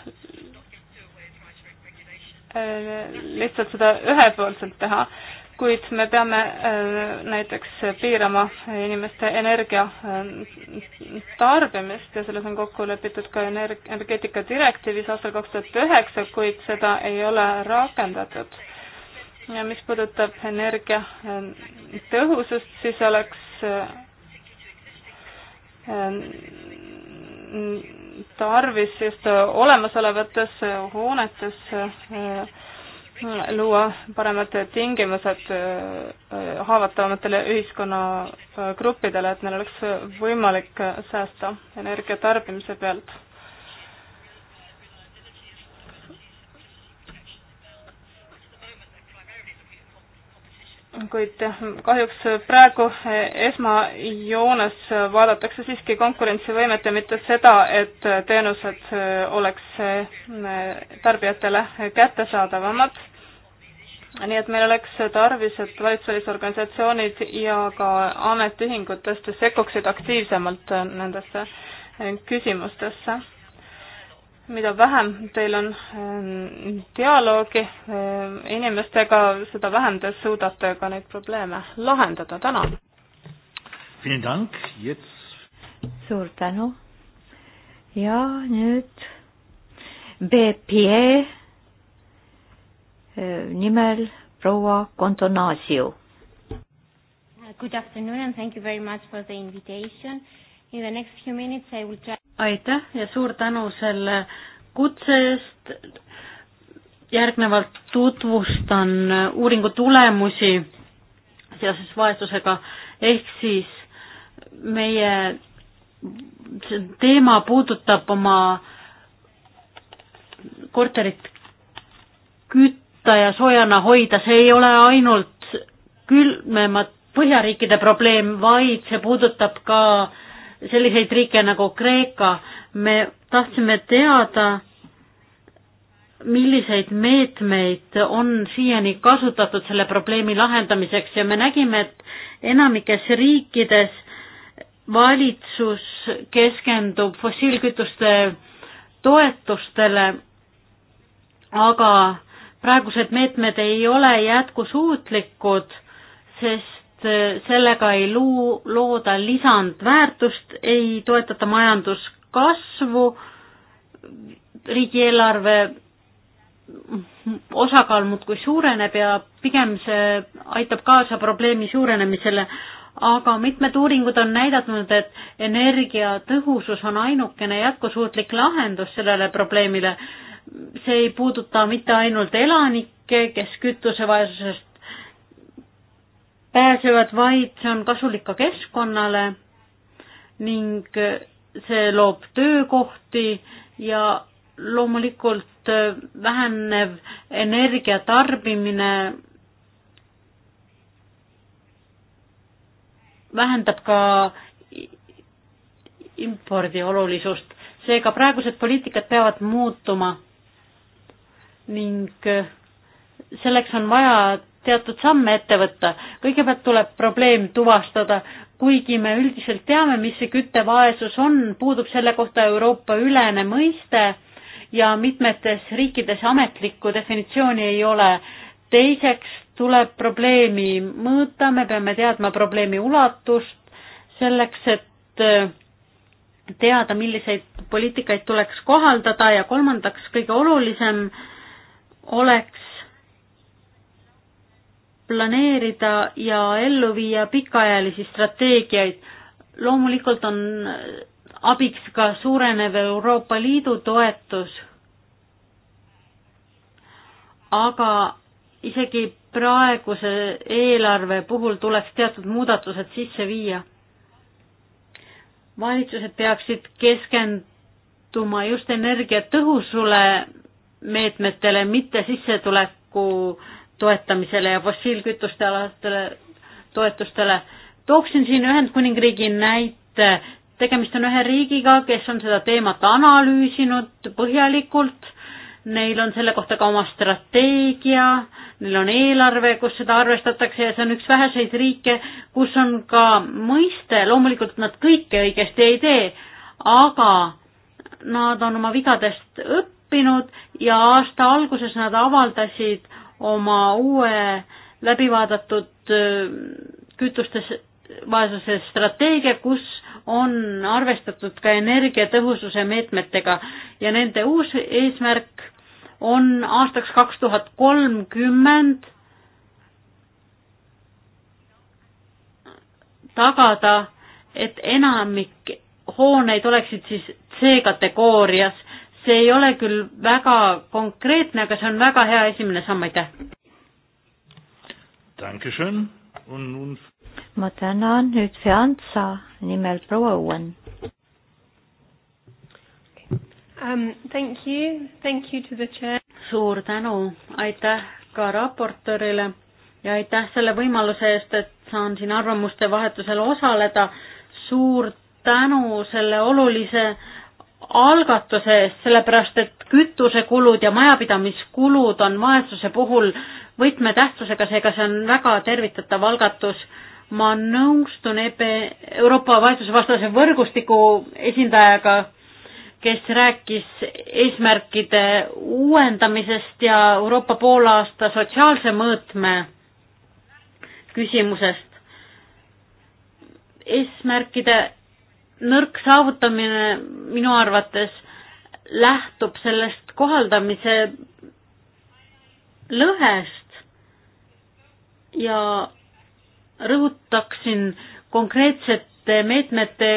lihtsalt seda ühepoolselt teha, kuid me peame äh, näiteks piirama inimeste energia äh, tarbimist ja selles on kokku lepitud ka energeetika direktiivis aastal kaks tuhat üheksa, kuid seda ei ole rakendatud ja mis puudutab energia äh, tõhusust, siis oleks äh, äh, tarvis just olemasolevates hoonetes luua paremad tingimused haavatavamatele ühiskonnagruppidele, et neil oleks võimalik säästa energia tarbimise pealt kuid kahjuks praegu esmajoones vaadatakse siiski konkurentsivõimet ja mitte seda, et teenused oleks tarbijatele kättesaadavamad. nii et meil oleks tarvis, et valitsusorganisatsioonid ja ka ametiühingud tõesti sekkuksid aktiivsemalt nendesse küsimustesse mida vähem teil on ähm, dialoogi ähm, inimestega, seda vähem te suudate ka neid probleeme lahendada, tänan. suur tänu. ja nüüd BPE äh, nimel proua Kontonasio. Good afternoon and thank you very much for the invitation. In the next few minutes I will try aitäh ja suur tänu selle kutse eest. järgnevalt tutvustan uuringu tulemusi seoses vaesusega, ehk siis meie teema puudutab oma korterit kütta ja soojana hoida, see ei ole ainult külmemad põhjariikide probleem, vaid see puudutab ka äh, selliseid riike nagu Kreeka, me tahtsime teada, milliseid meetmeid on siiani kasutatud selle probleemi lahendamiseks ja me nägime, et enamikes riikides valitsus keskendub fossiilkütuste toetustele, aga praegused meetmed ei ole jätkusuutlikud, sest sellega ei luu, looda lisandväärtust, ei toetata majanduskasvu, riigieelarve osakaal muudkui suureneb ja pigem see aitab kaasa probleemi suurenemisele, aga mitmed uuringud on näidanud, et energiatõhusus on ainukene jätkusuutlik lahendus sellele probleemile. see ei puuduta mitte ainult elanikke, kes kütusevaesusest pääsevad, vaid see on kasulik ka keskkonnale ning see loob töökohti ja loomulikult vähenev energia tarbimine vähendab ka impordi olulisust, seega praegused poliitikad peavad muutuma ning selleks on vaja teatud samme ette võtta. kõigepealt tuleb probleem tuvastada, kuigi me üldiselt teame, mis see küttevaesus on, puudub selle kohta Euroopa ülene mõiste ja mitmetes riikides ametlikku definitsiooni ei ole. teiseks tuleb probleemi mõõta, me peame teadma probleemi ulatust selleks, et äh, teada, milliseid poliitikaid tuleks kohaldada ja kolmandaks, kõige olulisem oleks planeerida ja ellu viia pikaajalisi strateegiaid. loomulikult on abiks ka suurenev Euroopa Liidu toetus. aga isegi praeguse eelarve puhul tuleks teatud muudatused sisse viia. valitsused peaksid keskenduma just energiatõhusule meetmetele, mitte sissetuleku äh, toetamisele ja fossiilkütuste alastele toetustele. tooksin siin Ühendkuningriigi näite, tegemist on ühe riigiga, kes on seda teemat analüüsinud põhjalikult, neil on selle kohta ka oma strateegia, neil on eelarve, kus seda arvestatakse ja see on üks väheseid riike, kus on ka mõiste, loomulikult nad kõike õigesti ei tee, aga nad on oma vigadest õppinud ja aasta alguses nad avaldasid oma uue läbivaadatud kütuste vaesuse strateegia, kus on arvestatud ka energiatõhususe meetmetega ja nende uus eesmärk on aastaks kaks tuhat kolmkümmend tagada, et enamik hooneid oleksid siis C-kategoorias see ei ole küll väga konkreetne, aga see on väga hea esimene samm, aitäh! ma tänan, nüüd Fianza nimelt proua Õuen. Um, thank you, thank you to the chair. suur tänu, aitäh ka raportöörile ja aitäh selle võimaluse eest, et saan siin arvamuste vahetusel osaleda. suur tänu selle olulise algatuse eest, sellepärast et kütusekulud ja majapidamiskulud on vaesuse puhul võtmetähtsusega, seega see on väga tervitatav algatus. ma nõustun EB, Euroopa vaesusevastase võrgustiku esindajaga, kes rääkis eesmärkide uuendamisest ja Euroopa poolaasta sotsiaalse mõõtme küsimusest. eesmärkide nõrk saavutamine minu arvates lähtub sellest kohaldamise lõhest ja rõhutaksin konkreetsete meetmete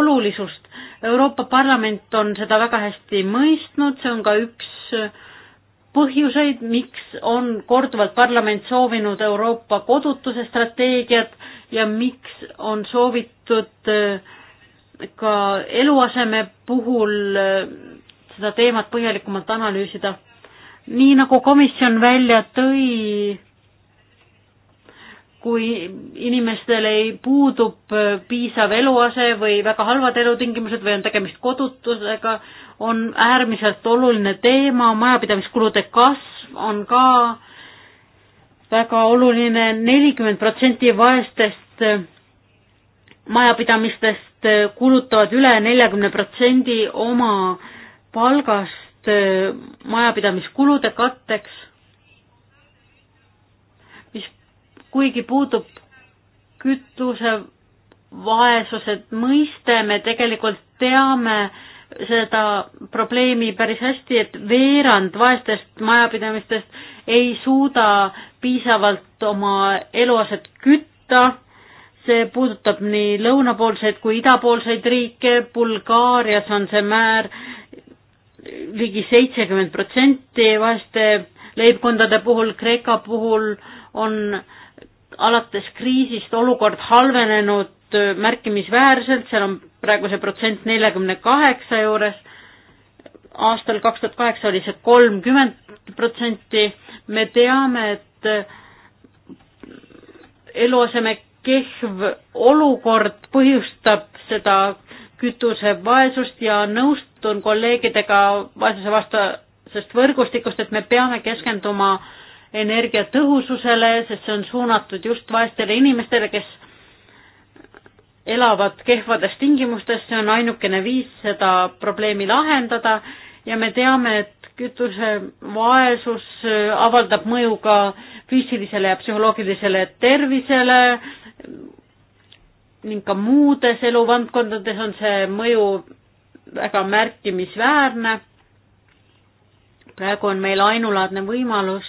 olulisust. Euroopa Parlament on seda väga hästi mõistnud, see on ka üks põhjuseid, miks on korduvalt parlament soovinud Euroopa kodutuse strateegiat ja miks on soovitud äh, ka eluaseme puhul äh, seda teemat põhjalikumalt analüüsida. nii nagu komisjon välja tõi, kui inimestel ei puudub äh, piisav eluase või väga halvad elutingimused või on tegemist kodutusega, on äärmiselt oluline teema, majapidamiskulude kasv on ka väga oluline, nelikümmend protsenti vaestest äh, majapidamistest Äh, kulutavad üle neljakümne protsendi oma palgast äh, majapidamiskulude katteks, mis kuigi puudub kütusevaesuse mõiste, me tegelikult teame seda probleemi päris hästi, et veerand vaestest majapidamistest ei suuda piisavalt oma eluaset kütta see puudutab nii lõunapoolseid kui idapoolseid riike, Bulgaarias on see määr ligi seitsekümmend protsenti vaeste leibkondade puhul, Kreeka puhul on alates kriisist olukord halvenenud märkimisväärselt, seal on praegu see protsent neljakümne kaheksa juures, aastal kaks tuhat kaheksa oli see kolmkümmend protsenti, me teame, et eluaseme kehv olukord põhjustab seda kütusevaesust ja nõustun kolleegidega vaesuse vastasest võrgustikust, et me peame keskenduma energiatõhususele, sest see on suunatud just vaestele inimestele, kes elavad kehvades tingimustes, see on ainukene viis seda probleemi lahendada ja me teame, et kütusevaesus avaldab mõju ka füüsilisele ja psühholoogilisele tervisele, ning ka muudes eluvaldkondades on see mõju väga märkimisväärne. praegu on meil ainulaadne võimalus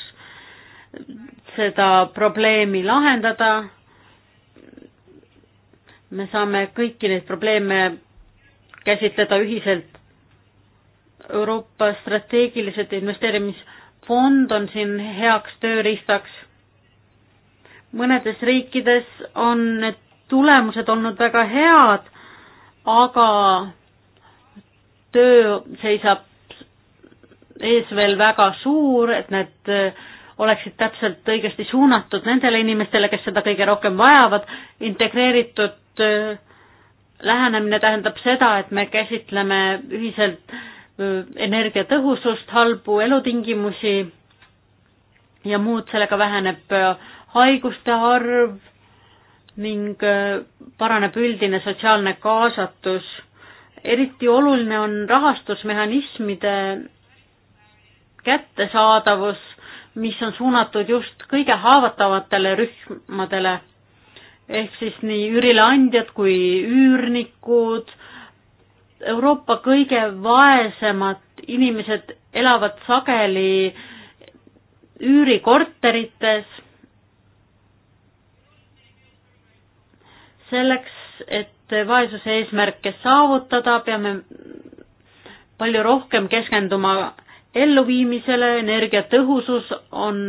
seda probleemi lahendada. me saame kõiki neid probleeme käsitleda ühiselt. Euroopa strateegilised investeerimisfond on siin heaks tööriistaks mõnedes riikides on need tulemused olnud väga head, aga töö seisab ees veel väga suur, et need äh, oleksid täpselt õigesti suunatud nendele inimestele, kes seda kõige rohkem vajavad. integreeritud äh, lähenemine tähendab seda, et me käsitleme ühiselt äh, energiatõhusust, halbu elutingimusi ja muud, sellega väheneb haiguste arv ning äh, paraneb üldine sotsiaalne kaasatus. eriti oluline on rahastusmehhanismide kättesaadavus, mis on suunatud just kõige haavatavatele rühmadele ehk siis nii üürileandjad kui üürnikud. Euroopa kõige vaesemad inimesed elavad sageli üürikorterites selleks, et vaesuse eesmärke saavutada, peame palju rohkem keskenduma elluviimisele, energiatõhusus on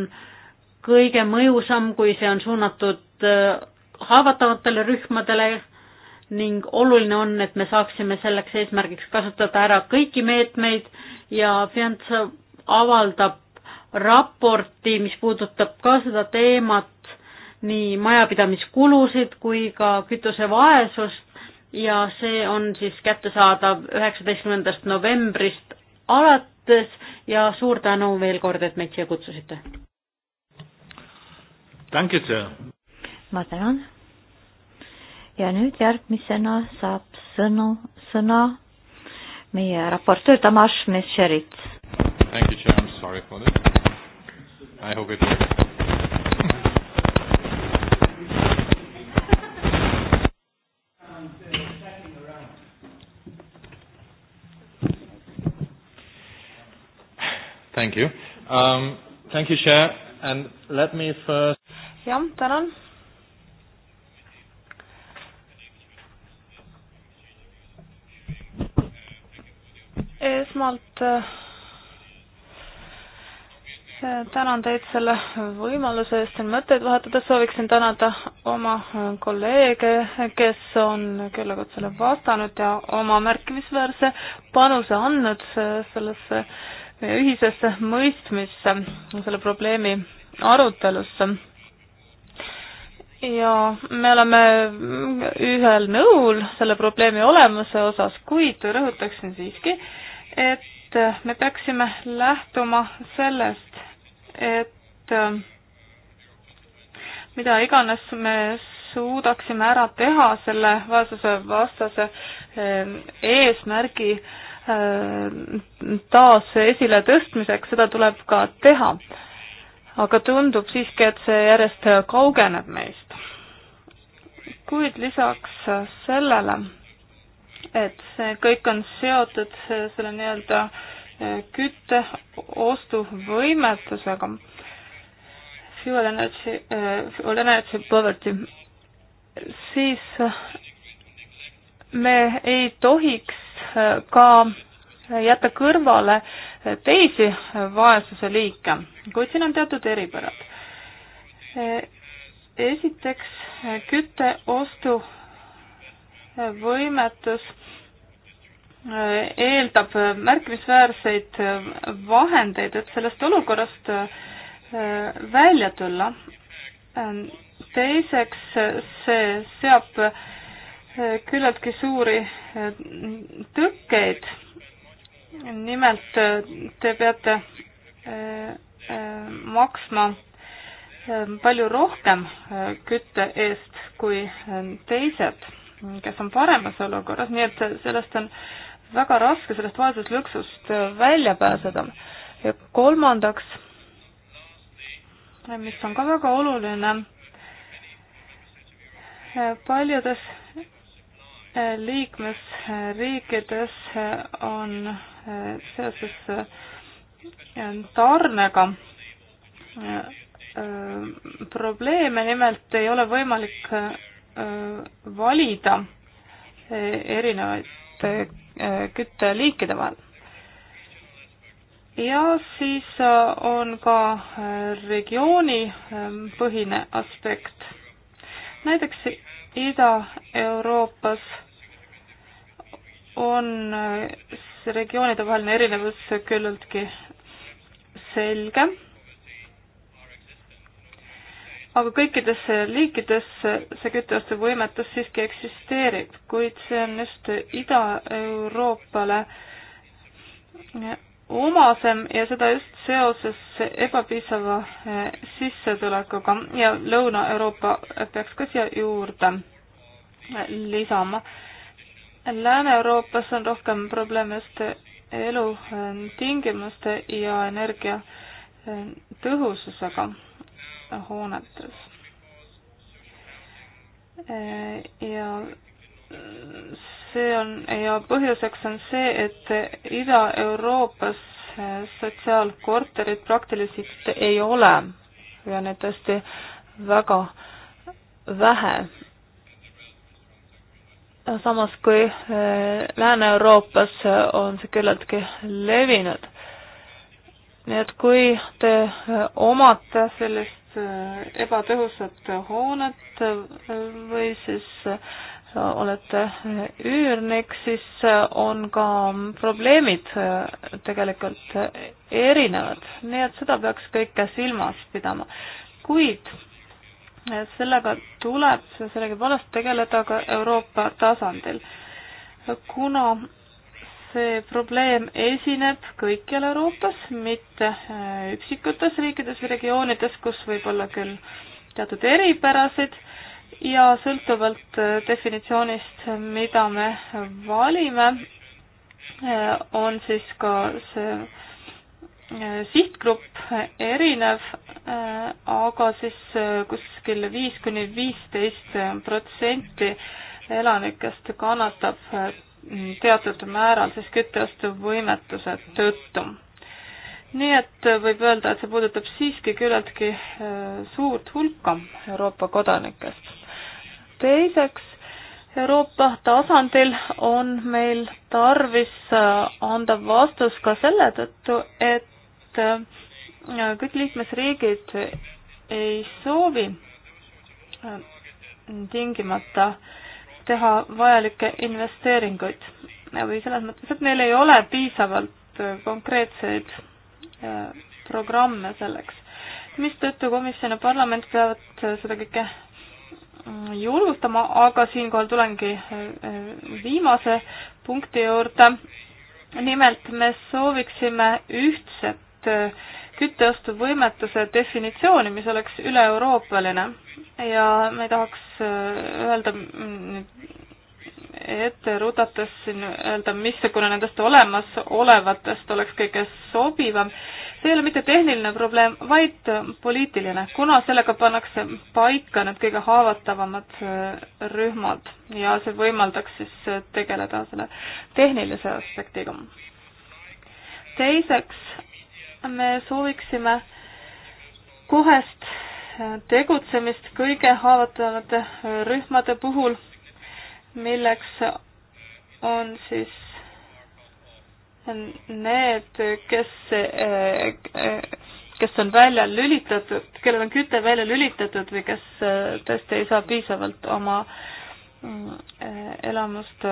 kõige mõjusam, kui see on suunatud äh, haavatavatele rühmadele ning oluline on, et me saaksime selleks eesmärgiks kasutada ära kõiki meetmeid ja Fianza avaldab raporti, mis puudutab ka seda teemat nii majapidamiskulusid kui ka kütusevaesust ja see on siis kättesaadav üheksateistkümnendast novembrist alates ja suur tänu veel kord, et meid siia kutsusite. ma tänan. ja nüüd järgmisena saab sõnu, sõna meie raportöör Tamas Mešerits. Thank you, Chair. I'm sorry for this. I hope it works. Thank you um,. Thank you, Chair and let me first. jah, tänan. esmalt äh, tänan teid selle võimaluse eest siin mõtteid vahetada, sooviksin tänada oma äh, kolleege, kes on küllakutsele vastanud ja oma märkimisväärse panuse andnud äh, sellesse ühisesse mõistmisse, selle probleemi arutelusse. ja me oleme ühel nõul selle probleemi olemuse osas, kuid rõhutaksin siiski, et me peaksime lähtuma sellest, et mida iganes me suudaksime ära teha selle vaesuse vastase eh, eesmärgi äh, Äh, taas esile tõstmiseks, seda tuleb ka teha. aga tundub siiski, et see järjest kaugeneb meist. kuid lisaks sellele, et see kõik on seotud selle nii-öelda äh, kütte ostuvõimetusega, fuel energy, äh, fuel energy poverty, siis me ei tohiks Äh, ka jätta kõrvale äh, teisi vaesuse liike, kuid siin on teatud eripärad. Äh, esiteks kütte ostuvõimetus eeldab märkimisväärseid vahendeid, et sellest olukorrast välja tulla. teiseks, see seab küllaltki suuri e, tõkkeid. nimelt e, te peate e, maksma palju rohkem kütte eest kui teised, kes on paremas olukorras, nii et sellest on väga raske sellest vaesuslõksust välja pääseda. ja kolmandaks, mis on ka väga oluline, paljudes liikmesriikides on eh, seoses eh, tarnega eh, probleeme, nimelt ei ole võimalik valida erinevaid kütteliikide vahel. ja siis on ka regioonipõhine aspekt. näiteks Ida-Euroopas on regioonide vaheline erinevus küllaltki selge. aga kõikides liikides see kütteostuvõimetus siiski eksisteerib, kuid see on just Ida-Euroopale omasem ja seda just seoses ebapiisava sissetulekuga ja Lõuna-Euroopa peaks ka siia juurde lisama Lääne-Euroopas on rohkem probleeme just elutingimuste äh, ja energia äh, tõhususega äh, hoonetes. ja see on ja põhjuseks on see, et Ida-Euroopas sotsiaalkorterid praktiliselt ei ole ja neid tõesti väga vähe samas kui eh, Lääne-Euroopas eh, on see küllaltki levinud. nii et kui te eh, omate sellist ebatõhusat hoonet või siis olete üürnik, siis on ka probleemid tegelikult erinevad, nii et seda peaks kõike silmas pidama. kuid sellega tuleb sellegipoolest tegeleda ka Euroopa tasandil. kuna see probleem esineb kõikjal Euroopas, mitte äh, üksikutes riikides või regioonides, kus võib olla küll teatud eripärasid ja sõltuvalt äh, definitsioonist, mida me valime, äh, on siis ka see sihtgrupp erinev, aga siis äh, kuskil viis kuni viisteist äh, protsenti elanikest kannatab äh, teatud määral siis kütteostuvõimetuse tõttu. nii et võib öelda, et see puudutab siiski küllaltki suurt hulka Euroopa kodanikest. teiseks, Euroopa tasandil on meil tarvis anda vastus ka selle tõttu, et et äh, kõik liikmesriigid ei soovi äh, tingimata teha vajalikke investeeringuid või selles mõttes, et neil ei ole piisavalt äh, konkreetseid programme selleks, mistõttu komisjon ja parlament peavad seda kõike mm, julgustama, aga siinkohal tulengi viimase punkti juurde. nimelt me sooviksime ühtset Äh, kütteostuvõimetuse definitsiooni, mis oleks üle-euroopaline ja me tahaks äh, öelda mm, ette rutates siin öelda, missugune nendest olemasolevatest oleks kõige sobivam, see ei ole mitte tehniline probleem, vaid poliitiline, kuna sellega pannakse paika need kõige haavatavamad äh, rühmad ja see võimaldaks siis tegeleda selle tehnilise aspektiga. teiseks me sooviksime kohest tegutsemist kõige haavatavamate rühmade puhul, milleks on siis need, kes, kes on välja lülitatud, kellel on küte välja lülitatud või kes tõesti ei saa piisavalt oma äh, elamust,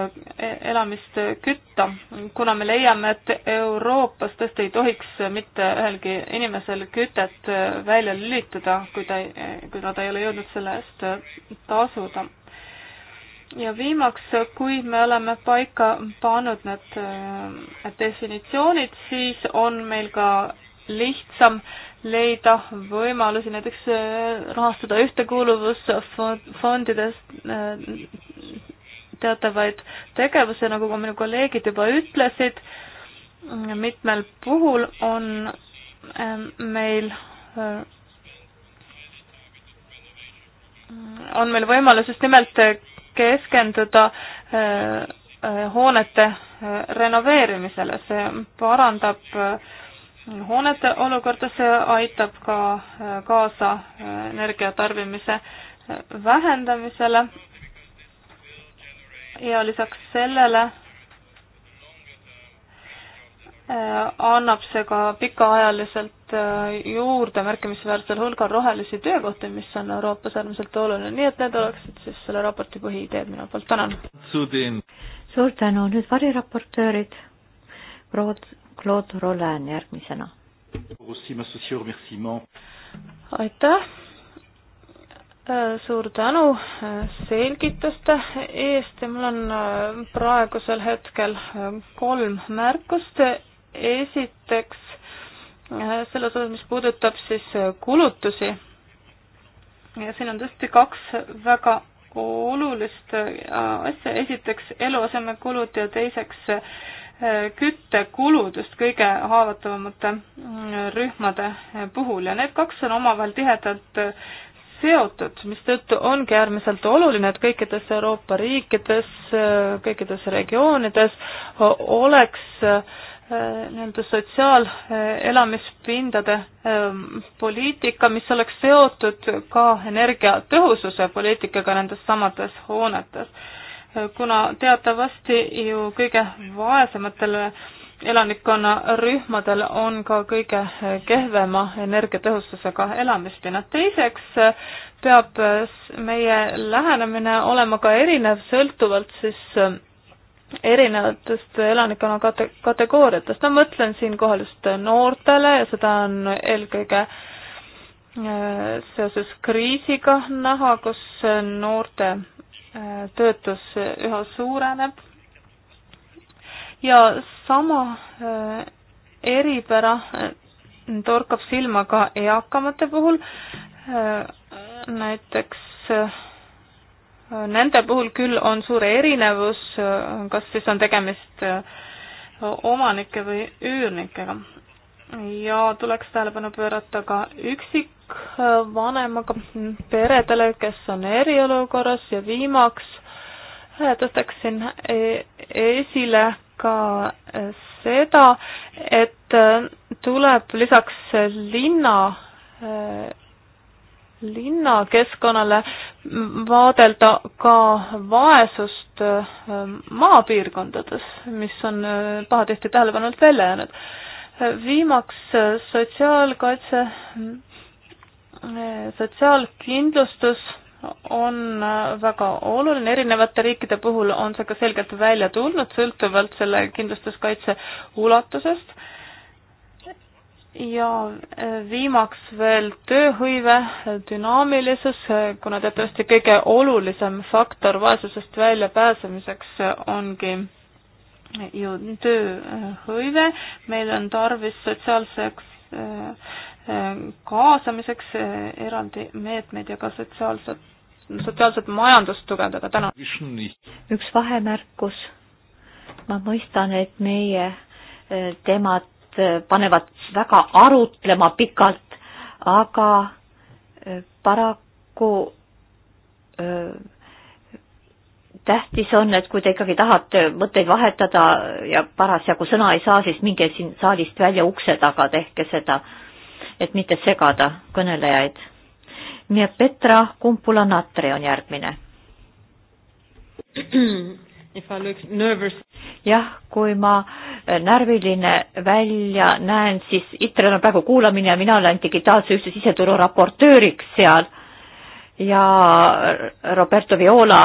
elamist kütta, kuna me leiame, et Euroopas tõesti ei tohiks mitte ühelgi inimesel kütet välja lülitada, kui ta, kuna ta ei ole jõudnud selle eest tasuda. ja viimaks, kui me oleme paika pannud need äh, definitsioonid, siis on meil ka lihtsam leida võimalusi näiteks äh, rahastada ühtekuuluvusfondidest äh, teatavaid tegevusi, nagu ka minu kolleegid juba ütlesid, mitmel puhul on ähm, meil äh, on meil võimalus just nimelt keskenduda hoonete renoveerimisele, see parandab äh, hoonete olukorda, see aitab ka äh, kaasa äh, energiatarbimise äh, vähendamisele. ja lisaks sellele annab see ka pikaajaliselt juurde märkimisväärsel hulgal rohelisi töökohti, mis on Euroopas äärmiselt oluline, nii et need oleksid siis selle raporti põhiideed minu poolt, tänan. suur tänu, nüüd variraportöörid, proua Claude Roland järgmisena. aitäh, äh, suur tänu äh, selgituste eest ja mul on äh, praegusel hetkel kolm märkust. esiteks selles osas, mis puudutab siis kulutusi. ja siin on tõesti kaks väga olulist asja, esiteks eluasemekulud ja teiseks äh, küttekuludest kõige haavatavamate mm, rühmade puhul ja need kaks on omavahel tihedalt äh, seotud, mistõttu ongi äärmiselt oluline, et kõikides Euroopa riikides, äh, kõikides regioonides oleks äh, nii-öelda sotsiaalelamispindade ähm, poliitika, mis oleks seotud ka energiatõhususe poliitikaga nendes samades hoonetes kuna teatavasti ju kõige vaesematel elanikkonnarühmadel on ka kõige kehvema energiatõhususega elamistina. teiseks peab meie lähenemine olema ka erinev sõltuvalt siis äh, erinevatest elanikkonna kate-, kategooriatest, ma mõtlen siinkohal just noortele ja seda on eelkõige äh, seoses kriisiga näha, kus äh, noorte töötus üha suureneb ja sama eh, eripära eh, torkab silma ka eakamate puhul, eh, näiteks nende puhul küll on suur erinevus, kas siis on tegemist omanike või üürnikega. ja tuleks tähelepanu pöörata ka üksik üksikvanemaga peredele, kes on eriolukorras ja viimaks eh, tõstaksin eh, esile ka eh, seda, et tuleb lisaks linna, linnakeskkonnale vaadelda ka vaesust maapiirkondades, mis on pahatihti tähelepanu alt välja jäänud. viimaks sotsiaalkaitse sotsiaalkindlustus on äh, väga oluline, erinevate riikide puhul on see ka selgelt välja tulnud, sõltuvalt selle kindlustuskaitse ulatusest. ja äh, viimaks veel tööhõive äh, dünaamilisus, kuna teatavasti kõige olulisem faktor vaesusest väljapääsemiseks ongi ju tööhõive, meil on tarvis sotsiaalseks äh, Ähm, kaasamiseks äh, eraldi meetmeid ja ka sotsiaalset, sotsiaalset majandust tugevdada täna. üks vahemärkus. ma mõistan, et meie äh, teemad äh, panevad väga arutlema pikalt, aga paraku tähtis on, et kui te ikkagi tahate mõtteid vahetada ja parasjagu sõna ei saa, siis minge siin saalist välja ukse taga, tehke seda et mitte segada kõnelejaid. nii et Petra Kumpula-Natre on järgmine. jah, kui ma eh, närviline välja näen, siis ITRE-l on praegu kuulamine ja mina olen digitaalse ühtse siseturu raportööriks seal ja Roberto Viola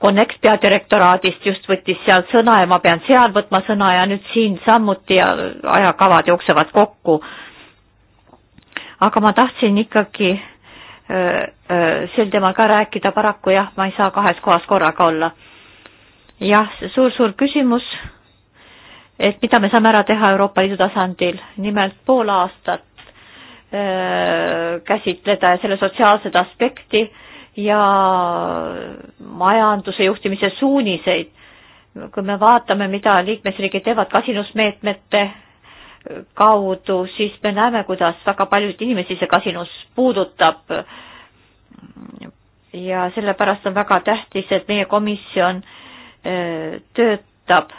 Connect peadirektoraadist just võttis seal sõna ja ma pean seal võtma sõna ja nüüd siin samuti ja ajakavad jooksevad kokku aga ma tahtsin ikkagi sel teemal ka rääkida, paraku jah, ma ei saa kahes kohas korraga olla. jah, see suur-suur küsimus, et mida me saame ära teha Euroopa Liidu tasandil, nimelt pool aastat käsitleda ja selle sotsiaalset aspekti ja majanduse juhtimise suuniseid. kui me vaatame, mida liikmesriigid teevad kasinusmeetmete kaudu, siis me näeme, kuidas väga paljud inimesi see kasinus puudutab. ja sellepärast on väga tähtis, et meie komisjon äh, töötab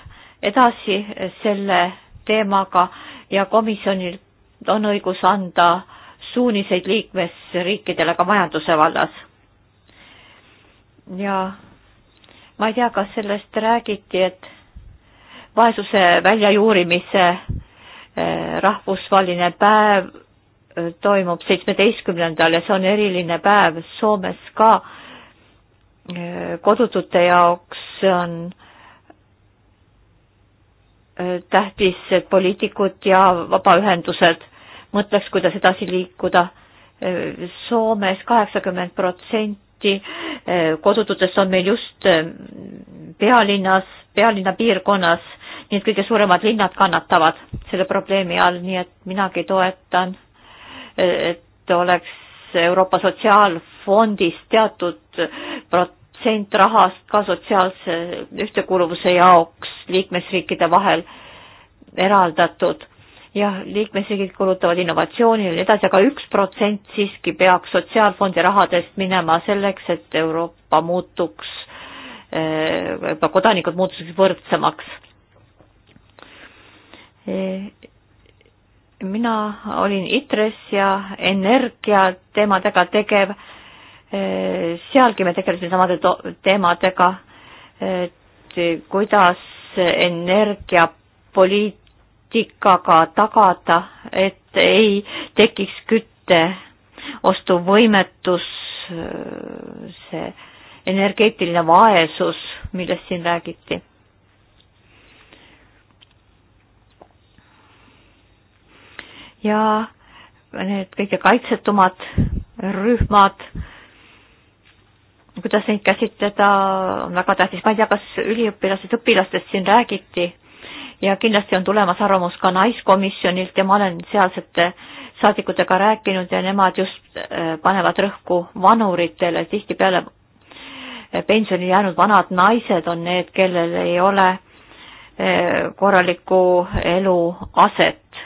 edasi selle teemaga ja komisjonil on õigus anda suuniseid liikmesriikidele ka majanduse vallas. ja ma ei tea, kas sellest räägiti, et vaesuse väljajuurimise rahvusvaheline päev äh, toimub seitsmeteistkümnendal ja see on eriline päev Soomes ka äh, kodutute jaoks on äh, tähtis, et poliitikud ja vabaühendused mõtleks, kuidas edasi liikuda. Soomes kaheksakümmend protsenti kodututest on meil just pealinnas, pealinna piirkonnas nii et kõige suuremad linnad kannatavad selle probleemi all, nii et minagi toetan, et oleks Euroopa Sotsiaalfondis teatud protsent rahast ka sotsiaalse ühtekuuluvuse jaoks liikmesriikide vahel eraldatud. jah, liikmesriigid kulutavad innovatsioonile ja nii edasi, aga üks protsent siiski peaks sotsiaalfondi rahadest minema selleks, et Euroopa muutuks, kodanikud muutuks võrdsemaks mina olin ITRES ja energiateemadega tegev, sealgi me tegelesime samade teemadega, kuidas energiapoliitikaga tagada, et ei tekiks kütte ostuvõimetus, see energeetiline vaesus, millest siin räägiti ja need kõige kaitsetumad rühmad, kuidas neid käsitleda, on väga tähtis, ma ei tea, kas üliõpilastest, õpilastest siin räägiti ja kindlasti on tulemas arvamus ka Naiskomisjonilt ja ma olen sealsete saadikutega rääkinud ja nemad just äh, panevad rõhku vanuritele, tihtipeale äh, pensionile jäänud vanad naised on need, kellel ei ole äh, korralikku eluaset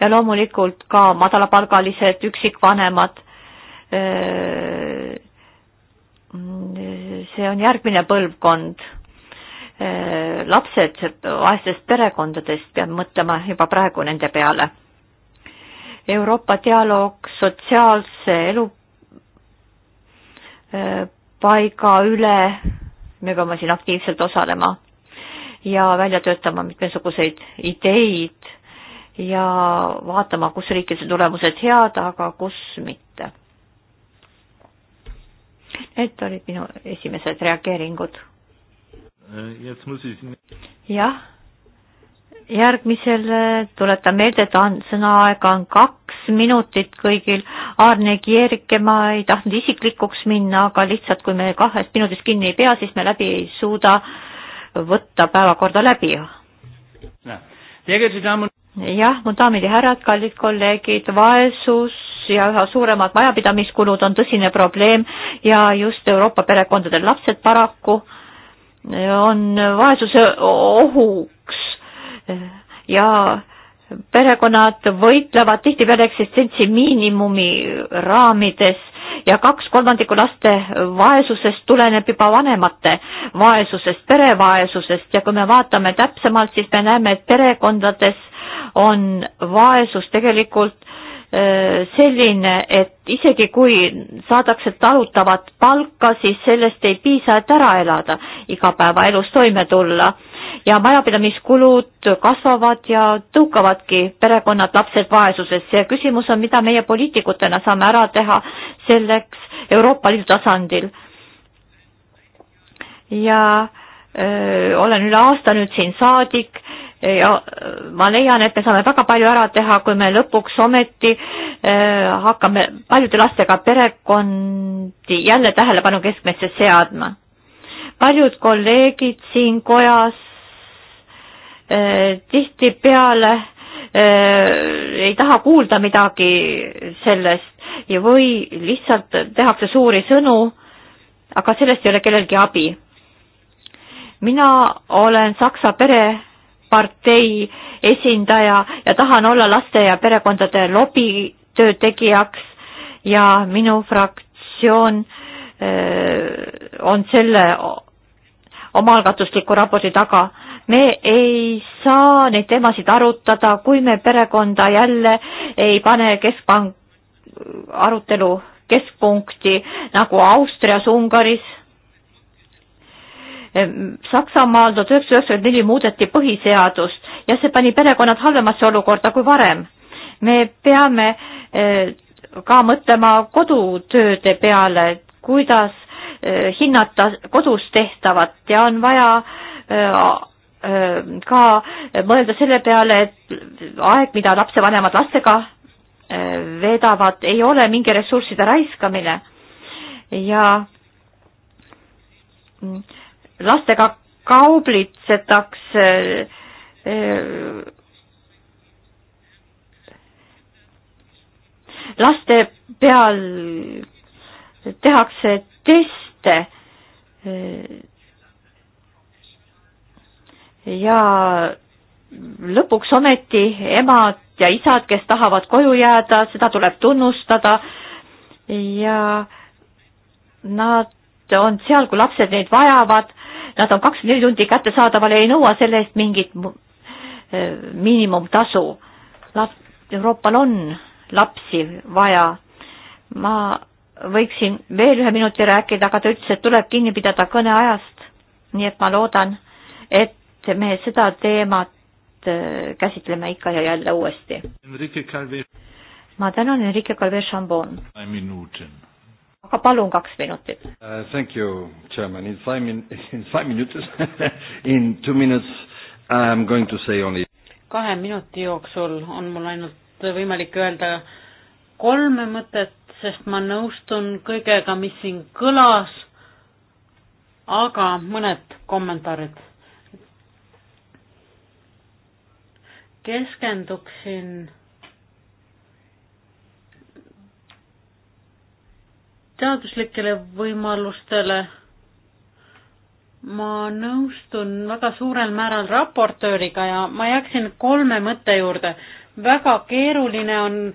ja loomulikult ka madalapalgalised üksikvanemad. Äh, see on järgmine põlvkond. Äh, lapsed vaestest perekondadest, peame mõtlema juba praegu nende peale. Euroopa dialoog sotsiaalse elu äh, paiga üle, me peame siin aktiivselt osalema ja välja töötama mitmesuguseid ideid ja vaatama, kus riikides tulemused head, aga kus mitte. Need olid minu esimesed reageeringud. jah, järgmisel tuletan meelde, et on, sõnaaega on kaks minutit kõigil. Arne Kierke, ma ei tahtnud isiklikuks minna, aga lihtsalt kui me kahest minutist kinni ei pea, siis me läbi ei suuda võtta päevakorda läbi jah, mu daamid ja härrad, kallid kolleegid, vaesus ja üha suuremad majapidamiskulud on tõsine probleem ja just Euroopa perekondadel lapsed paraku on vaesuse ohuks ja perekonnad võitlevad tihtipeale eksistentsi miinimumi raamides ja kaks kolmandikku laste vaesusest tuleneb juba vanemate vaesusest, perevaesusest ja kui me vaatame täpsemalt, siis me näeme, et perekondades on vaesus tegelikult äh, selline, et isegi kui saadakse talutavat palka, siis sellest ei piisa, et ära elada, igapäevaelus toime tulla ja majapidamiskulud kasvavad ja tõukavadki perekonnad, lapsed vaesusesse ja küsimus on, mida meie poliitikutena saame ära teha selleks Euroopa Liidu tasandil. ja öö, äh, olen üle aasta nüüd siin saadik ja ma leian, et me saame väga palju ära teha, kui me lõpuks ometi eh, hakkame paljude lastega perekondi jälle tähelepanu keskmesse seadma. paljud kolleegid siin kojas eh, tihtipeale eh, ei taha kuulda midagi sellest ja või lihtsalt tehakse suuri sõnu, aga sellest ei ole kellelgi abi mina olen Saksa pere partei esindaja ja tahan olla laste ja perekondade lobitöö tegijaks ja minu fraktsioon äh, on selle omaalgatusliku raporti taga. me ei saa neid teemasid arutada, kui me perekonda jälle ei pane keskpank, arutelu keskpunkti nagu Austrias, Ungaris Saksamaal tuhat üheksasada üheksakümmend neli muudeti põhiseadust ja see pani perekonnad halvemasse olukorda kui varem. me peame e, ka mõtlema kodutööde peale, kuidas e, hinnata kodus tehtavat ja on vaja e, ka mõelda selle peale, et aeg, mida lapsevanemad lastega veedavad, ei ole mingi ressursside raiskamine ja mm, lastega kaubitsetakse eh, laste peal tehakse teste eh, ja lõpuks ometi emad ja isad, kes tahavad koju jääda, seda tuleb tunnustada ja nad on seal, kui lapsed neid vajavad, nad on kakskümmend neli tundi kättesaadaval ja ei nõua selle eest mingit eh, miinimumtasu. lap-, Euroopal on lapsi vaja. ma võiksin veel ühe minuti rääkida, aga ta ütles, et tuleb kinni pidada kõneajast. nii et ma loodan, et me seda teemat eh, käsitleme ikka ja jälle uuesti. ma tänan, Enrique Calvet-Chambon aga palun kaks minutit uh,. Thank you, chairman, in five min-, in five minutes in two minutes I am going to say only. kahe minuti jooksul on mul ainult võimalik öelda kolme mõtet, sest ma nõustun kõigega, mis siin kõlas, aga mõned kommentaarid. keskenduksin teaduslikele võimalustele. ma nõustun väga suurel määral raportööriga ja ma jääksin kolme mõtte juurde. väga keeruline on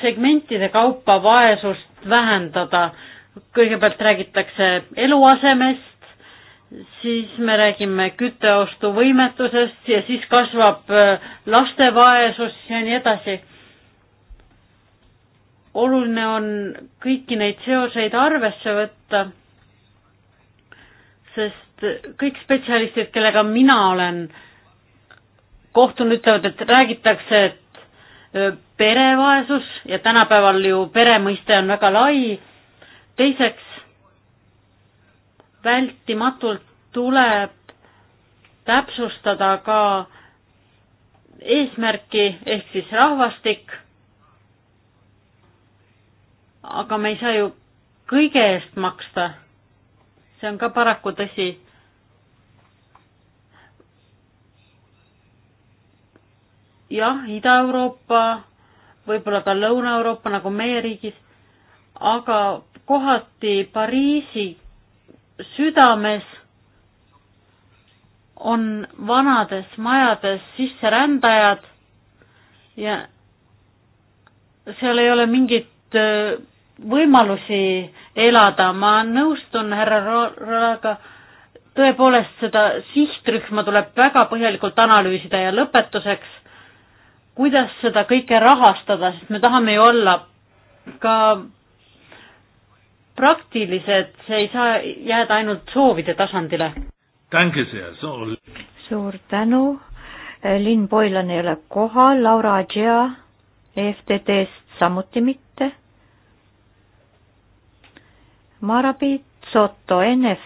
segmentide kaupa vaesust vähendada. kõigepealt räägitakse eluasemest, siis me räägime kütteostuvõimetusest ja siis kasvab äh, laste vaesus ja nii edasi oluline on kõiki neid seoseid arvesse võtta, sest kõik spetsialistid, kellega mina olen kohtunud, ütlevad, et räägitakse, et perevaesus ja tänapäeval ju pere mõiste on väga lai, teiseks vältimatult tuleb täpsustada ka eesmärki ehk siis rahvastik aga me ei saa ju kõige eest maksta. see on ka paraku tõsi. jah, Ida-Euroopa, võib-olla ka Lõuna-Euroopa nagu meie riigis, aga kohati Pariisi südames on vanades majades sisserändajad ja seal ei ole mingit äh, võimalusi elada, ma nõustun härra Roraga, tõepoolest seda sihtrühma tuleb väga põhjalikult analüüsida ja lõpetuseks, kuidas seda kõike rahastada, sest me tahame ju olla ka praktilised, see ei saa jääda ainult soovide tasandile. suur tänu, Linn Boylan ei ole kohal, Laura Adjea EFTD-st samuti mitte. Marabi Zotto, NF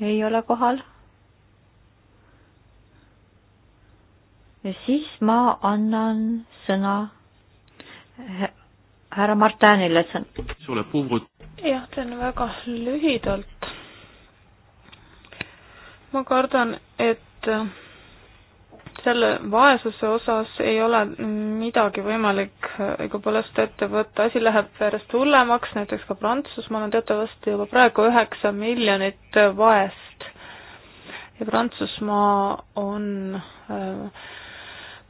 ei ole kohal. siis ma annan sõna härra Martinile. jah, teen väga lühidalt. ma kardan, et selle vaesuse osas ei ole midagi võimalik õigupoolest ette võtta, asi läheb järjest hullemaks, näiteks ka Prantsusmaal on teatavasti juba praegu üheksa miljonit vaest ja Prantsusmaa on äh,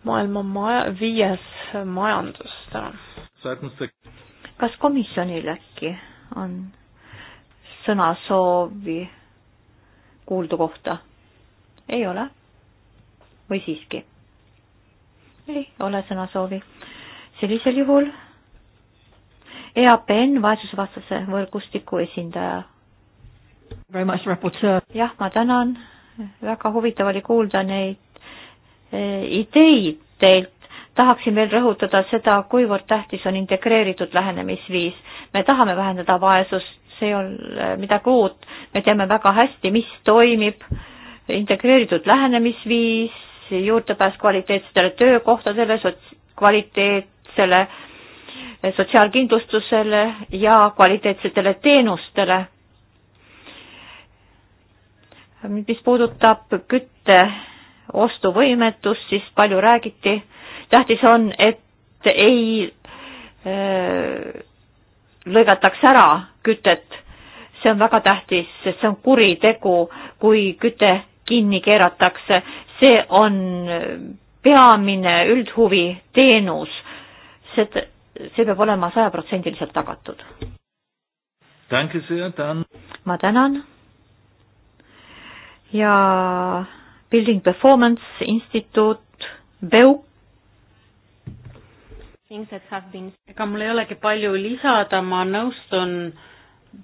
maailma maja, viies majandus täna. kas komisjonil äkki on sõnasoovi kuuldu kohta? ei ole või siiski? ei ole sõnasoovi. sellisel juhul EAPN vaesusevastase võrgustiku esindaja. jah, ma tänan, väga huvitav oli kuulda neid e, ideid teilt. tahaksin veel rõhutada seda, kuivõrd tähtis on integreeritud lähenemisviis. me tahame vähendada vaesust, see ei ole midagi uut, me teame väga hästi, mis toimib, integreeritud lähenemisviis, juurdepääs kvaliteetsetele töökohtadele, kvaliteetsele eh, sotsiaalkindlustusele ja kvaliteetsetele teenustele. mis puudutab kütte ostuvõimetust, siis palju räägiti, tähtis on, et ei öö, eh, lõigataks ära kütet, see on väga tähtis, sest see on kuritegu, kui küte kinni keeratakse, see on peamine üldhuvi teenus, see, see peab olema sajaprotsendiliselt tagatud. ma tänan ja Building Performance Instituut, BEUK, ega mul ei olegi palju lisada, ma nõustun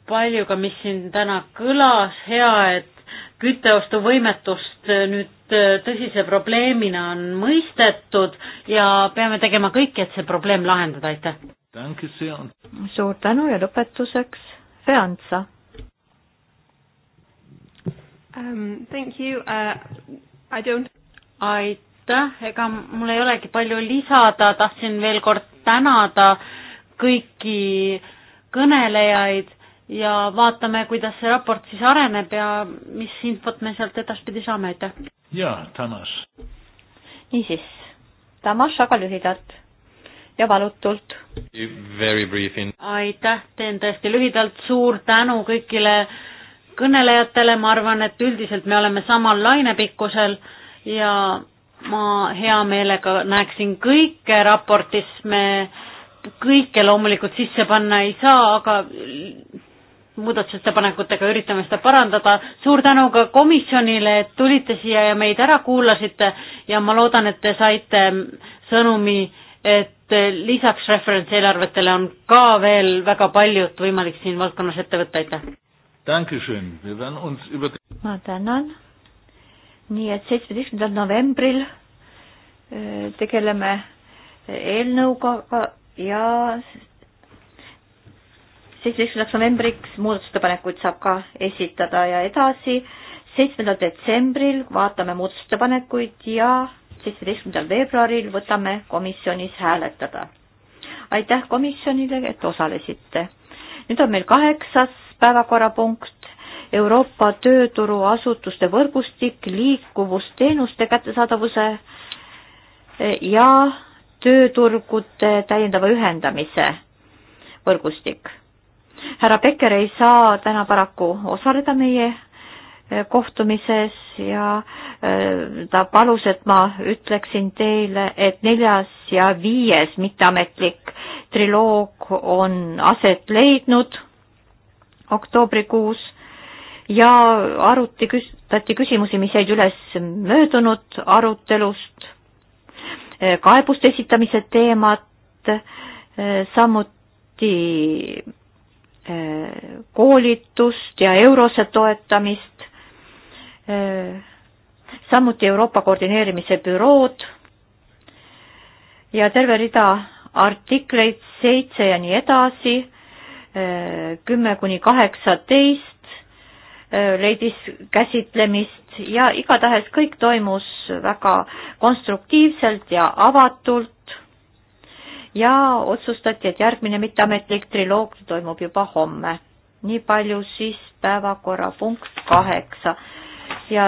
paljuga, mis siin täna kõlas, hea, et kütteostuvõimetust nüüd äh, tõsise probleemina on mõistetud ja peame tegema kõik, et see probleem lahendada, aitäh! suur tänu ja lõpetuseks Feantsa um,. Thank you uh,, I don't aitäh, ega mul ei olegi palju lisada, tahtsin veel kord tänada kõiki kõnelejaid ja vaatame, kuidas see raport siis areneb ja mis infot me sealt edaspidi saame, aitäh. jaa, Tamas. niisiis, Tamas, aga lühidalt ja valutult. aitäh, teen tõesti lühidalt, suur tänu kõigile kõnelejatele, ma arvan, et üldiselt me oleme samal lainepikkusel ja ma hea meelega näeksin kõike raportis, me kõike loomulikult sisse panna ei saa, aga muudatusettepanekutega üritame seda parandada. suur tänu ka komisjonile, et tulite siia ja meid ära kuulasite ja ma loodan, et te saite sõnumi, et lisaks referentseelarvetele on ka veel väga paljut võimalik siin valdkonnas ette võtta, aitäh! ma tänan. nii et seitsmeteistkümnendal novembril äh, tegeleme äh, eelnõuga ja seitsmeteistkümnendaks novembriks muudatusettepanekuid saab ka esitada ja edasi seitsmendal detsembril vaatame muudatusettepanekuid ja seitsmeteistkümnendal veebruaril võtame komisjonis hääletada. aitäh komisjonile, et osalesite. nüüd on meil kaheksas päevakorrapunkt Euroopa tööturuasutuste võrgustik liikuvusteenuste kättesaadavuse ja tööturgude täiendava ühendamise võrgustik härra Becker ei saa täna paraku osaleda meie eh, kohtumises ja eh, ta palus, et ma ütleksin teile, et neljas ja viies mitteametlik triloog on aset leidnud oktoobrikuus ja aruti, küsitleti küsimusi, mis jäid üles möödunud arutelust, eh, kaebuste esitamise teemat, samuti Äh, koolitust ja Eurose toetamist, äh, samuti Euroopa koordineerimise bürood ja terve rida artikleid seitse ja nii edasi, äh, kümme kuni kaheksateist leidis käsitlemist ja igatahes kõik toimus väga konstruktiivselt ja avatult ja otsustati, et järgmine mitteametlik triloog toimub juba homme. nii palju siis päevakorrapunkt kaheksa ja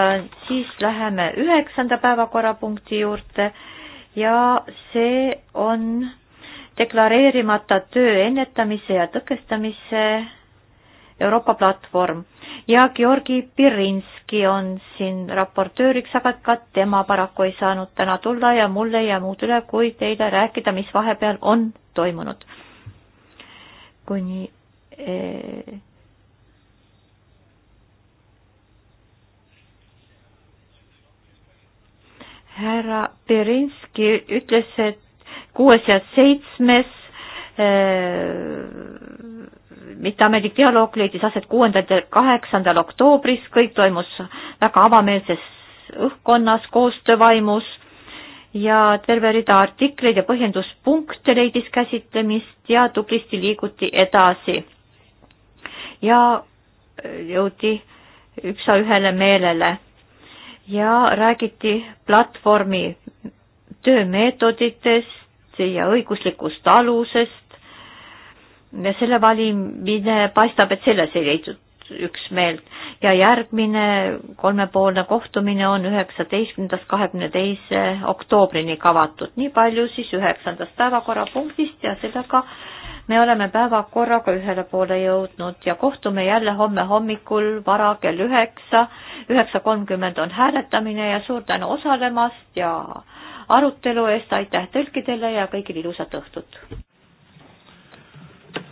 siis läheme üheksanda päevakorrapunkti juurde ja see on deklareerimata töö ennetamise ja tõkestamise Euroopa platvorm ja Georgi Pirinski on siin raportööriks, aga ka tema paraku ei saanud täna tulla ja mul ei jää muud üle, kui teile rääkida, mis vahepeal on toimunud. kuni eh, härra Pirinski ütles, et kuues ja seitsmes eh, mitteametlik dialoog leidis aset kuuendal ja kaheksandal oktoobris, kõik toimus väga avameelses õhkkonnas, koostöövaimus ja terve rida artikleid ja põhjenduspunkte leidis käsitlemist ja tublisti liiguti edasi. ja jõuti üksa ühele meelele ja räägiti platvormi töömeetoditest ja õiguslikust alusest ja selle valimine paistab, et selles ei leitud üksmeelt ja järgmine kolmepoolne kohtumine on üheksateistkümnendast kahekümne teise oktoobrini kavatud. nii palju siis üheksandast päevakorrapunktist ja sellega me oleme päevakorraga ühele poole jõudnud ja kohtume jälle homme hommikul vara kell üheksa. üheksa kolmkümmend on hääletamine ja suur tänu osalemast ja arutelu eest, aitäh tõlkidele ja kõigile ilusat õhtut!